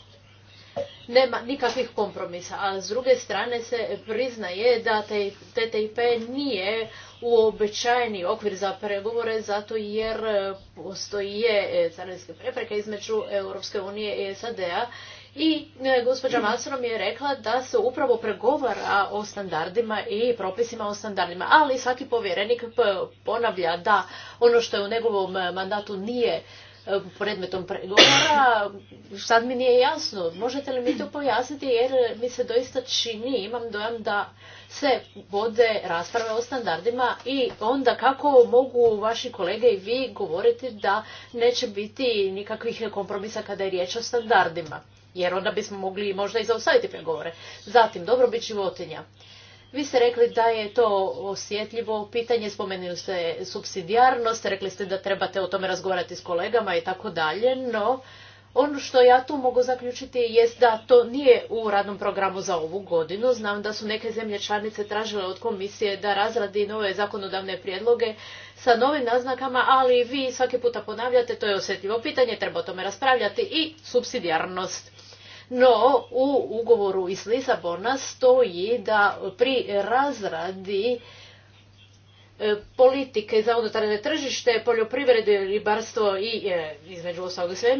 nema nikakvih kompromisa, a s druge strane se priznaje da TTIP nije uobičajeni okvir za pregovore zato jer e, postoje e, carinske prepreke između Europske unije i SAD-a i e, gospođa Malmström je rekla da se upravo pregovara o standardima i propisima o standardima, ali svaki povjerenik ponavlja da ono što je u njegovom mandatu nije E, predmetom pregovora, sad mi nije jasno. Možete li mi to pojasniti jer mi se doista čini, imam dojam da se vode rasprave o standardima i onda kako mogu vaši kolege i vi govoriti da neće biti nikakvih kompromisa kada je riječ o standardima. Jer onda bismo mogli možda i zaustaviti pregovore. Zatim, dobrobit životinja. Vi ste rekli da je to osjetljivo pitanje, spomenuli ste subsidijarnost, rekli ste da trebate o tome razgovarati s kolegama i tako dalje, no ono što ja tu mogu zaključiti je da to nije u radnom programu za ovu godinu. Znam da su neke zemlje članice tražile od komisije da razradi nove zakonodavne prijedloge sa novim naznakama, ali vi svaki puta ponavljate, to je osjetljivo pitanje, treba o tome raspravljati i subsidijarnost. No, u ugovoru iz Lisabona stoji da pri razradi e, politike za unutarnje tržište, poljoprivredu, ribarstvo i e, između ostalog sve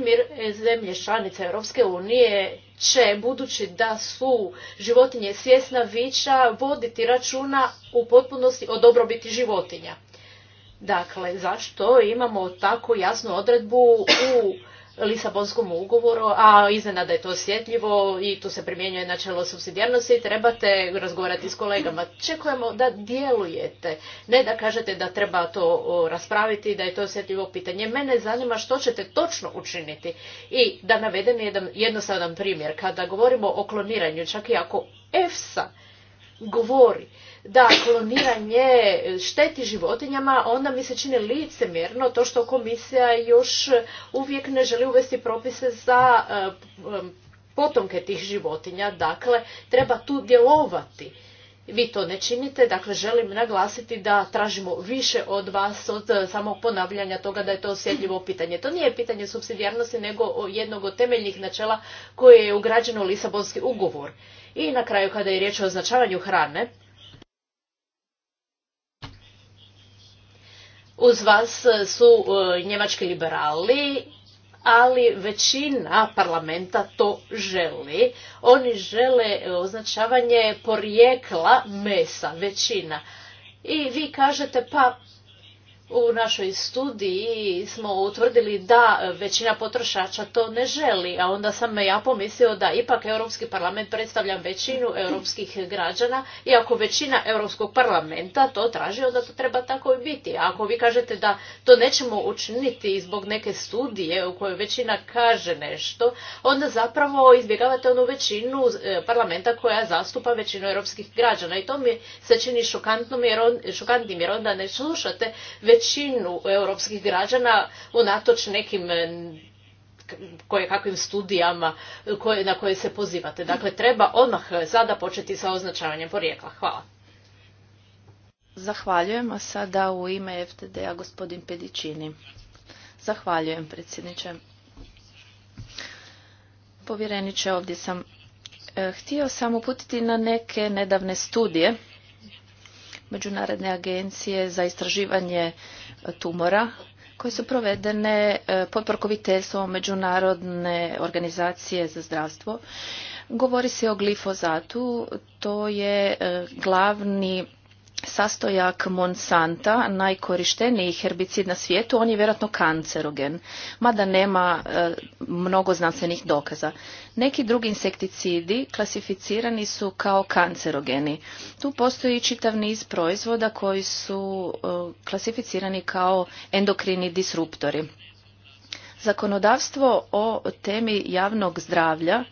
e, zemlje članice Europske unije će, budući da su životinje svjesna vića, voditi računa u potpunosti o dobrobiti životinja. Dakle, zašto imamo takvu jasnu odredbu u Lisabonskom ugovoru, a iznenada je to osjetljivo i tu se primjenjuje načelo supsidijarnosti, trebate razgovarati s kolegama. Čekujemo da djelujete, ne da kažete da treba to raspraviti, da je to osjetljivo pitanje. Mene zanima što ćete točno učiniti i da navedem jedan jednostavan primjer. Kada govorimo o kloniranju, čak i ako EFSA govori da kloniranje šteti životinjama, onda mi se čini licemjerno to što komisija još uvijek ne želi uvesti propise za e, potomke tih životinja. Dakle, treba tu djelovati. Vi to ne činite, dakle želim naglasiti da tražimo više od vas od e, samog ponavljanja toga da je to osjetljivo pitanje. To nije pitanje supsidijarnosti, nego jednog od temeljnih načela koje je ugrađeno u Lisabonski ugovor. I na kraju kada je riječ o označavanju hrane, Uz vas e, su e, njemački liberali, ali većina parlamenta to želi. Oni žele označavanje porijekla mesa, većina. I vi kažete pa u našoj studiji smo utvrdili da većina potrošača to ne želi, a onda sam ja pomislio da ipak Europski parlament predstavlja većinu europskih građana i ako većina Europskog parlamenta to traži, onda to treba tako i biti. A ako vi kažete da to nećemo učiniti zbog neke studije u kojoj većina kaže nešto, onda zapravo izbjegavate onu većinu e, parlamenta koja zastupa većinu europskih građana. I to mi se čini šokantnim jer, onda ne slušate većinu većinu europskih građana unatoč nekim eh, koje kakvim studijama eh, koje, na koje se pozivate. Dakle, treba odmah eh, sada početi sa označavanjem porijekla. Hvala. Zahvaljujem, a sada u ime ftd gospodin Pedičini. Zahvaljujem, predsjedniče. Povjereniče, ovdje sam htio sam uputiti na neke nedavne studije Međunarodne agencije za istraživanje e, tumora koje su provedene e, pod prokoviteljstvom Međunarodne organizacije za zdravstvo. Govori se o glifozatu, to je e, glavni sastojak Monsanta, najkorišteniji herbicid na svijetu, on je vjerojatno kancerogen, mada nema e, mnogo znanstvenih dokaza. Neki drugi insekticidi klasificirani su kao kancerogeni. Tu postoji čitav niz proizvoda koji su e, klasificirani kao endokrini disruptori. Zakonodavstvo o temi javnog zdravlja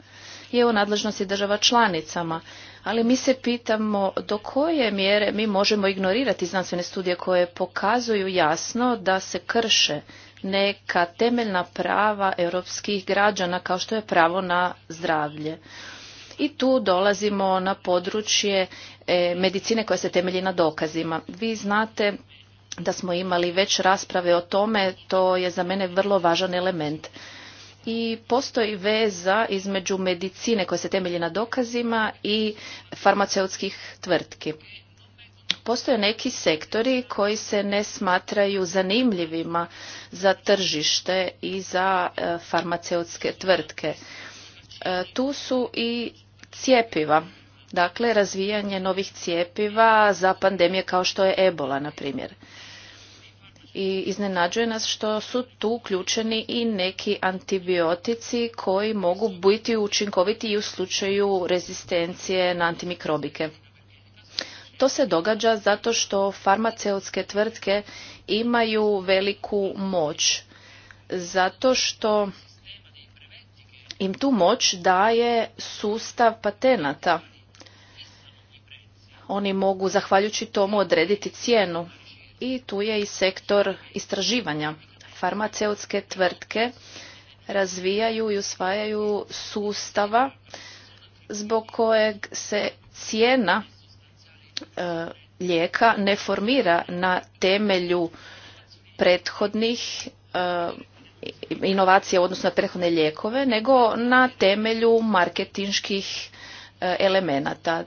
je u nadležnosti država članicama ali mi se pitamo do koje mjere mi možemo ignorirati znanstvene studije koje pokazuju jasno da se krše neka temeljna prava europskih građana kao što je pravo na zdravlje. I tu dolazimo na područje e, medicine koja se temelji na dokazima. Vi znate da smo imali već rasprave o tome, to je za mene vrlo važan element i postoji veza između medicine koja se temelji na dokazima i farmaceutskih tvrtki. Postoje neki sektori koji se ne smatraju zanimljivima za tržište i za e, farmaceutske tvrtke. E, tu su i cijepiva. Dakle, razvijanje novih cijepiva za pandemije kao što je ebola, na primjer i iznenađuje nas što su tu uključeni i neki antibiotici koji mogu biti učinkoviti i u slučaju rezistencije na antimikrobike. To se događa zato što farmaceutske tvrtke imaju veliku moć, zato što im tu moć daje sustav patenata. Oni mogu, zahvaljujući tomu, odrediti cijenu i tu je i sektor istraživanja. Farmaceutske tvrtke razvijaju i usvajaju sustava zbog kojeg se cijena e, lijeka ne formira na temelju prethodnih e, inovacija odnosno prethodne lijekove, nego na temelju marketinških e, elemenata.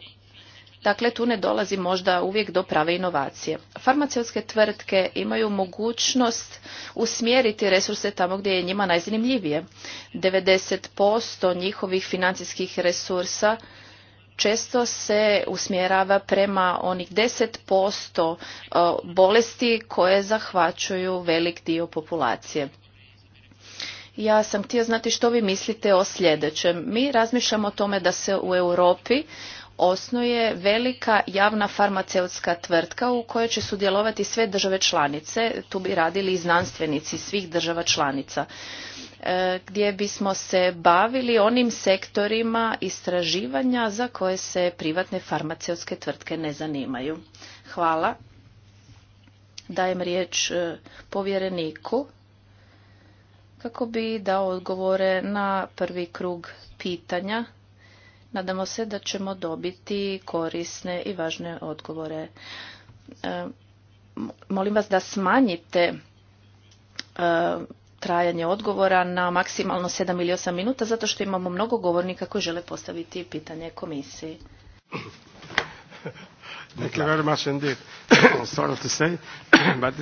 Dakle, tu ne dolazi možda uvijek do prave inovacije. Farmaceutske tvrtke imaju mogućnost usmjeriti resurse tamo gdje je njima najzanimljivije. 90% njihovih financijskih resursa često se usmjerava prema onih 10% e, bolesti koje zahvaćuju velik dio populacije. Ja sam htio znati što vi mislite o sljedećem. Mi razmišljamo o tome da se u Europi osnuje velika javna farmaceutska tvrtka u kojoj će sudjelovati sve države članice, tu bi radili i znanstvenici svih država članica e, gdje bismo se bavili onim sektorima istraživanja za koje se privatne farmaceutske tvrtke ne zanimaju. Hvala. Dajem riječ e, povjereniku kako bi dao odgovore na prvi krug pitanja Nadamo se da ćemo dobiti korisne i važne odgovore. E, molim vas da smanjite e, trajanje odgovora na maksimalno 7 ili 8 minuta, zato što imamo mnogo govornika koji žele postaviti pitanje komisiji.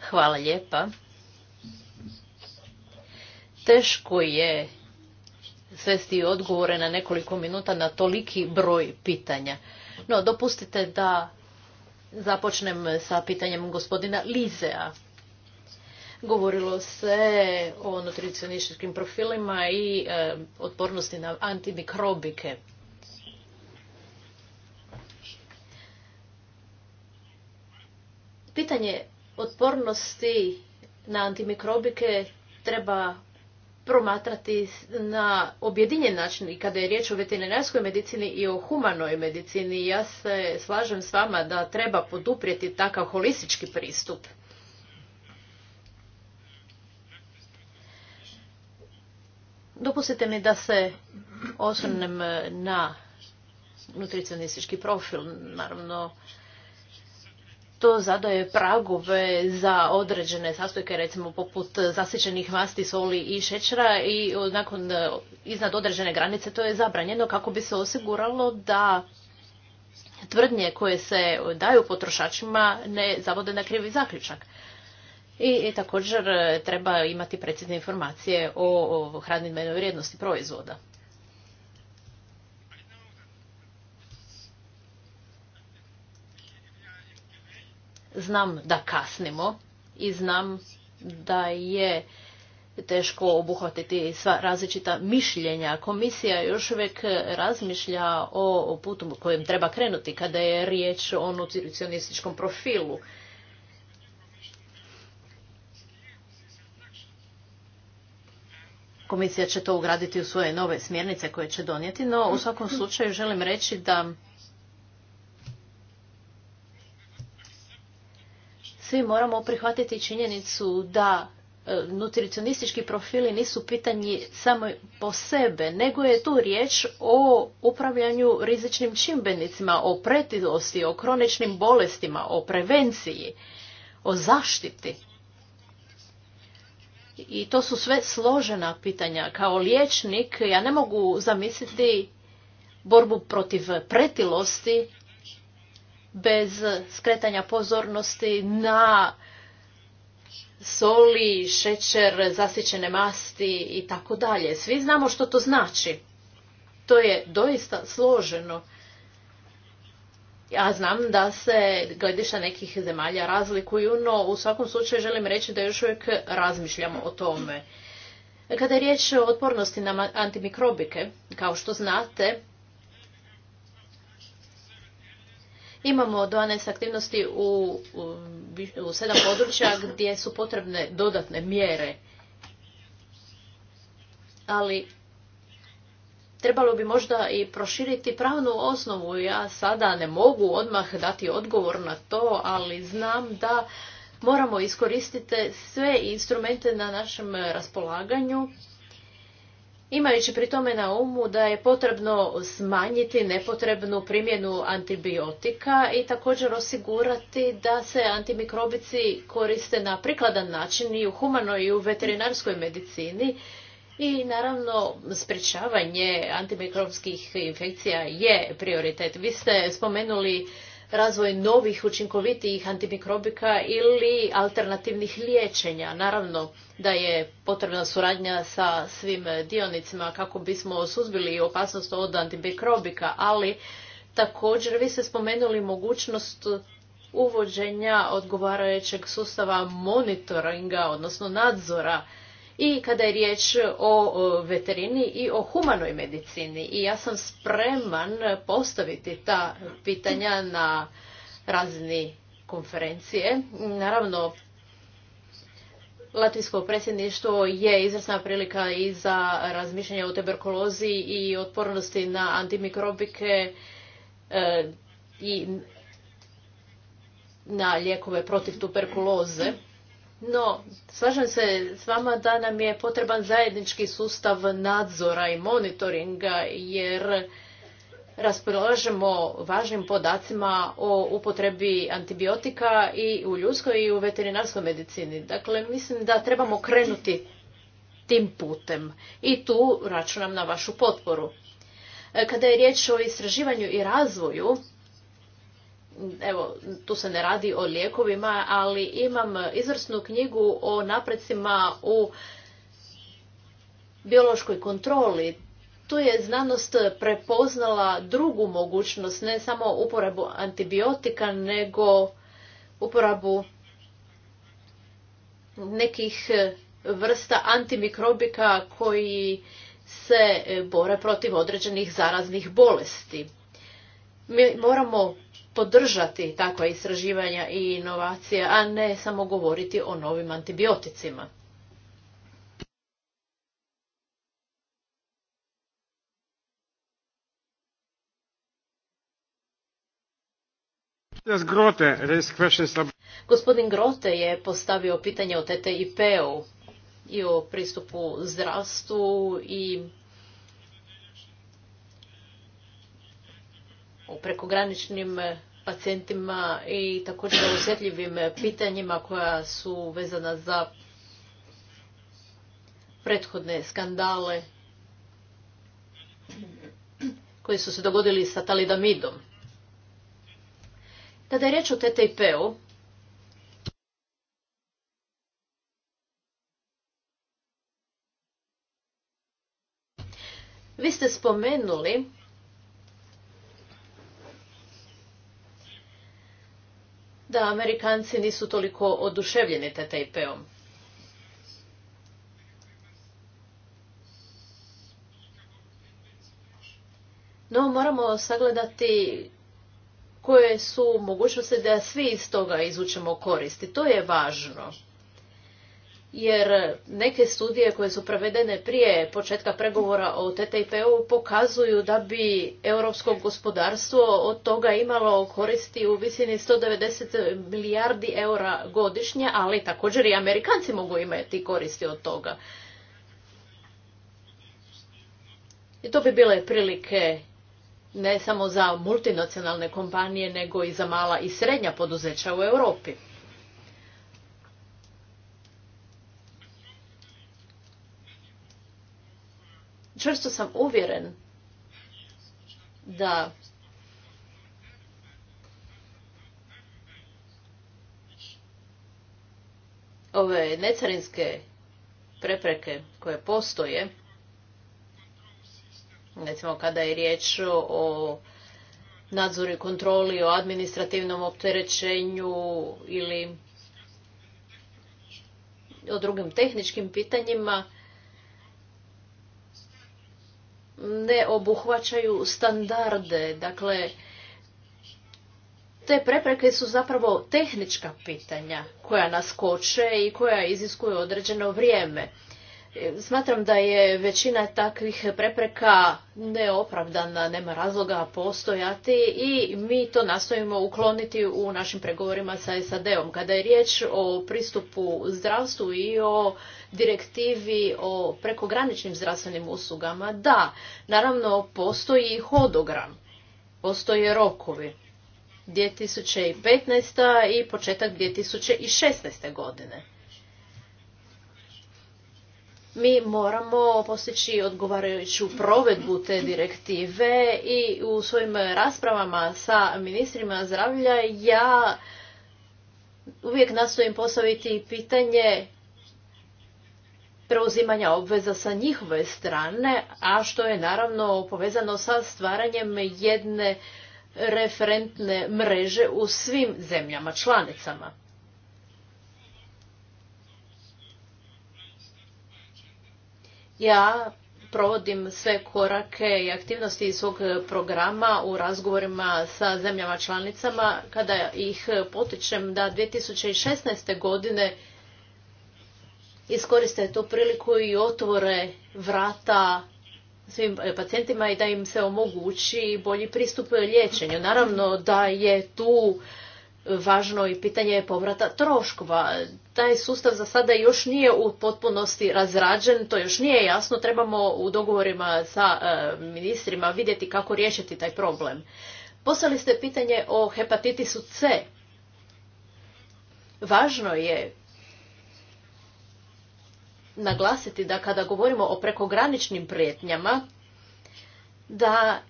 Hvala lijepa. Teško je svesti odgovore na nekoliko minuta na toliki broj pitanja. No, dopustite da započnem sa pitanjem gospodina Lizea. Govorilo se o nutricionističkim profilima i e, otpornosti na antimikrobike. Pitanje otpornosti na antimikrobike treba promatrati na objedinjen način i kada je riječ o veterinarskoj medicini i o humanoj medicini. Ja se slažem s vama da treba poduprijeti takav holistički pristup. Dopustite mi da se osvrnem na nutricionistički profil. Naravno, to zadaje pragove za određene sastojke, recimo poput zasićenih masti, soli i šećera i nakon iznad određene granice to je zabranjeno kako bi se osiguralo da tvrdnje koje se daju potrošačima ne zavode na krivi zaključak. I, također treba imati precizne informacije o, o hranidbenoj vrijednosti proizvoda. Znam da kasnimo i znam da je teško obuhvatiti sva različita mišljenja. Komisija još uvijek razmišlja o putu kojem treba krenuti kada je riječ o nutricionističkom profilu. Komisija će to ugraditi u svoje nove smjernice koje će donijeti, no u svakom slučaju želim reći da svi moramo prihvatiti činjenicu da e, nutricionistički profili nisu pitanje samo po sebe, nego je tu riječ o upravljanju rizičnim čimbenicima, o pretilosti, o kroničnim bolestima, o prevenciji, o zaštiti. I to su sve složena pitanja. Kao liječnik ja ne mogu zamisliti borbu protiv pretilosti bez skretanja pozornosti na soli, šećer, zasićene masti i tako dalje. Svi znamo što to znači. To je doista složeno. Ja znam da se gledišta nekih zemalja razlikuju, no u svakom slučaju želim reći da još uvijek razmišljamo o tome. Kada je riječ o otpornosti na antimikrobike, kao što znate, Imamo 12 aktivnosti u, u, sedam područja gdje su potrebne dodatne mjere. Ali trebalo bi možda i proširiti pravnu osnovu. Ja sada ne mogu odmah dati odgovor na to, ali znam da moramo iskoristiti sve instrumente na našem raspolaganju Imajući pri tome na umu da je potrebno smanjiti nepotrebnu primjenu antibiotika i također osigurati da se antimikrobici koriste na prikladan način i u humanoj i u veterinarskoj medicini i naravno sprječavanje antimikrobskih infekcija je prioritet. Vi ste spomenuli razvoj novih učinkovitijih antimikrobika ili alternativnih liječenja. Naravno da je potrebna suradnja sa svim dionicima kako bismo suzbili opasnost od antimikrobika, ali također vi ste spomenuli mogućnost uvođenja odgovarajućeg sustava monitoringa, odnosno nadzora i kada je riječ o veterini i o humanoj medicini. I ja sam spreman postaviti ta pitanja na razini konferencije. Naravno, Latvijsko predsjedništvo je izvrsna prilika i za razmišljanje o tuberkulozi i otpornosti na antimikrobike e, i na lijekove protiv tuberkuloze. No, slažem se s vama da nam je potreban zajednički sustav nadzora i monitoringa jer raspolažemo važnim podacima o upotrebi antibiotika i u ljudskoj i u veterinarskoj medicini. Dakle, mislim da trebamo krenuti tim putem i tu računam na vašu potporu. E, kada je riječ o istraživanju i razvoju, evo, tu se ne radi o lijekovima, ali imam izvrsnu knjigu o napredcima u biološkoj kontroli. Tu je znanost prepoznala drugu mogućnost, ne samo uporabu antibiotika, nego uporabu nekih vrsta antimikrobika koji se bore protiv određenih zaraznih bolesti. Mi moramo podržati takva istraživanja i inovacije, a ne samo govoriti o novim antibioticima. Gospodin Grote je postavio pitanje o TTIP-u i o pristupu zdravstvu i prekograničnim eh, pacijentima i također o osjetljivim eh, pitanjima koja su vezana za prethodne skandale koji su se dogodili sa talidamidom. Kada je riječ o TTIP-u, vi ste spomenuli da Amerikanci nisu toliko oduševljeni TTIP-om. No, moramo sagledati koje su mogućnosti da svi iz toga izvučemo koristi. To je važno jer neke studije koje su provedene prije početka pregovora o TTIP-u pokazuju da bi europsko gospodarstvo od toga imalo koristi u visini 190 milijardi eura godišnje, ali također i Amerikanci mogu imati koristi od toga. I to bi bile prilike ne samo za multinacionalne kompanije, nego i za mala i srednja poduzeća u Europi. čvrsto sam uvjeren da ove necarinske prepreke koje postoje, recimo kada je riječ o nadzoru i kontroli, o administrativnom opterećenju ili o drugim tehničkim pitanjima, ne obuhvaćaju standarde. Dakle, te prepreke su zapravo tehnička pitanja koja nas koče i koja iziskuje određeno vrijeme. Smatram da je većina takvih prepreka neopravdana, nema razloga postojati i mi to nastojimo ukloniti u našim pregovorima sa SAD-om. Kada je riječ o pristupu zdravstvu i o direktivi o prekograničnim zdravstvenim uslugama, da, naravno postoji hodogram, postoje rokovi. 2015. i početak 2016. godine. Mi moramo postići odgovarajuću provedbu te direktive i u svojim raspravama sa ministrima zdravlja ja uvijek nastojim postaviti pitanje preuzimanja obveza sa njihove strane, a što je naravno povezano sa stvaranjem jedne referentne mreže u svim zemljama članicama. Ja provodim sve korake i aktivnosti iz svog programa u razgovorima sa zemljama članicama kada ih potičem da 2016. godine iskoriste tu priliku i otvore vrata svim eh, pacijentima i da im se omogući bolji pristup liječenju. Naravno da je tu važno i pitanje povrata troškova. Taj sustav za sada još nije u potpunosti razrađen, to još nije jasno, trebamo u dogovorima sa eh, ministrima vidjeti kako riješiti taj problem. Poslali ste pitanje o hepatitisu C. Važno je naglasiti da kada govorimo o prekograničnim prijetnjama, da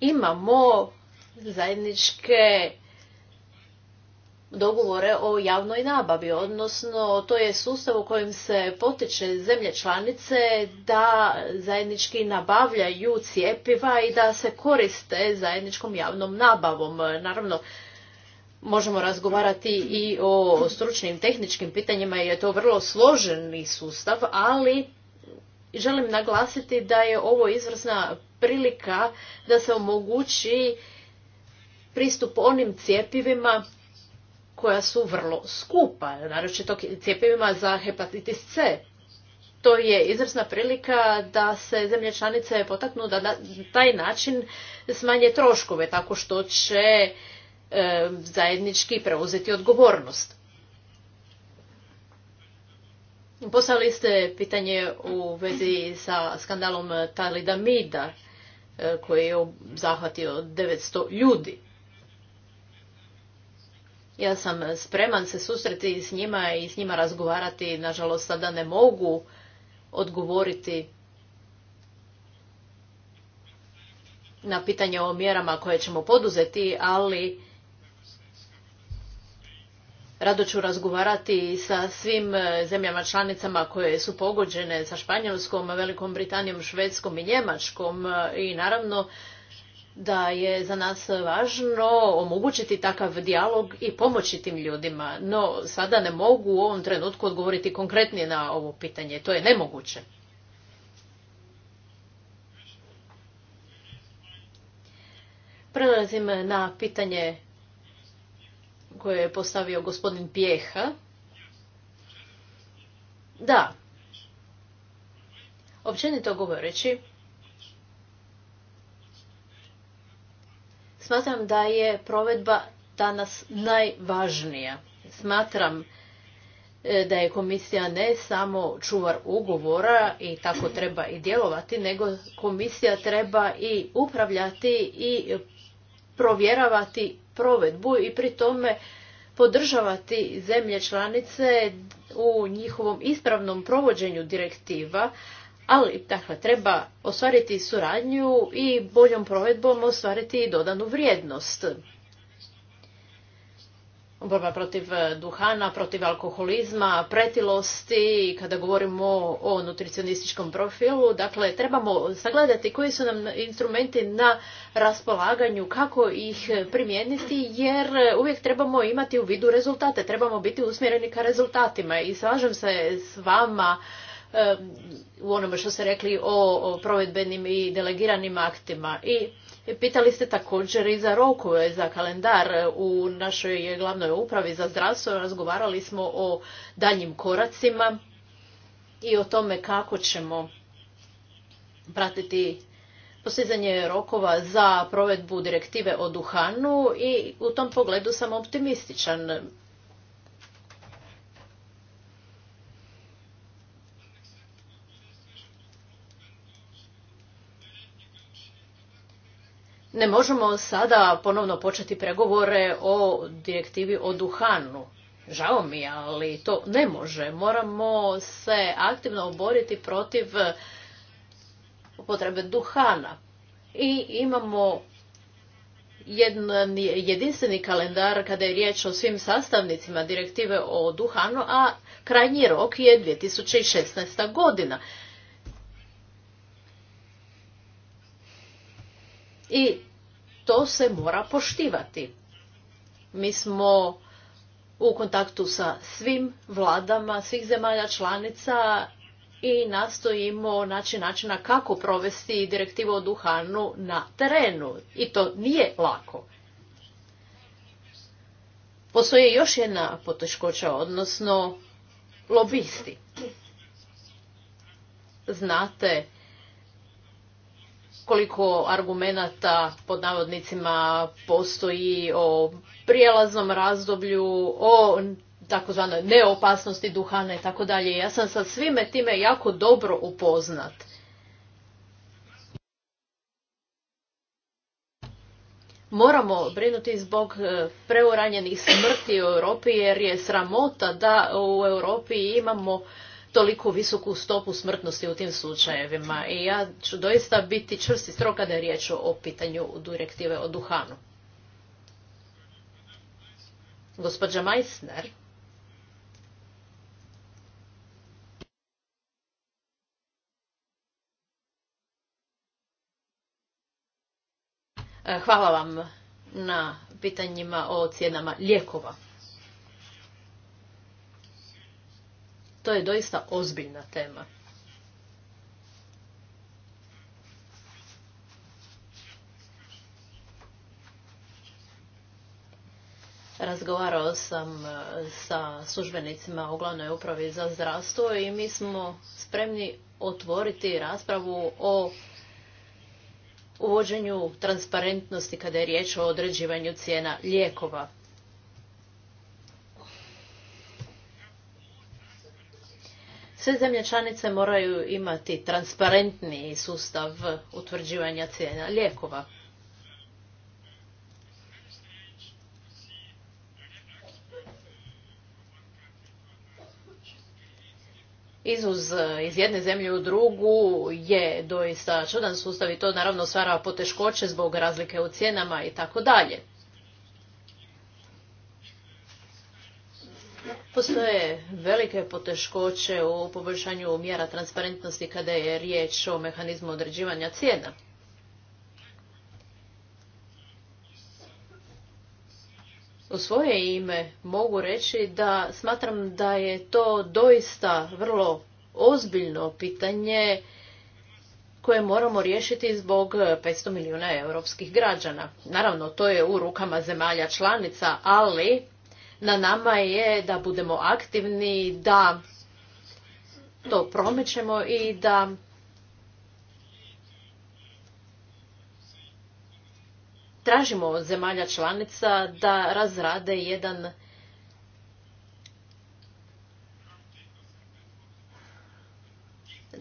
imamo zajedničke dogovore o javnoj nabavi, odnosno to je sustav u kojem se potiče zemlje članice da zajednički nabavljaju cijepiva i da se koriste zajedničkom javnom nabavom. Naravno, možemo razgovarati i o stručnim tehničkim pitanjima jer je to vrlo složeni sustav, ali želim naglasiti da je ovo izvrsna prilika da se omogući pristup onim cjepivima koja su vrlo skupa, naročito cjepivima za hepatitis C. To je izvrsna prilika da se zemlje članice potaknu da na taj način smanje troškove tako što će E, zajednički preuzeti odgovornost. Poslali ste pitanje u vezi sa skandalom Mida e, koji je zahvatio 900 ljudi. Ja sam spreman se susreti s njima i s njima razgovarati. Nažalost, sada ne mogu odgovoriti na pitanje o mjerama koje ćemo poduzeti, ali Rado ću razgovarati sa svim e, zemljama članicama koje su pogođene sa Španjolskom, Velikom Britanijom, Švedskom i Njemačkom e, i naravno da je za nas važno omogućiti takav dijalog i pomoći tim ljudima. No, sada ne mogu u ovom trenutku odgovoriti konkretnije na ovo pitanje. To je nemoguće. Prelazim na pitanje koje je postavio gospodin Pjeha. Da, općenito govoreći, smatram da je provedba danas najvažnija. Smatram e, da je komisija ne samo čuvar ugovora i tako treba i djelovati, nego komisija treba i upravljati i provjeravati provedbu i pri tome podržavati zemlje članice u njihovom ispravnom provođenju direktiva, ali dakle, treba ostvariti suradnju i boljom provedbom ostvariti i dodanu vrijednost borba protiv e, duhana, protiv alkoholizma, pretilosti kada govorimo o, nutricionističkom profilu, dakle trebamo sagledati koji su nam instrumenti na raspolaganju, kako ih primijeniti jer uvijek trebamo imati u vidu rezultate, trebamo biti usmjereni ka rezultatima i slažem se s vama e, u onome što ste rekli o provedbenim i delegiranim aktima i Pitali ste također i za rokove, za kalendar u našoj glavnoj upravi za zdravstvo. Razgovarali smo o daljnjim koracima i o tome kako ćemo pratiti postizanje rokova za provedbu direktive o duhanu i u tom pogledu sam optimističan. ne možemo sada ponovno početi pregovore o direktivi o duhanu. Žao mi, ali to ne može. Moramo se aktivno oboriti protiv potrebe duhana. I imamo jedinstveni kalendar kada je riječ o svim sastavnicima direktive o duhanu, a krajnji rok je 2016. godina. i to se mora poštivati. Mi smo u kontaktu sa svim vladama, svih zemalja članica i nastojimo naći načina kako provesti direktivu o duhanu na terenu. I to nije lako. Postoji još jedna poteškoća, odnosno lobisti. Znate koliko argumenata pod navodnicima postoji o prijelaznom razdoblju, o takozvanoj neopasnosti duhana i tako dalje. Ja sam sa svime time jako dobro upoznat. Moramo brinuti zbog e, preuranjenih smrti u Europi jer je sramota da u Europi imamo toliko visoku stopu smrtnosti u tim slučajevima. I ja ću doista biti čvrsti stroka kada je riječ o pitanju direktive o duhanu. Gospođa Meissner. Hvala vam na pitanjima o cijenama lijekova. To je doista ozbiljna tema. razgovarao sam e, sa službenicima u glavnoj upravi za zdravstvo i mi smo spremni otvoriti raspravu o uvođenju transparentnosti kada je riječ o određivanju cijena lijekova. Sve zemlje članice moraju imati transparentni sustav utvrđivanja cijena lijekova. izuz iz jedne zemlje u drugu je doista čudan sustav i to naravno stvara poteškoće zbog razlike u cijenama i tako dalje. Postoje velike poteškoće u poboljšanju mjera transparentnosti kada je riječ o mehanizmu određivanja cijena. U svoje ime mogu reći da smatram da je to doista vrlo ozbiljno pitanje koje moramo riješiti zbog 500 milijuna europskih građana. Naravno, to je u rukama zemalja članica, ali na nama je da budemo aktivni, da to promičemo i da tražimo od zemalja članica da razrade jedan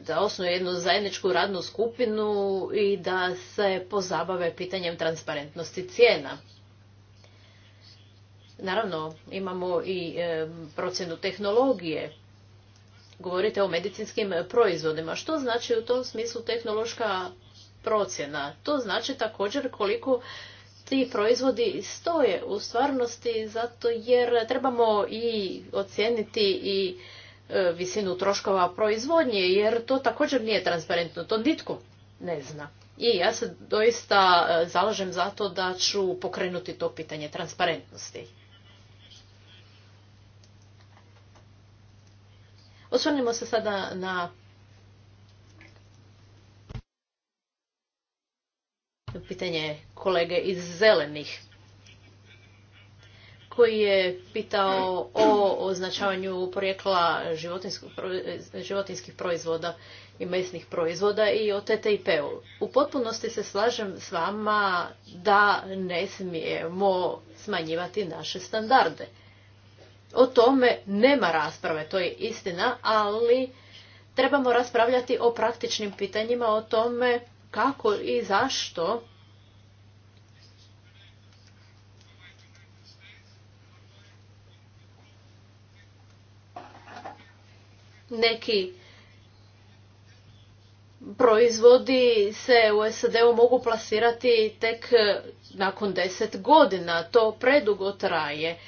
da osnuje jednu zajedničku radnu skupinu i da se pozabave pitanjem transparentnosti cijena. Naravno, imamo i procjenu tehnologije. Govorite o medicinskim proizvodima. Što znači u tom smislu tehnološka procjena? To znači također koliko ti proizvodi stoje u stvarnosti zato jer trebamo i ocijeniti i e, visinu troškova proizvodnje jer to također nije transparentno, to nitko ne zna. I ja se doista e, zalažem za to da ću pokrenuti to pitanje transparentnosti. Osvrnimo se sada na pitanje kolege iz zelenih koji je pitao o označavanju porijekla životinskih proizvoda i mesnih proizvoda i o TTIP-u. U potpunosti se slažem s vama da ne smijemo smanjivati naše standarde. O tome nema rasprave, to je istina, ali trebamo raspravljati o praktičnim pitanjima, o tome kako i zašto neki proizvodi se u SAD-u mogu plasirati tek nakon deset godina. To predugo traje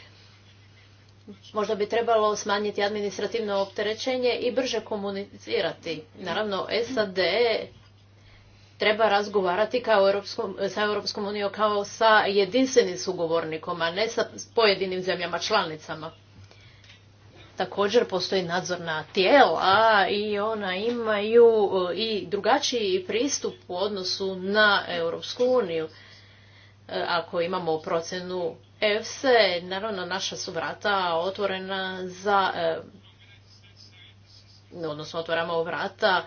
možda bi trebalo smanjiti administrativno opterećenje i brže komunicirati. Naravno, SAD treba razgovarati kao Europskom, sa Europskom unijom kao sa jedinstvenim sugovornikom, a ne sa pojedinim zemljama članicama. Također postoji nadzorna tijela i ona imaju e, i drugačiji pristup u odnosu na Europsku uniju. E, ako imamo procenu EFSE, naravno naša su vrata otvorena za, e, odnosno otvaramo vrata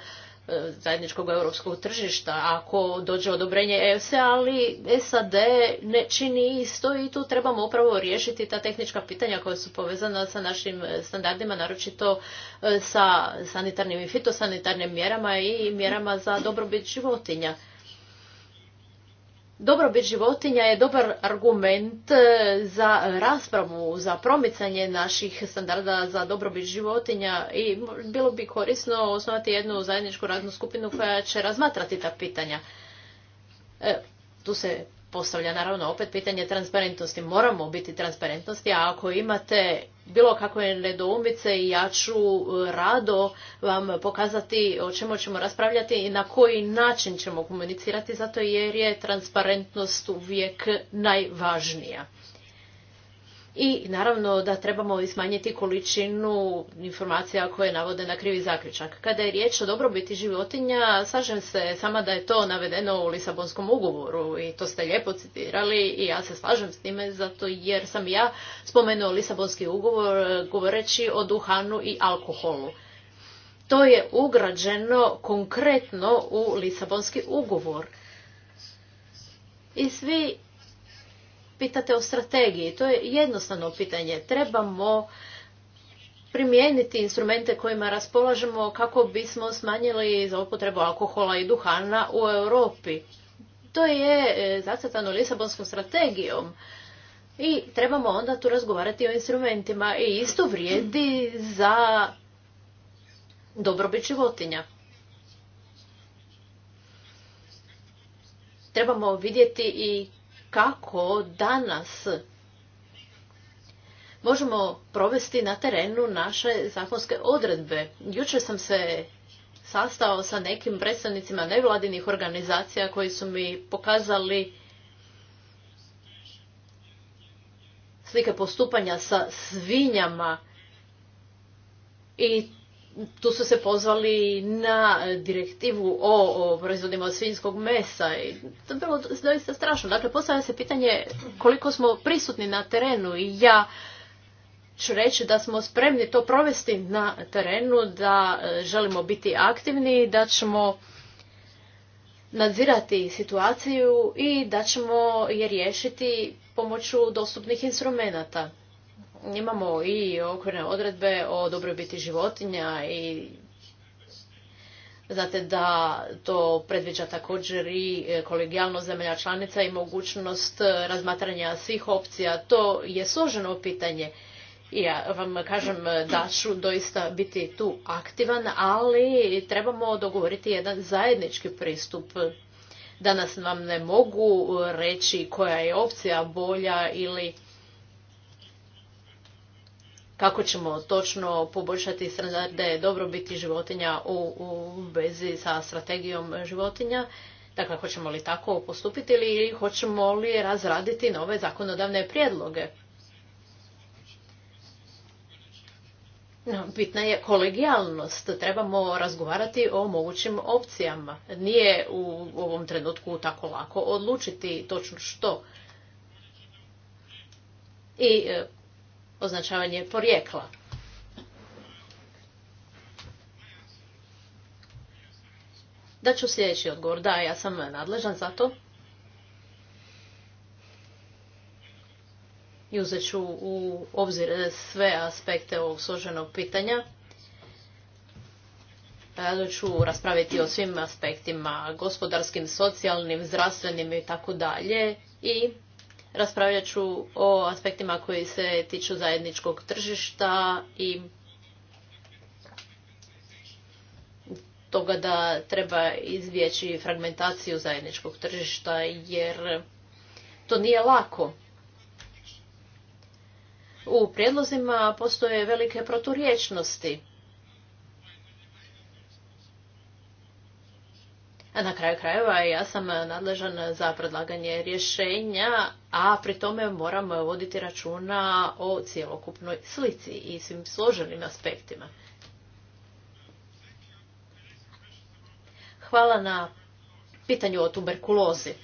e, zajedničkog europskog tržišta ako dođe odobrenje EFSE, ali SAD ne čini isto i tu trebamo upravo riješiti ta tehnička pitanja koja su povezana sa našim standardima, naročito e, sa sanitarnim i fitosanitarnim mjerama i mjerama za dobrobit životinja. Dobrobit životinja je dobar argument e, za raspravu, za promicanje naših standarda za dobrobit životinja i bilo bi korisno osnovati jednu zajedničku radnu skupinu koja će razmatrati ta pitanja. E, tu se postavlja naravno opet pitanje transparentnosti. Moramo biti transparentnosti, a ako imate bilo kakve nedoumice, ja ću e, rado vam pokazati o čemu ćemo raspravljati i na koji način ćemo komunicirati, zato jer je transparentnost uvijek najvažnija i naravno da trebamo i smanjiti količinu informacija koje navode na krivi zaključak. Kada je riječ o dobrobiti životinja, slažem se sama da je to navedeno u Lisabonskom ugovoru i to ste lijepo citirali i ja se slažem s time zato jer sam ja spomenuo Lisabonski ugovor e, govoreći o duhanu i alkoholu. To je ugrađeno konkretno u Lisabonski ugovor. I svi pitate o strategiji. To je jednostavno pitanje. Trebamo primijeniti instrumente kojima raspolažemo kako bismo smanjili zloupotrebu alkohola i duhana u Europi. To je e, zacrtano Lisabonskom strategijom i trebamo onda tu razgovarati o instrumentima i isto vrijedi za dobrobit životinja. Trebamo vidjeti i kako danas možemo provesti na terenu naše zakonske odredbe. Jučer sam se sastao sa nekim predstavnicima nevladinih organizacija koji su mi pokazali slike postupanja sa svinjama i tu su se pozvali na direktivu o, proizvodima od svinjskog mesa i to je bilo doista strašno. Dakle, postavlja se pitanje koliko smo prisutni na terenu i ja ću reći da smo spremni to provesti na terenu, da e, želimo biti aktivni, da ćemo nadzirati situaciju i da ćemo je riješiti pomoću dostupnih instrumenata imamo i okvirne odredbe o dobrobiti životinja i Znate da to predviđa također i e, kolegijalno zemlja članica i mogućnost e, razmatranja svih opcija. To je složeno pitanje. Ja vam kažem e, da ću doista biti tu aktivan, ali trebamo dogovoriti jedan zajednički pristup. Danas vam ne mogu reći koja je opcija bolja ili kako ćemo točno poboljšati standarde dobrobiti životinja u, u vezi sa strategijom životinja. Dakle, hoćemo li tako postupiti ili hoćemo li razraditi nove zakonodavne prijedloge? Bitna je kolegijalnost. Trebamo razgovarati o mogućim opcijama. Nije u ovom trenutku tako lako odlučiti točno što. I e, označavanje porijekla. Da ću sljedeći odgovor. Da, ja sam nadležan za to. I uzet ću u obzir sve aspekte ovog složenog pitanja. Rado ću raspraviti o svim aspektima, gospodarskim, socijalnim, zdravstvenim i tako dalje. I Raspravljat ću o aspektima koji se tiču zajedničkog tržišta i toga da treba izvjeći fragmentaciju zajedničkog tržišta jer to nije lako. U prijedlozima postoje velike proturječnosti. Na kraju krajeva ja sam nadležan za predlaganje rješenja, a pri tome moram voditi računa o cjelokupnoj slici i svim složenim aspektima. Hvala na pitanju o tuberkulozi.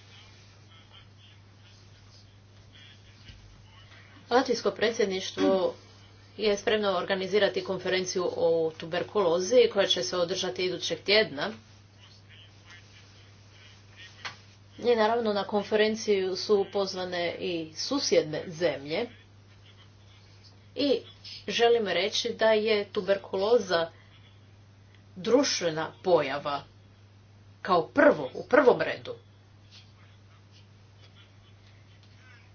Latvijsko predsjedništvo je spremno organizirati konferenciju o tuberkulozi koja će se održati idućeg tjedna i naravno na konferenciju su pozvane i susjedne zemlje. I želim reći da je tuberkuloza društvena pojava kao prvo, u prvom redu.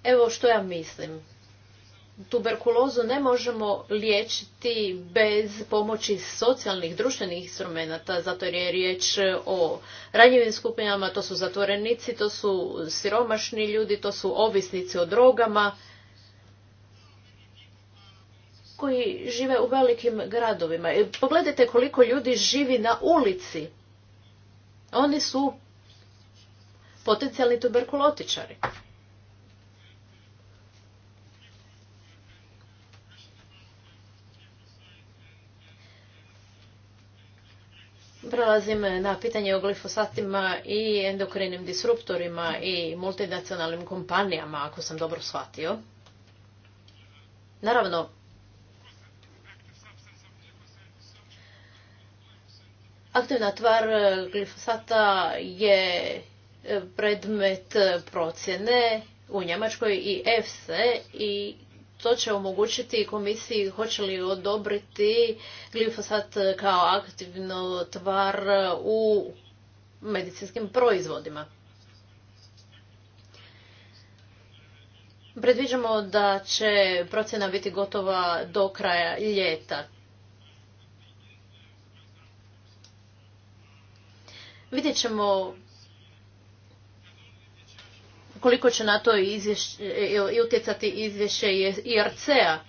Evo što ja mislim tuberkulozu ne možemo liječiti bez pomoći socijalnih, društvenih instrumenata, zato jer je riječ o ranjivim skupinama, to su zatvorenici, to su siromašni ljudi, to su ovisnici o drogama, koji žive u velikim gradovima. E, pogledajte koliko ljudi živi na ulici. Oni su potencijalni tuberkulotičari. Prelazim na pitanje o glifosatima i endokrinim disruptorima i multinacionalnim kompanijama, ako sam dobro shvatio. Naravno, aktivna tvar glifosata je predmet procjene u Njemačkoj i EFSE e i to će omogućiti komisiji hoće li odobriti glifosat kao aktivnu tvar u medicinskim proizvodima. Predviđamo da će procjena biti gotova do kraja ljeta. Vidjet ćemo koliko će na to e, e, i utjecati izvješće IRC-a.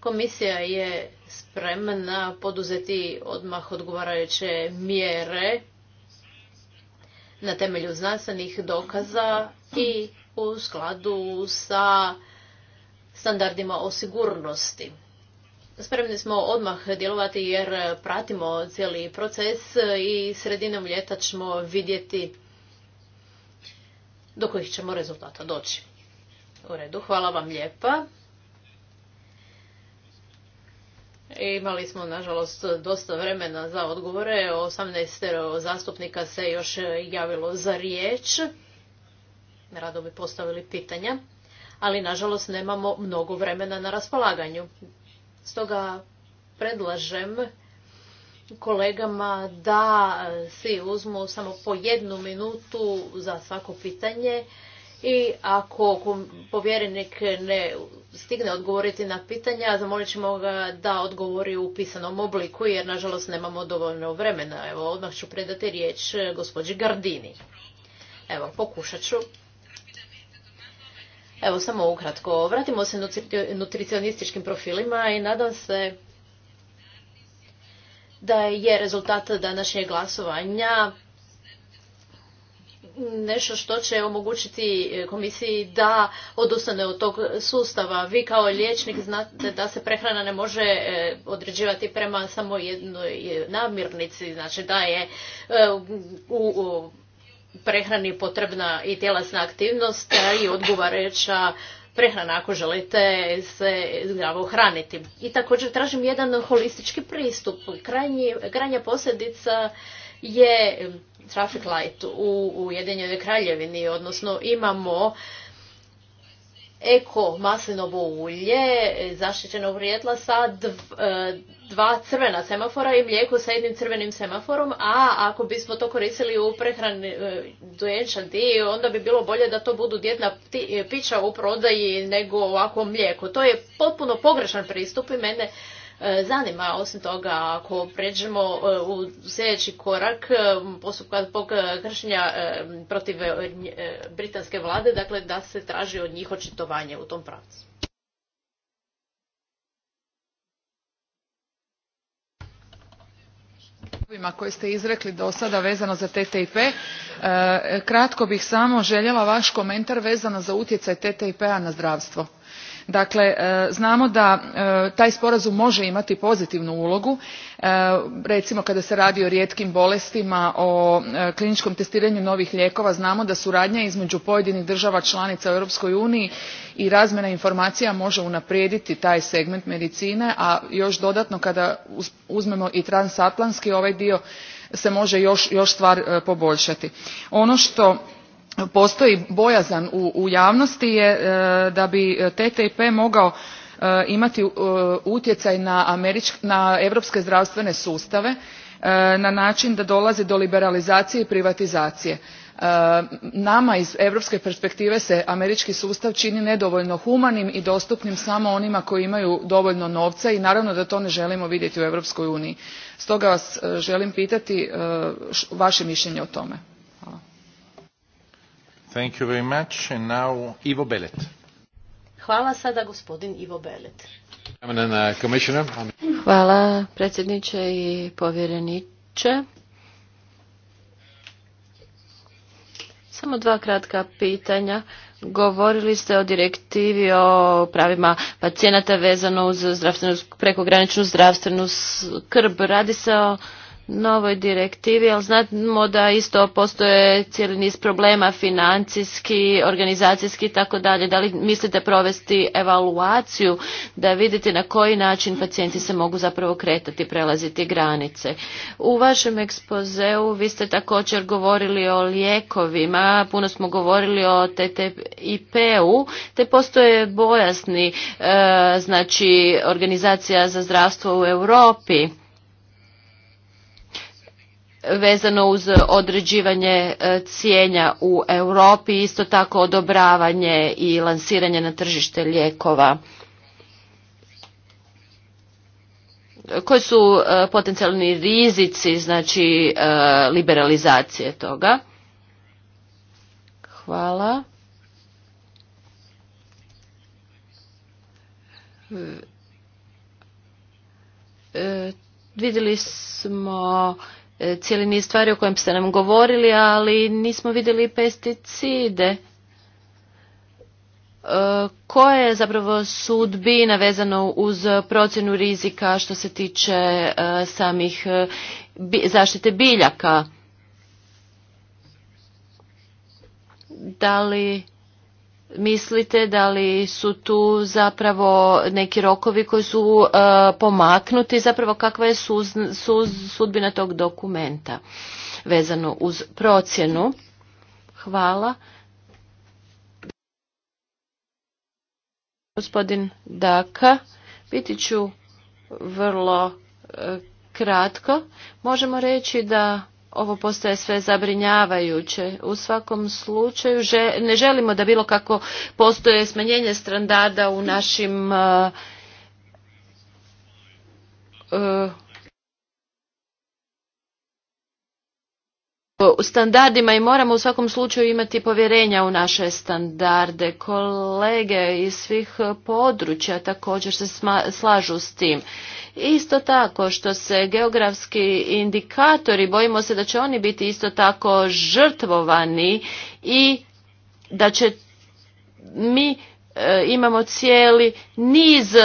Komisija je spremna poduzeti odmah odgovarajuće mjere na temelju znanstvenih dokaza i u skladu sa standardima o sigurnosti. Spremni smo odmah djelovati jer pratimo cijeli proces i sredinom ljeta ćemo vidjeti do kojih ćemo rezultata doći. U redu, hvala vam lijepa. Imali smo, nažalost, dosta vremena za odgovore. 18 zastupnika se još javilo za riječ. Rado bi postavili pitanja, ali, nažalost, nemamo mnogo vremena na raspolaganju. Stoga predlažem kolegama da svi uzmu samo po jednu minutu za svako pitanje i ako povjerenik ne stigne odgovoriti na pitanja, zamolit ćemo ga da odgovori u pisanom obliku jer nažalost nemamo dovoljno vremena. Evo, odmah ću predati riječ gospođi Gardini. Evo, pokušat ću. Evo samo ukratko, vratimo se nutricionističkim profilima i nadam se da je rezultat današnjeg glasovanja nešto što će omogućiti komisiji da odustane od tog sustava. Vi kao liječnik znate da se prehrana ne može e, određivati prema samo jednoj namirnici, znači da je e, u prehrani potrebna i tjelesna aktivnost i odgovarajuća prehrana ako želite se zdravo hraniti. I također tražim jedan holistički pristup. krajnja posljedica je traffic light u Ujedinjenoj kraljevini, odnosno imamo eko maslinovo ulje zaštićeno vrijedla sa e, dva crvena semafora i mlijeko sa jednim crvenim semaforom, a ako bismo to koristili u prehrani e, dojenčadi, onda bi bilo bolje da to budu djetna e, pića u prodaji nego ovako mlijeko. To je potpuno pogrešan pristup i mene E, zanima. Osim toga, ako pređemo e, u sljedeći korak e, postupka kršenja protiv britanske vlade, dakle da se traži od njih očitovanje u tom pravcu. koje ste izrekli do sada vezano za ttip kratko bih samo željela vaš komentar vezano za utjecaj ttip a na zdravstvo dakle e, znamo da e, taj sporazum može imati pozitivnu ulogu e, recimo kada se radi o rijetkim bolestima o kliničkom testiranju novih lijekova znamo da suradnja između pojedinih država članica u europskoj uniji i razmjena informacija može unaprijediti taj segment medicine a još dodatno kada uzmemo i transatlantski ovaj dio se može još, još stvar poboljšati. ono što postoji bojazan u, javnosti je e, da bi ttip mogao e, imati e, utjecaj na, na europske zdravstvene sustave na način da dolazi do liberalizacije i privatizacije nama iz europske perspektive se američki sustav čini nedovoljno humanim i dostupnim samo onima koji imaju dovoljno novca i naravno da to ne želimo vidjeti u europskoj uniji stoga vas želim pitati vaše mišljenje o tome Hvala sada gospodin Ivo Belet. Uh, Hvala predsjedniče i povjereniče. Samo dva kratka pitanja. Govorili ste o direktivi o pravima pacijenata vezano uz prekograničnu zdravstvenu skrb. Radi se o novoj direktivi, ali znamo da isto postoje cijeli niz problema financijski, organizacijski i tako dalje. Da li mislite provesti evaluaciju da vidite na koji način pacijenti se mogu zapravo kretati, prelaziti granice? U vašem ekspozeu vi ste također govorili o lijekovima, puno smo govorili o TTIP-u, te postoje bojasni, e, znači organizacija za zdravstvo u Europi vezano uz određivanje e, cijenja u Europi, isto tako odobravanje i lansiranje na tržište lijekova. Koji su e, potencijalni rizici znači e, liberalizacije toga? Hvala. vidjeli smo E, cijeli niz stvari o kojem ste nam govorili, ali nismo vidjeli pesticide. E, koje je zapravo sudbina vezano uz procjenu rizika što se tiče e, samih zaštite biljaka? Da li mislite da li su tu zapravo neki rokovi koji su uh, pomaknuti, zapravo kakva je sudbina tog dokumenta vezano uz procjenu. Hvala. Gospodin Daka, biti ću vrlo uh, kratko. Možemo reći da ovo postaje sve zabrinjavajuće. U svakom slučaju ne želimo da bilo kako postoje smanjenje standarda u našim uh, uh, standardima i moramo u svakom slučaju imati povjerenja u naše standarde. Kolege iz svih područja također se slažu s tim. Isto tako što se geografski indikatori, bojimo se da će oni biti isto tako žrtvovani i da će mi e, imamo cijeli niz e,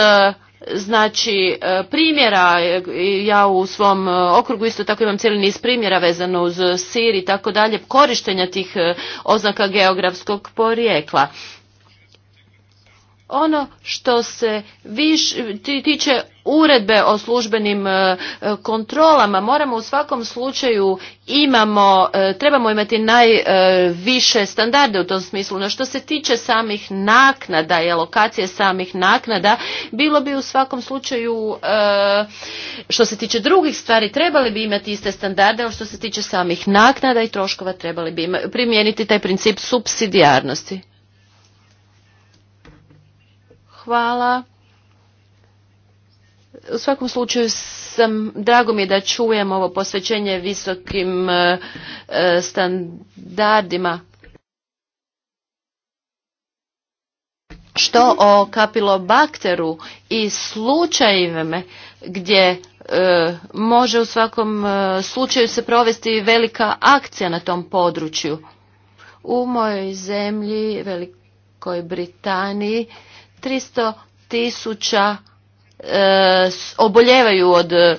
znači e, primjera, e, ja u svom e, okrugu isto tako imam cijeli niz primjera vezano uz sir i tako dalje, korištenja tih oznaka geografskog porijekla ono što se viš, tiče uredbe o službenim e, kontrolama moramo u svakom slučaju imamo e, trebamo imati najviše e, standarde u tom smislu no što se tiče samih naknada i alokacije samih naknada bilo bi u svakom slučaju što se tiče drugih stvari trebali bi imati iste standarde ali što se tiče samih naknada i troškova trebali bi primijeniti taj princip subsidijarnosti. Hvala. U svakom slučaju sam, drago mi je da čujem ovo posvećenje visokim e, e, standardima. Što o kapilobakteru i slučajevima gdje e, može u svakom slučaju se provesti velika akcija na tom području. U mojoj zemlji, Velikoj Britaniji, 300 tisuća e, oboljevaju od e,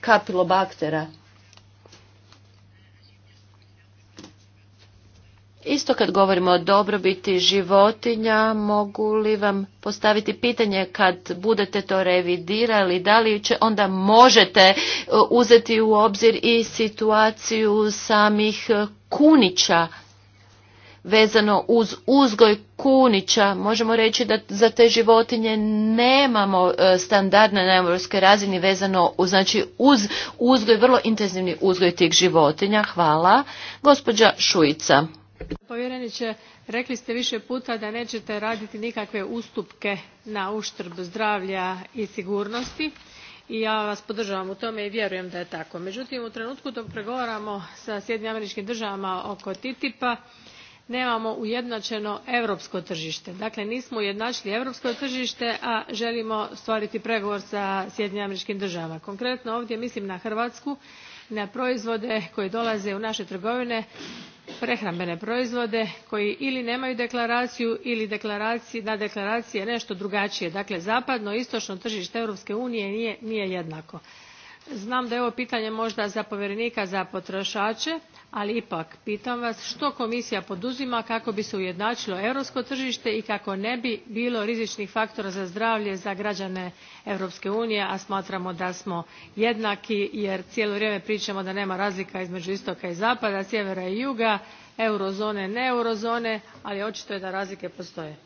kapilobaktera. Isto kad govorimo o dobrobiti životinja, mogu li vam postaviti pitanje kad budete to revidirali, da li će onda možete e, uzeti u obzir i situaciju samih kunića vezano uz uzgoj kunića. Možemo reći da za te životinje nemamo e, standardne na europskoj razini vezano uz, znači uz uzgoj, vrlo intenzivni uzgoj tih životinja. Hvala. Gospođa Šujica. Povjereniće, rekli ste više puta da nećete raditi nikakve ustupke na uštrb zdravlja i sigurnosti i ja vas podržavam u tome i vjerujem da je tako. Međutim, u trenutku dok pregovaramo sa Sjedinjenim američkim državama oko TTIP-a nemamo ujednačeno europsko tržište. dakle nismo ujednačili europsko tržište a želimo ostvariti pregovor sa sjedinjenim državama. konkretno ovdje mislim na hrvatsku na proizvode koji dolaze u naše trgovine prehrambene proizvode koji ili nemaju deklaraciju ili deklaraciji, na deklaraciji je nešto drugačije. dakle zapadno istočno tržište europske unije nije, nije jednako. znam da je ovo pitanje možda za povjerenika za potrošače ali ipak pitam vas što komisija poduzima kako bi se ujednačilo europsko tržište i kako ne bi bilo rizičnih faktora za zdravlje za građane europske unije a smatramo da smo jednaki jer cijelo vrijeme pričamo da nema razlika između istoka i zapada sjevera i juga eurozone ne eurozone ali očito je da razlike postoje.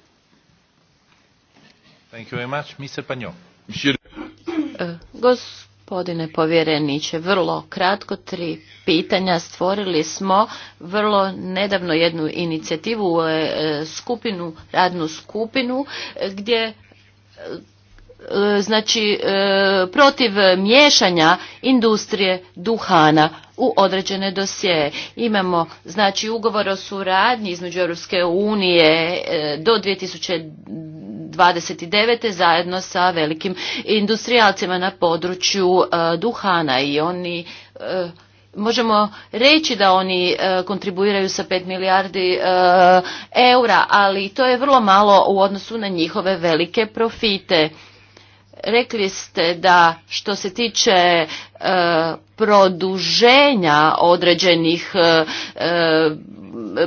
Gospodine povjereniće, vrlo kratko tri pitanja. Stvorili smo vrlo nedavno jednu inicijativu, e, skupinu, radnu skupinu e, gdje e, E, znači e, protiv miješanja industrije duhana u određene dosije. Imamo znači ugovor o suradnji između Europske unije e, do 2029. zajedno sa velikim industrijalcima na području duhana i oni možemo reći da oni kontribuiraju sa 5 milijardi eura, ali to je vrlo malo u odnosu na njihove velike profite rekli ste da što se tiče E, produženja određenih e, e,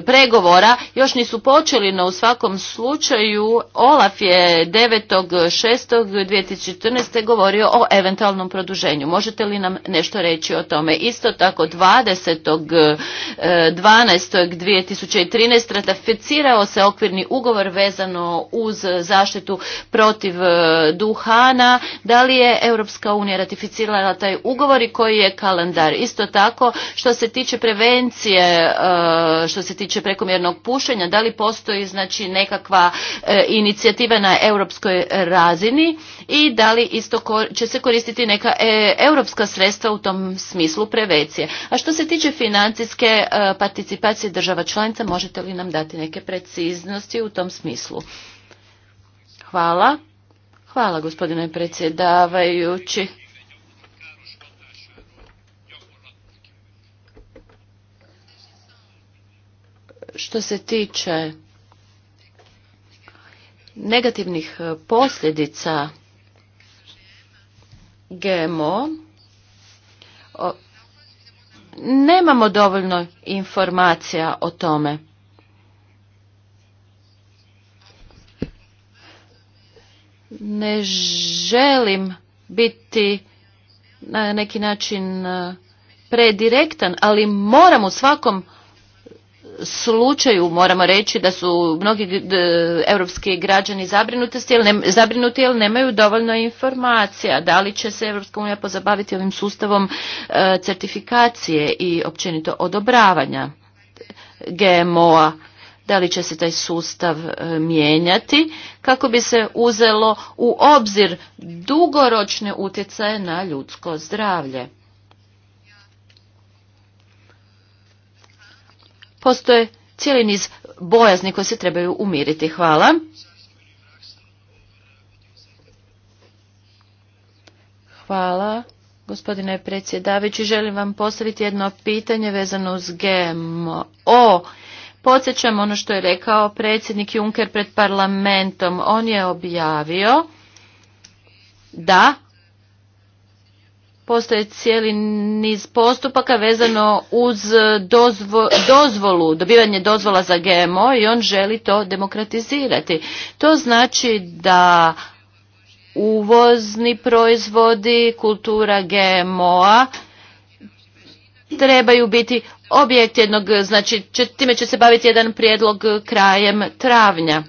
pregovora još nisu počeli, no u svakom slučaju Olaf je 9.6.2014. govorio o eventualnom produženju. Možete li nam nešto reći o tome? Isto tako 20.12.2013. ratificirao se okvirni ugovor vezano uz zaštitu protiv duhana. Da li je Europska unija ratificirala taj ugovor? ugovori koji je kalendar. Isto tako što se tiče prevencije, e, što se tiče prekomjernog pušenja, da li postoji znači nekakva e, inicijativa na europskoj razini i da li isto će se koristiti neka e, europska sredstva u tom smislu prevencije. A što se tiče financijske participacije država članica, možete li nam dati neke preciznosti u tom smislu? Hvala. Hvala gospodine predsjedavajući. što se tiče negativnih e, posljedica GMO, nemamo dovoljno informacija o tome. Ne želim biti na neki način e, predirektan, ali moram u svakom slučaju moramo reći da su mnogi europski građani zabrinuti jer nemaju dovoljno informacija. Da li će se EU unija pozabaviti ovim sustavom e, certifikacije i općenito odobravanja GMO-a? Da li će se taj sustav e, mijenjati kako bi se uzelo u obzir dugoročne utjecaje na ljudsko zdravlje? postoje cijeli niz bojazni koje se trebaju umiriti. Hvala. Hvala. Gospodine predsjedavići, želim vam postaviti jedno pitanje vezano uz GMO. Podsjećam ono što je rekao predsjednik Juncker pred parlamentom. On je objavio da postoje cijeli niz postupaka vezano uz dozvolu, dobivanje dozvola za GMO i on želi to demokratizirati. To znači da uvozni proizvodi, kultura GMO-a trebaju biti objekt jednog, znači time će se baviti jedan prijedlog krajem travnja.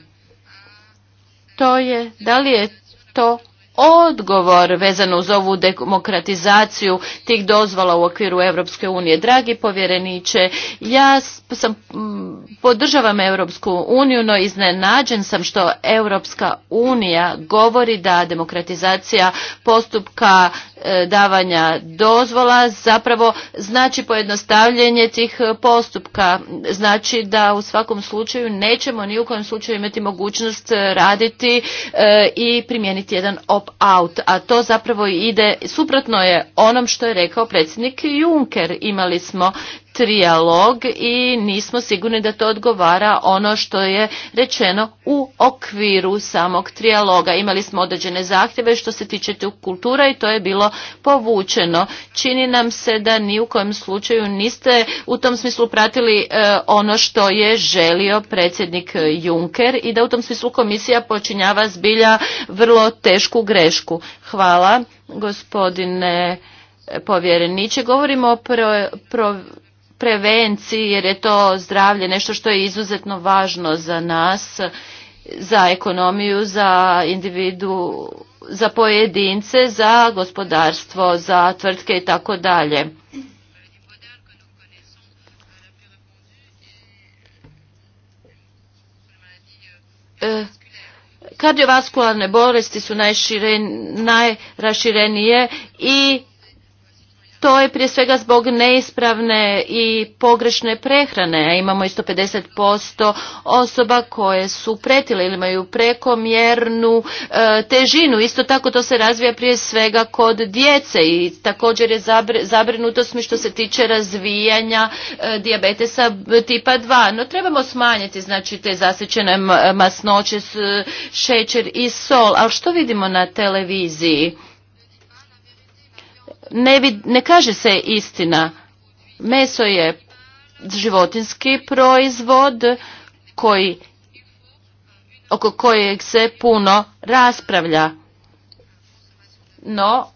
To je, da li je to odgovor vezano uz ovu demokratizaciju tih dozvola u okviru Europske unije. Dragi povjereniče, ja sam, mm, podržavam Europsku uniju, no iznenađen sam što Europska unija govori da demokratizacija postupka e, davanja dozvola zapravo znači pojednostavljenje tih e, postupka. Znači da u svakom slučaju nećemo ni u kojem slučaju imati mogućnost raditi e, i primijeniti jedan op out, a to zapravo ide, suprotno je onom što je rekao predsjednik Juncker. Imali smo trijalog i nismo sigurni da to odgovara ono što je rečeno u okviru samog trijaloga. Imali smo određene zahtjeve što se tiče tu kultura i to je bilo povučeno. Čini nam se da ni u kojem slučaju niste u tom smislu pratili e, ono što je želio predsjednik Juncker i da u tom smislu komisija počinjava zbilja vrlo tešku grešku. Hvala gospodine povjereniče. Govorimo o pro, prevenciji jer je to zdravlje nešto što je izuzetno važno za nas, za ekonomiju, za individu, za pojedince, za gospodarstvo, za tvrtke i tako dalje. E, kardiovaskularne bolesti su najraširenije i to je prije svega zbog neispravne i pogrešne prehrane. Imamo isto 50% osoba koje su pretile ili imaju prekomjernu e, težinu. Isto tako to se razvija prije svega kod djece i također je zabrinutost mi što se tiče razvijanja e, dijabetesa tipa 2. No trebamo smanjiti znači te zasećene masnoće, šećer i sol. Ali što vidimo na televiziji? ne, vid, ne kaže se istina. Meso je životinski proizvod koji, oko kojeg se puno raspravlja. No,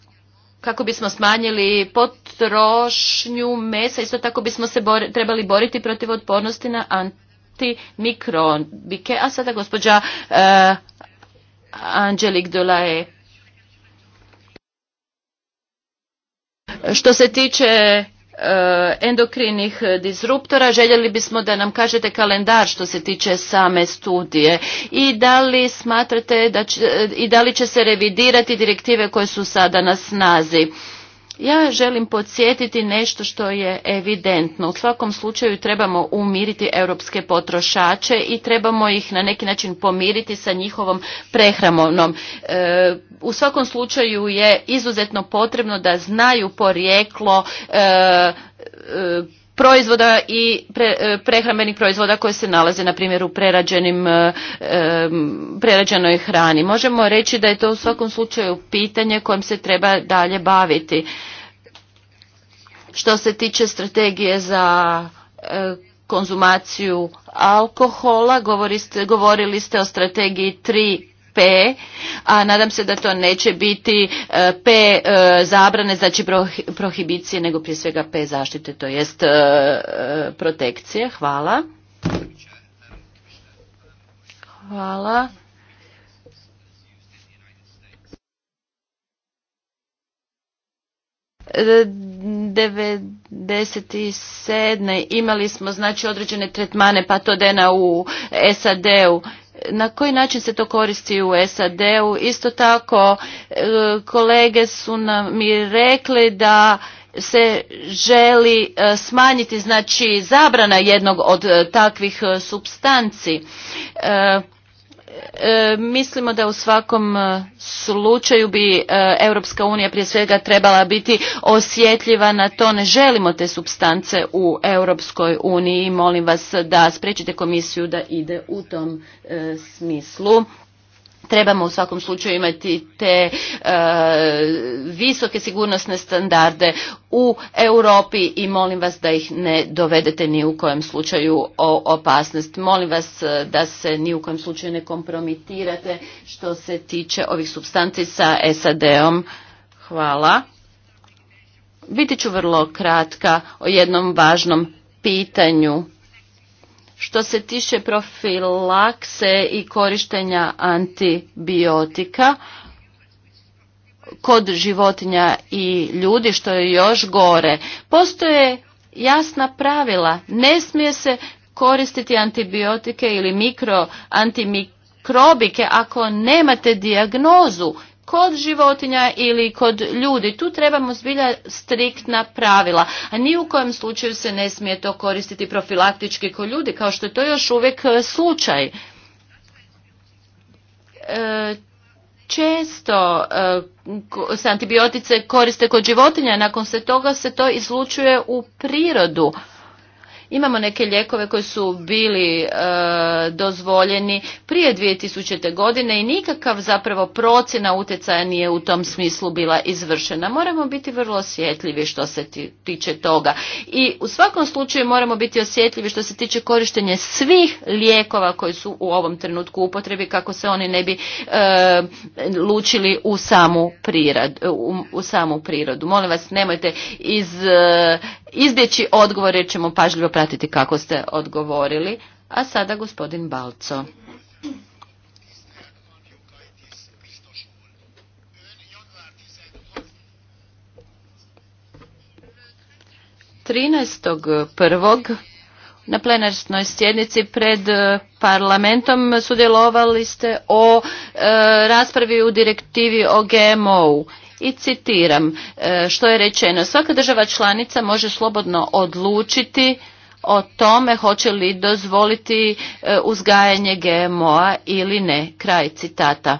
kako bismo smanjili potrošnju mesa, isto tako bismo se trebali boriti protiv otpornosti na antimikrobike. A sada gospođa uh, Angelik Dolae. Što se tiče eh, endokrinih disruptora. Željeli bismo da nam kažete kalendar što se tiče same studije i da li smatrate da će, i da li će se revidirati direktive koje su sada na snazi. Ja želim podsjetiti nešto što je evidentno. U svakom slučaju trebamo umiriti europske potrošače i trebamo ih na neki način pomiriti sa njihovom prehramovnom. E, u svakom slučaju je izuzetno potrebno da znaju porijeklo e, e, proizvoda i e, prehrambenih proizvoda koje se nalaze na primjer u prerađenim e, e, prerađenoj hrani. Možemo reći da je to u svakom slučaju pitanje kojem se treba dalje baviti. Što se tiče strategije za konzumaciju alkohola, govorili ste, o strategiji 3 P, a nadam se da to neće biti e, P e, zabrane, znači prohibicije, nego prije svega P zaštite, to jest e, protekcije. Hvala. Hvala. sedam imali smo znači određene tretmane patodena u SAD-u na koji način se to koristi u SAD-u. Isto tako e, kolege su nam mi rekli da se želi e, smanjiti znači zabrana jednog od e, takvih substanci. E, mislimo da u svakom e, slučaju bi e, Europska unija prije svega trebala biti osjetljiva na to. Ne želimo te substance u Europskoj uniji. Molim vas da spriječite komisiju da ide u tom smislu trebamo u svakom slučaju imati te e, visoke sigurnosne standarde u Europi i molim vas da ih ne dovedete ni u kojem slučaju o opasnost. Molim vas e, da se ni u kojem slučaju ne kompromitirate što se tiče ovih substanci sa SAD-om. Hvala. Biti ću vrlo kratka o jednom važnom pitanju što se tiče profilakse i korištenja antibiotika kod životinja i ljudi, što je još gore, postoje jasna pravila. Ne smije se koristiti antibiotike ili mikro, antimikrobike ako nemate dijagnozu kod životinja ili kod ljudi. Tu trebamo zbilja striktna pravila, a ni u kojem slučaju se ne smije to koristiti profilaktički kod ljudi, kao što je to još uvijek e, slučaj. E, često e, se antibiotice koriste kod životinja, nakon se toga se to izlučuje u prirodu. Imamo neke lijekove koji su bili e, dozvoljeni prije 2000. godine i nikakav zapravo procjena utjecaja nije u tom smislu bila izvršena. Moramo biti vrlo osjetljivi što se tiče toga. I u svakom slučaju moramo biti osjetljivi što se tiče korištenja svih lijekova koji su u ovom trenutku u upotrebi kako se oni ne bi e, lučili u samu, prirad, u, samu prirodu. Molim vas nemojte iz e, izdeći odgovore ćemo pažljivo pratiti kako ste odgovorili. A sada gospodin Balco. prvog na plenarnoj sjednici pred e, parlamentom sudjelovali ste o e, raspravi u direktivi o GMO-u i citiram e, što je rečeno. Svaka država članica može slobodno odlučiti o tome hoće li dozvoliti e, uzgajanje GMO-a ili ne. Kraj citata.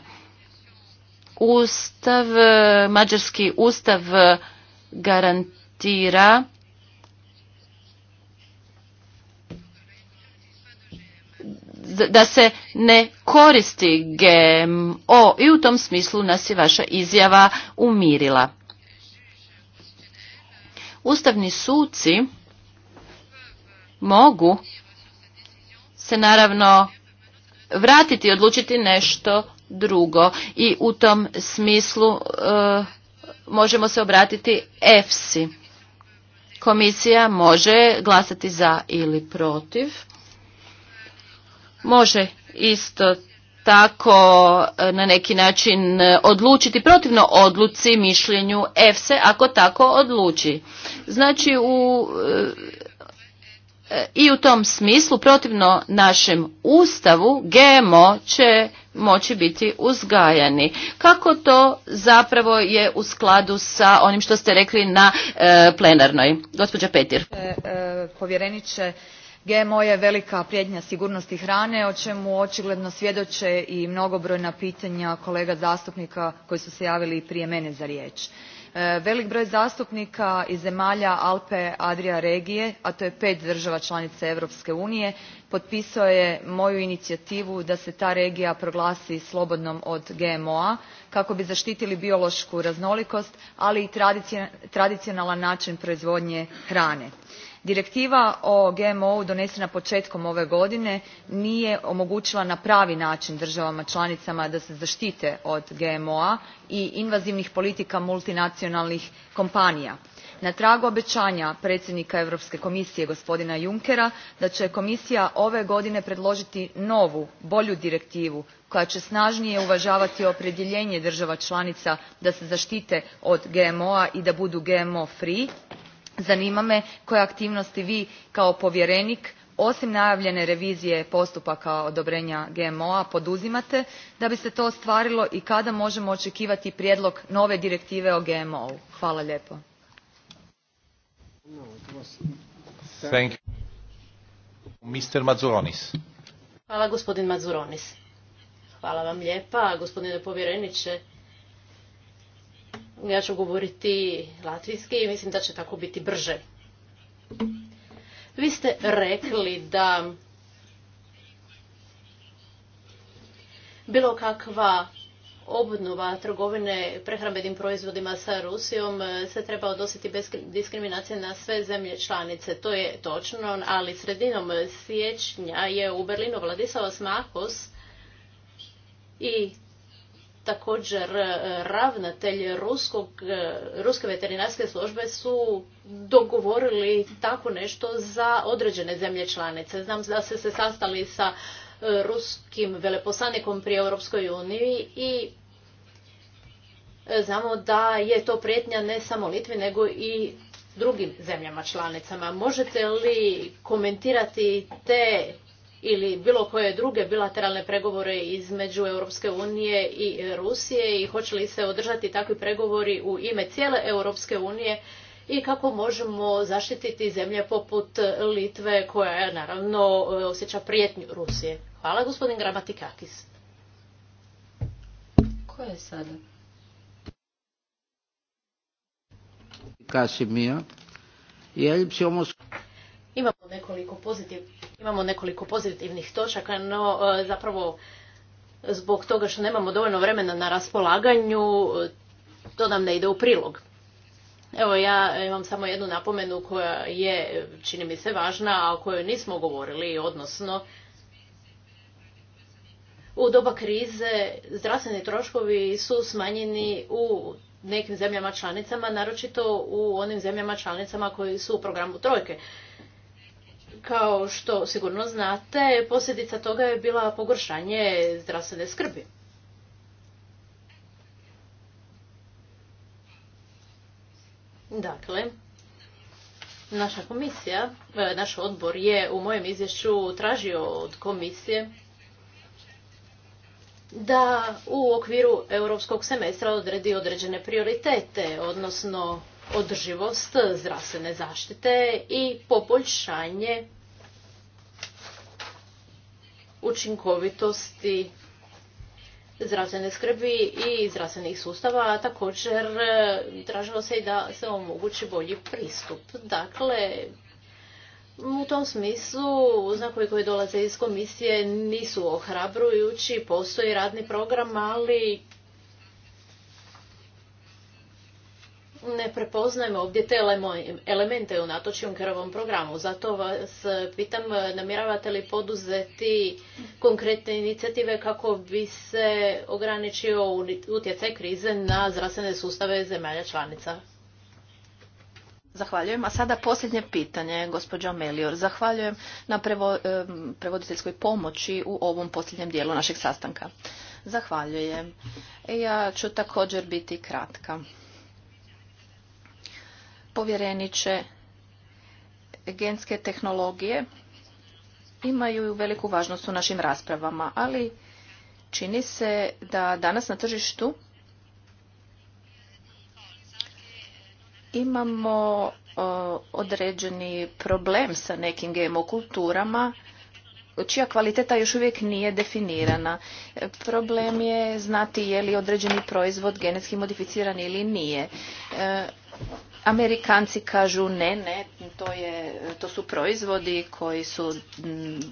Ustav, e, mađarski ustav garantira da se ne koristi GMO i u tom smislu nas je vaša izjava umirila. Ustavni suci mogu se naravno vratiti i odlučiti nešto drugo i u tom smislu eh, možemo se obratiti EFSI. Komisija može glasati za ili protiv može isto tako e, na neki način e, odlučiti protivno odluci mišljenju EFSE ako tako odluči. Znači u, e, i u tom smislu protivno našem ustavu GMO će moći biti uzgajani. Kako to zapravo je u skladu sa onim što ste rekli na plenarnoj? Gospođa Petir. E, gmo je velika prijetnja sigurnosti hrane o čemu očigledno svjedoče i mnogobrojna pitanja kolega zastupnika koji su se javili prije mene za riječ. E, velik broj zastupnika iz zemalja alpe adria regije a to je pet država članica europske unije potpisao je moju inicijativu da se ta regija proglasi slobodnom od gmo a kako bi zaštitili biološku raznolikost ali i tradicionalan način proizvodnje hrane direktiva o gmo u donesena početkom ove godine nije omogućila na pravi način državama članicama da se zaštite od gmo a i invazivnih politika multinacionalnih kompanija. na tragu obećanja predsjednika europske komisije gospodina junckera da će komisija ove godine predložiti novu bolju direktivu koja će snažnije uvažavati opredjeljenje država članica da se zaštite od gmo a i da budu gmo free zanima me koje aktivnosti vi kao povjerenik osim najavljene revizije postupaka odobrenja gmo a poduzimate da bi se to ostvarilo i kada možemo očekivati prijedlog nove direktive o gmo u? hvala Hvala vam lijepa gospodine povjereniče. Ja ću govoriti latvijski i mislim da će tako biti brže. Vi ste rekli da bilo kakva obnova trgovine prehrambenim proizvodima sa Rusijom se treba odnositi bez diskriminacije na sve zemlje članice. To je točno, ali sredinom siječnja je u Berlinu Vladislav Makos i Također, e, ravnatelj e, Ruske veterinarske službe su dogovorili tako nešto za određene zemlje članice. Znam da ste se sastali sa e, ruskim veleposlanikom pri Europskoj uniji i znamo da je to prijetnja ne samo Litvi nego i drugim zemljama članicama. Možete li komentirati te ili bilo koje druge bilateralne pregovore između Europske unije i Rusije i hoće li se održati takvi pregovori u ime cijele Europske unije i kako možemo zaštititi zemlje poput Litve koja naravno osjeća prijetnju Rusije. Hvala gospodin Gramatikakis. Ko je sada? Kasimija. Imamo nekoliko, pozitiv, imamo nekoliko pozitivnih točaka, no e, zapravo zbog toga što nemamo dovoljno vremena na raspolaganju, e, to nam ne ide u prilog. Evo ja imam samo jednu napomenu koja je, čini mi se, važna, a o kojoj nismo govorili, odnosno u doba krize zdravstveni troškovi su smanjeni u nekim zemljama članicama, naročito u onim zemljama članicama koji su u programu trojke. Kao što sigurno znate, posljedica toga je bila pogoršanje zdravstvene skrbi. Dakle, naša komisija, e, naš odbor je u mojem izvješću tražio od komisije da u okviru europskog semestra odredi određene prioritete, odnosno održivost zdravstvene zaštite i poboljšanje učinkovitosti zdravstvene skrbi i zdravstvenih sustava, a također e, tražilo se i da se omogući bolji pristup. Dakle, u tom smislu znakovi koji dolaze iz komisije nisu ohrabrujući, postoji radni program, ali ne prepoznajemo ovdje te elemente u natoč Junkerovom programu. Zato vas e, pitam, e, namjeravate li poduzeti konkretne inicijative kako bi se ograničio utjecaj krize na zdravstvene sustave zemalja članica? Zahvaljujem. A sada posljednje pitanje, gospođo Melior. Zahvaljujem na e, prevoditeljskoj pomoći u ovom posljednjem dijelu našeg sastanka. Zahvaljujem. Ja ću također biti kratka povjereniče, genske tehnologije imaju veliku važnost u našim raspravama, ali čini se da danas na tržištu imamo određeni problem sa nekim GMO kulturama čija kvaliteta još uvijek nije definirana. Problem je znati je li određeni proizvod genetski modificiran ili nije. E, Amerikanci kažu ne, ne, to, je, to su proizvodi koji su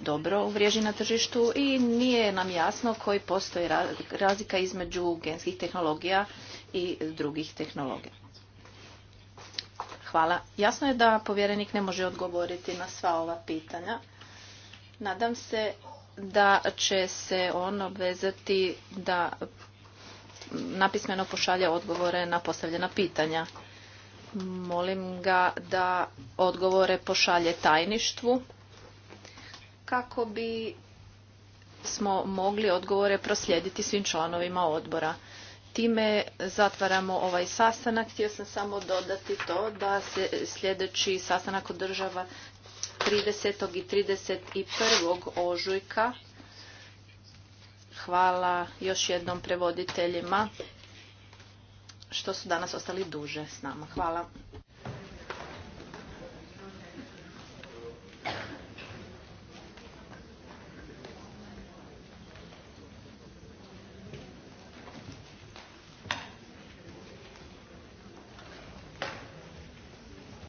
dobro uvriježi na tržištu i nije nam jasno koji postoji razlika između genskih tehnologija i drugih tehnologija. Hvala. Jasno je da povjerenik ne može odgovoriti na sva ova pitanja. Nadam se da će se on obvezati da napismeno pošalje odgovore na postavljena pitanja. Molim ga da odgovore pošalje tajništvu kako bi smo mogli odgovore proslijediti svim članovima odbora. Time zatvaramo ovaj sastanak. Htio sam samo dodati to da se sljedeći sastanak održava 30. i 31. ožujka. Hvala još jednom prevoditeljima što su danas ostali duže s nama. Hvala.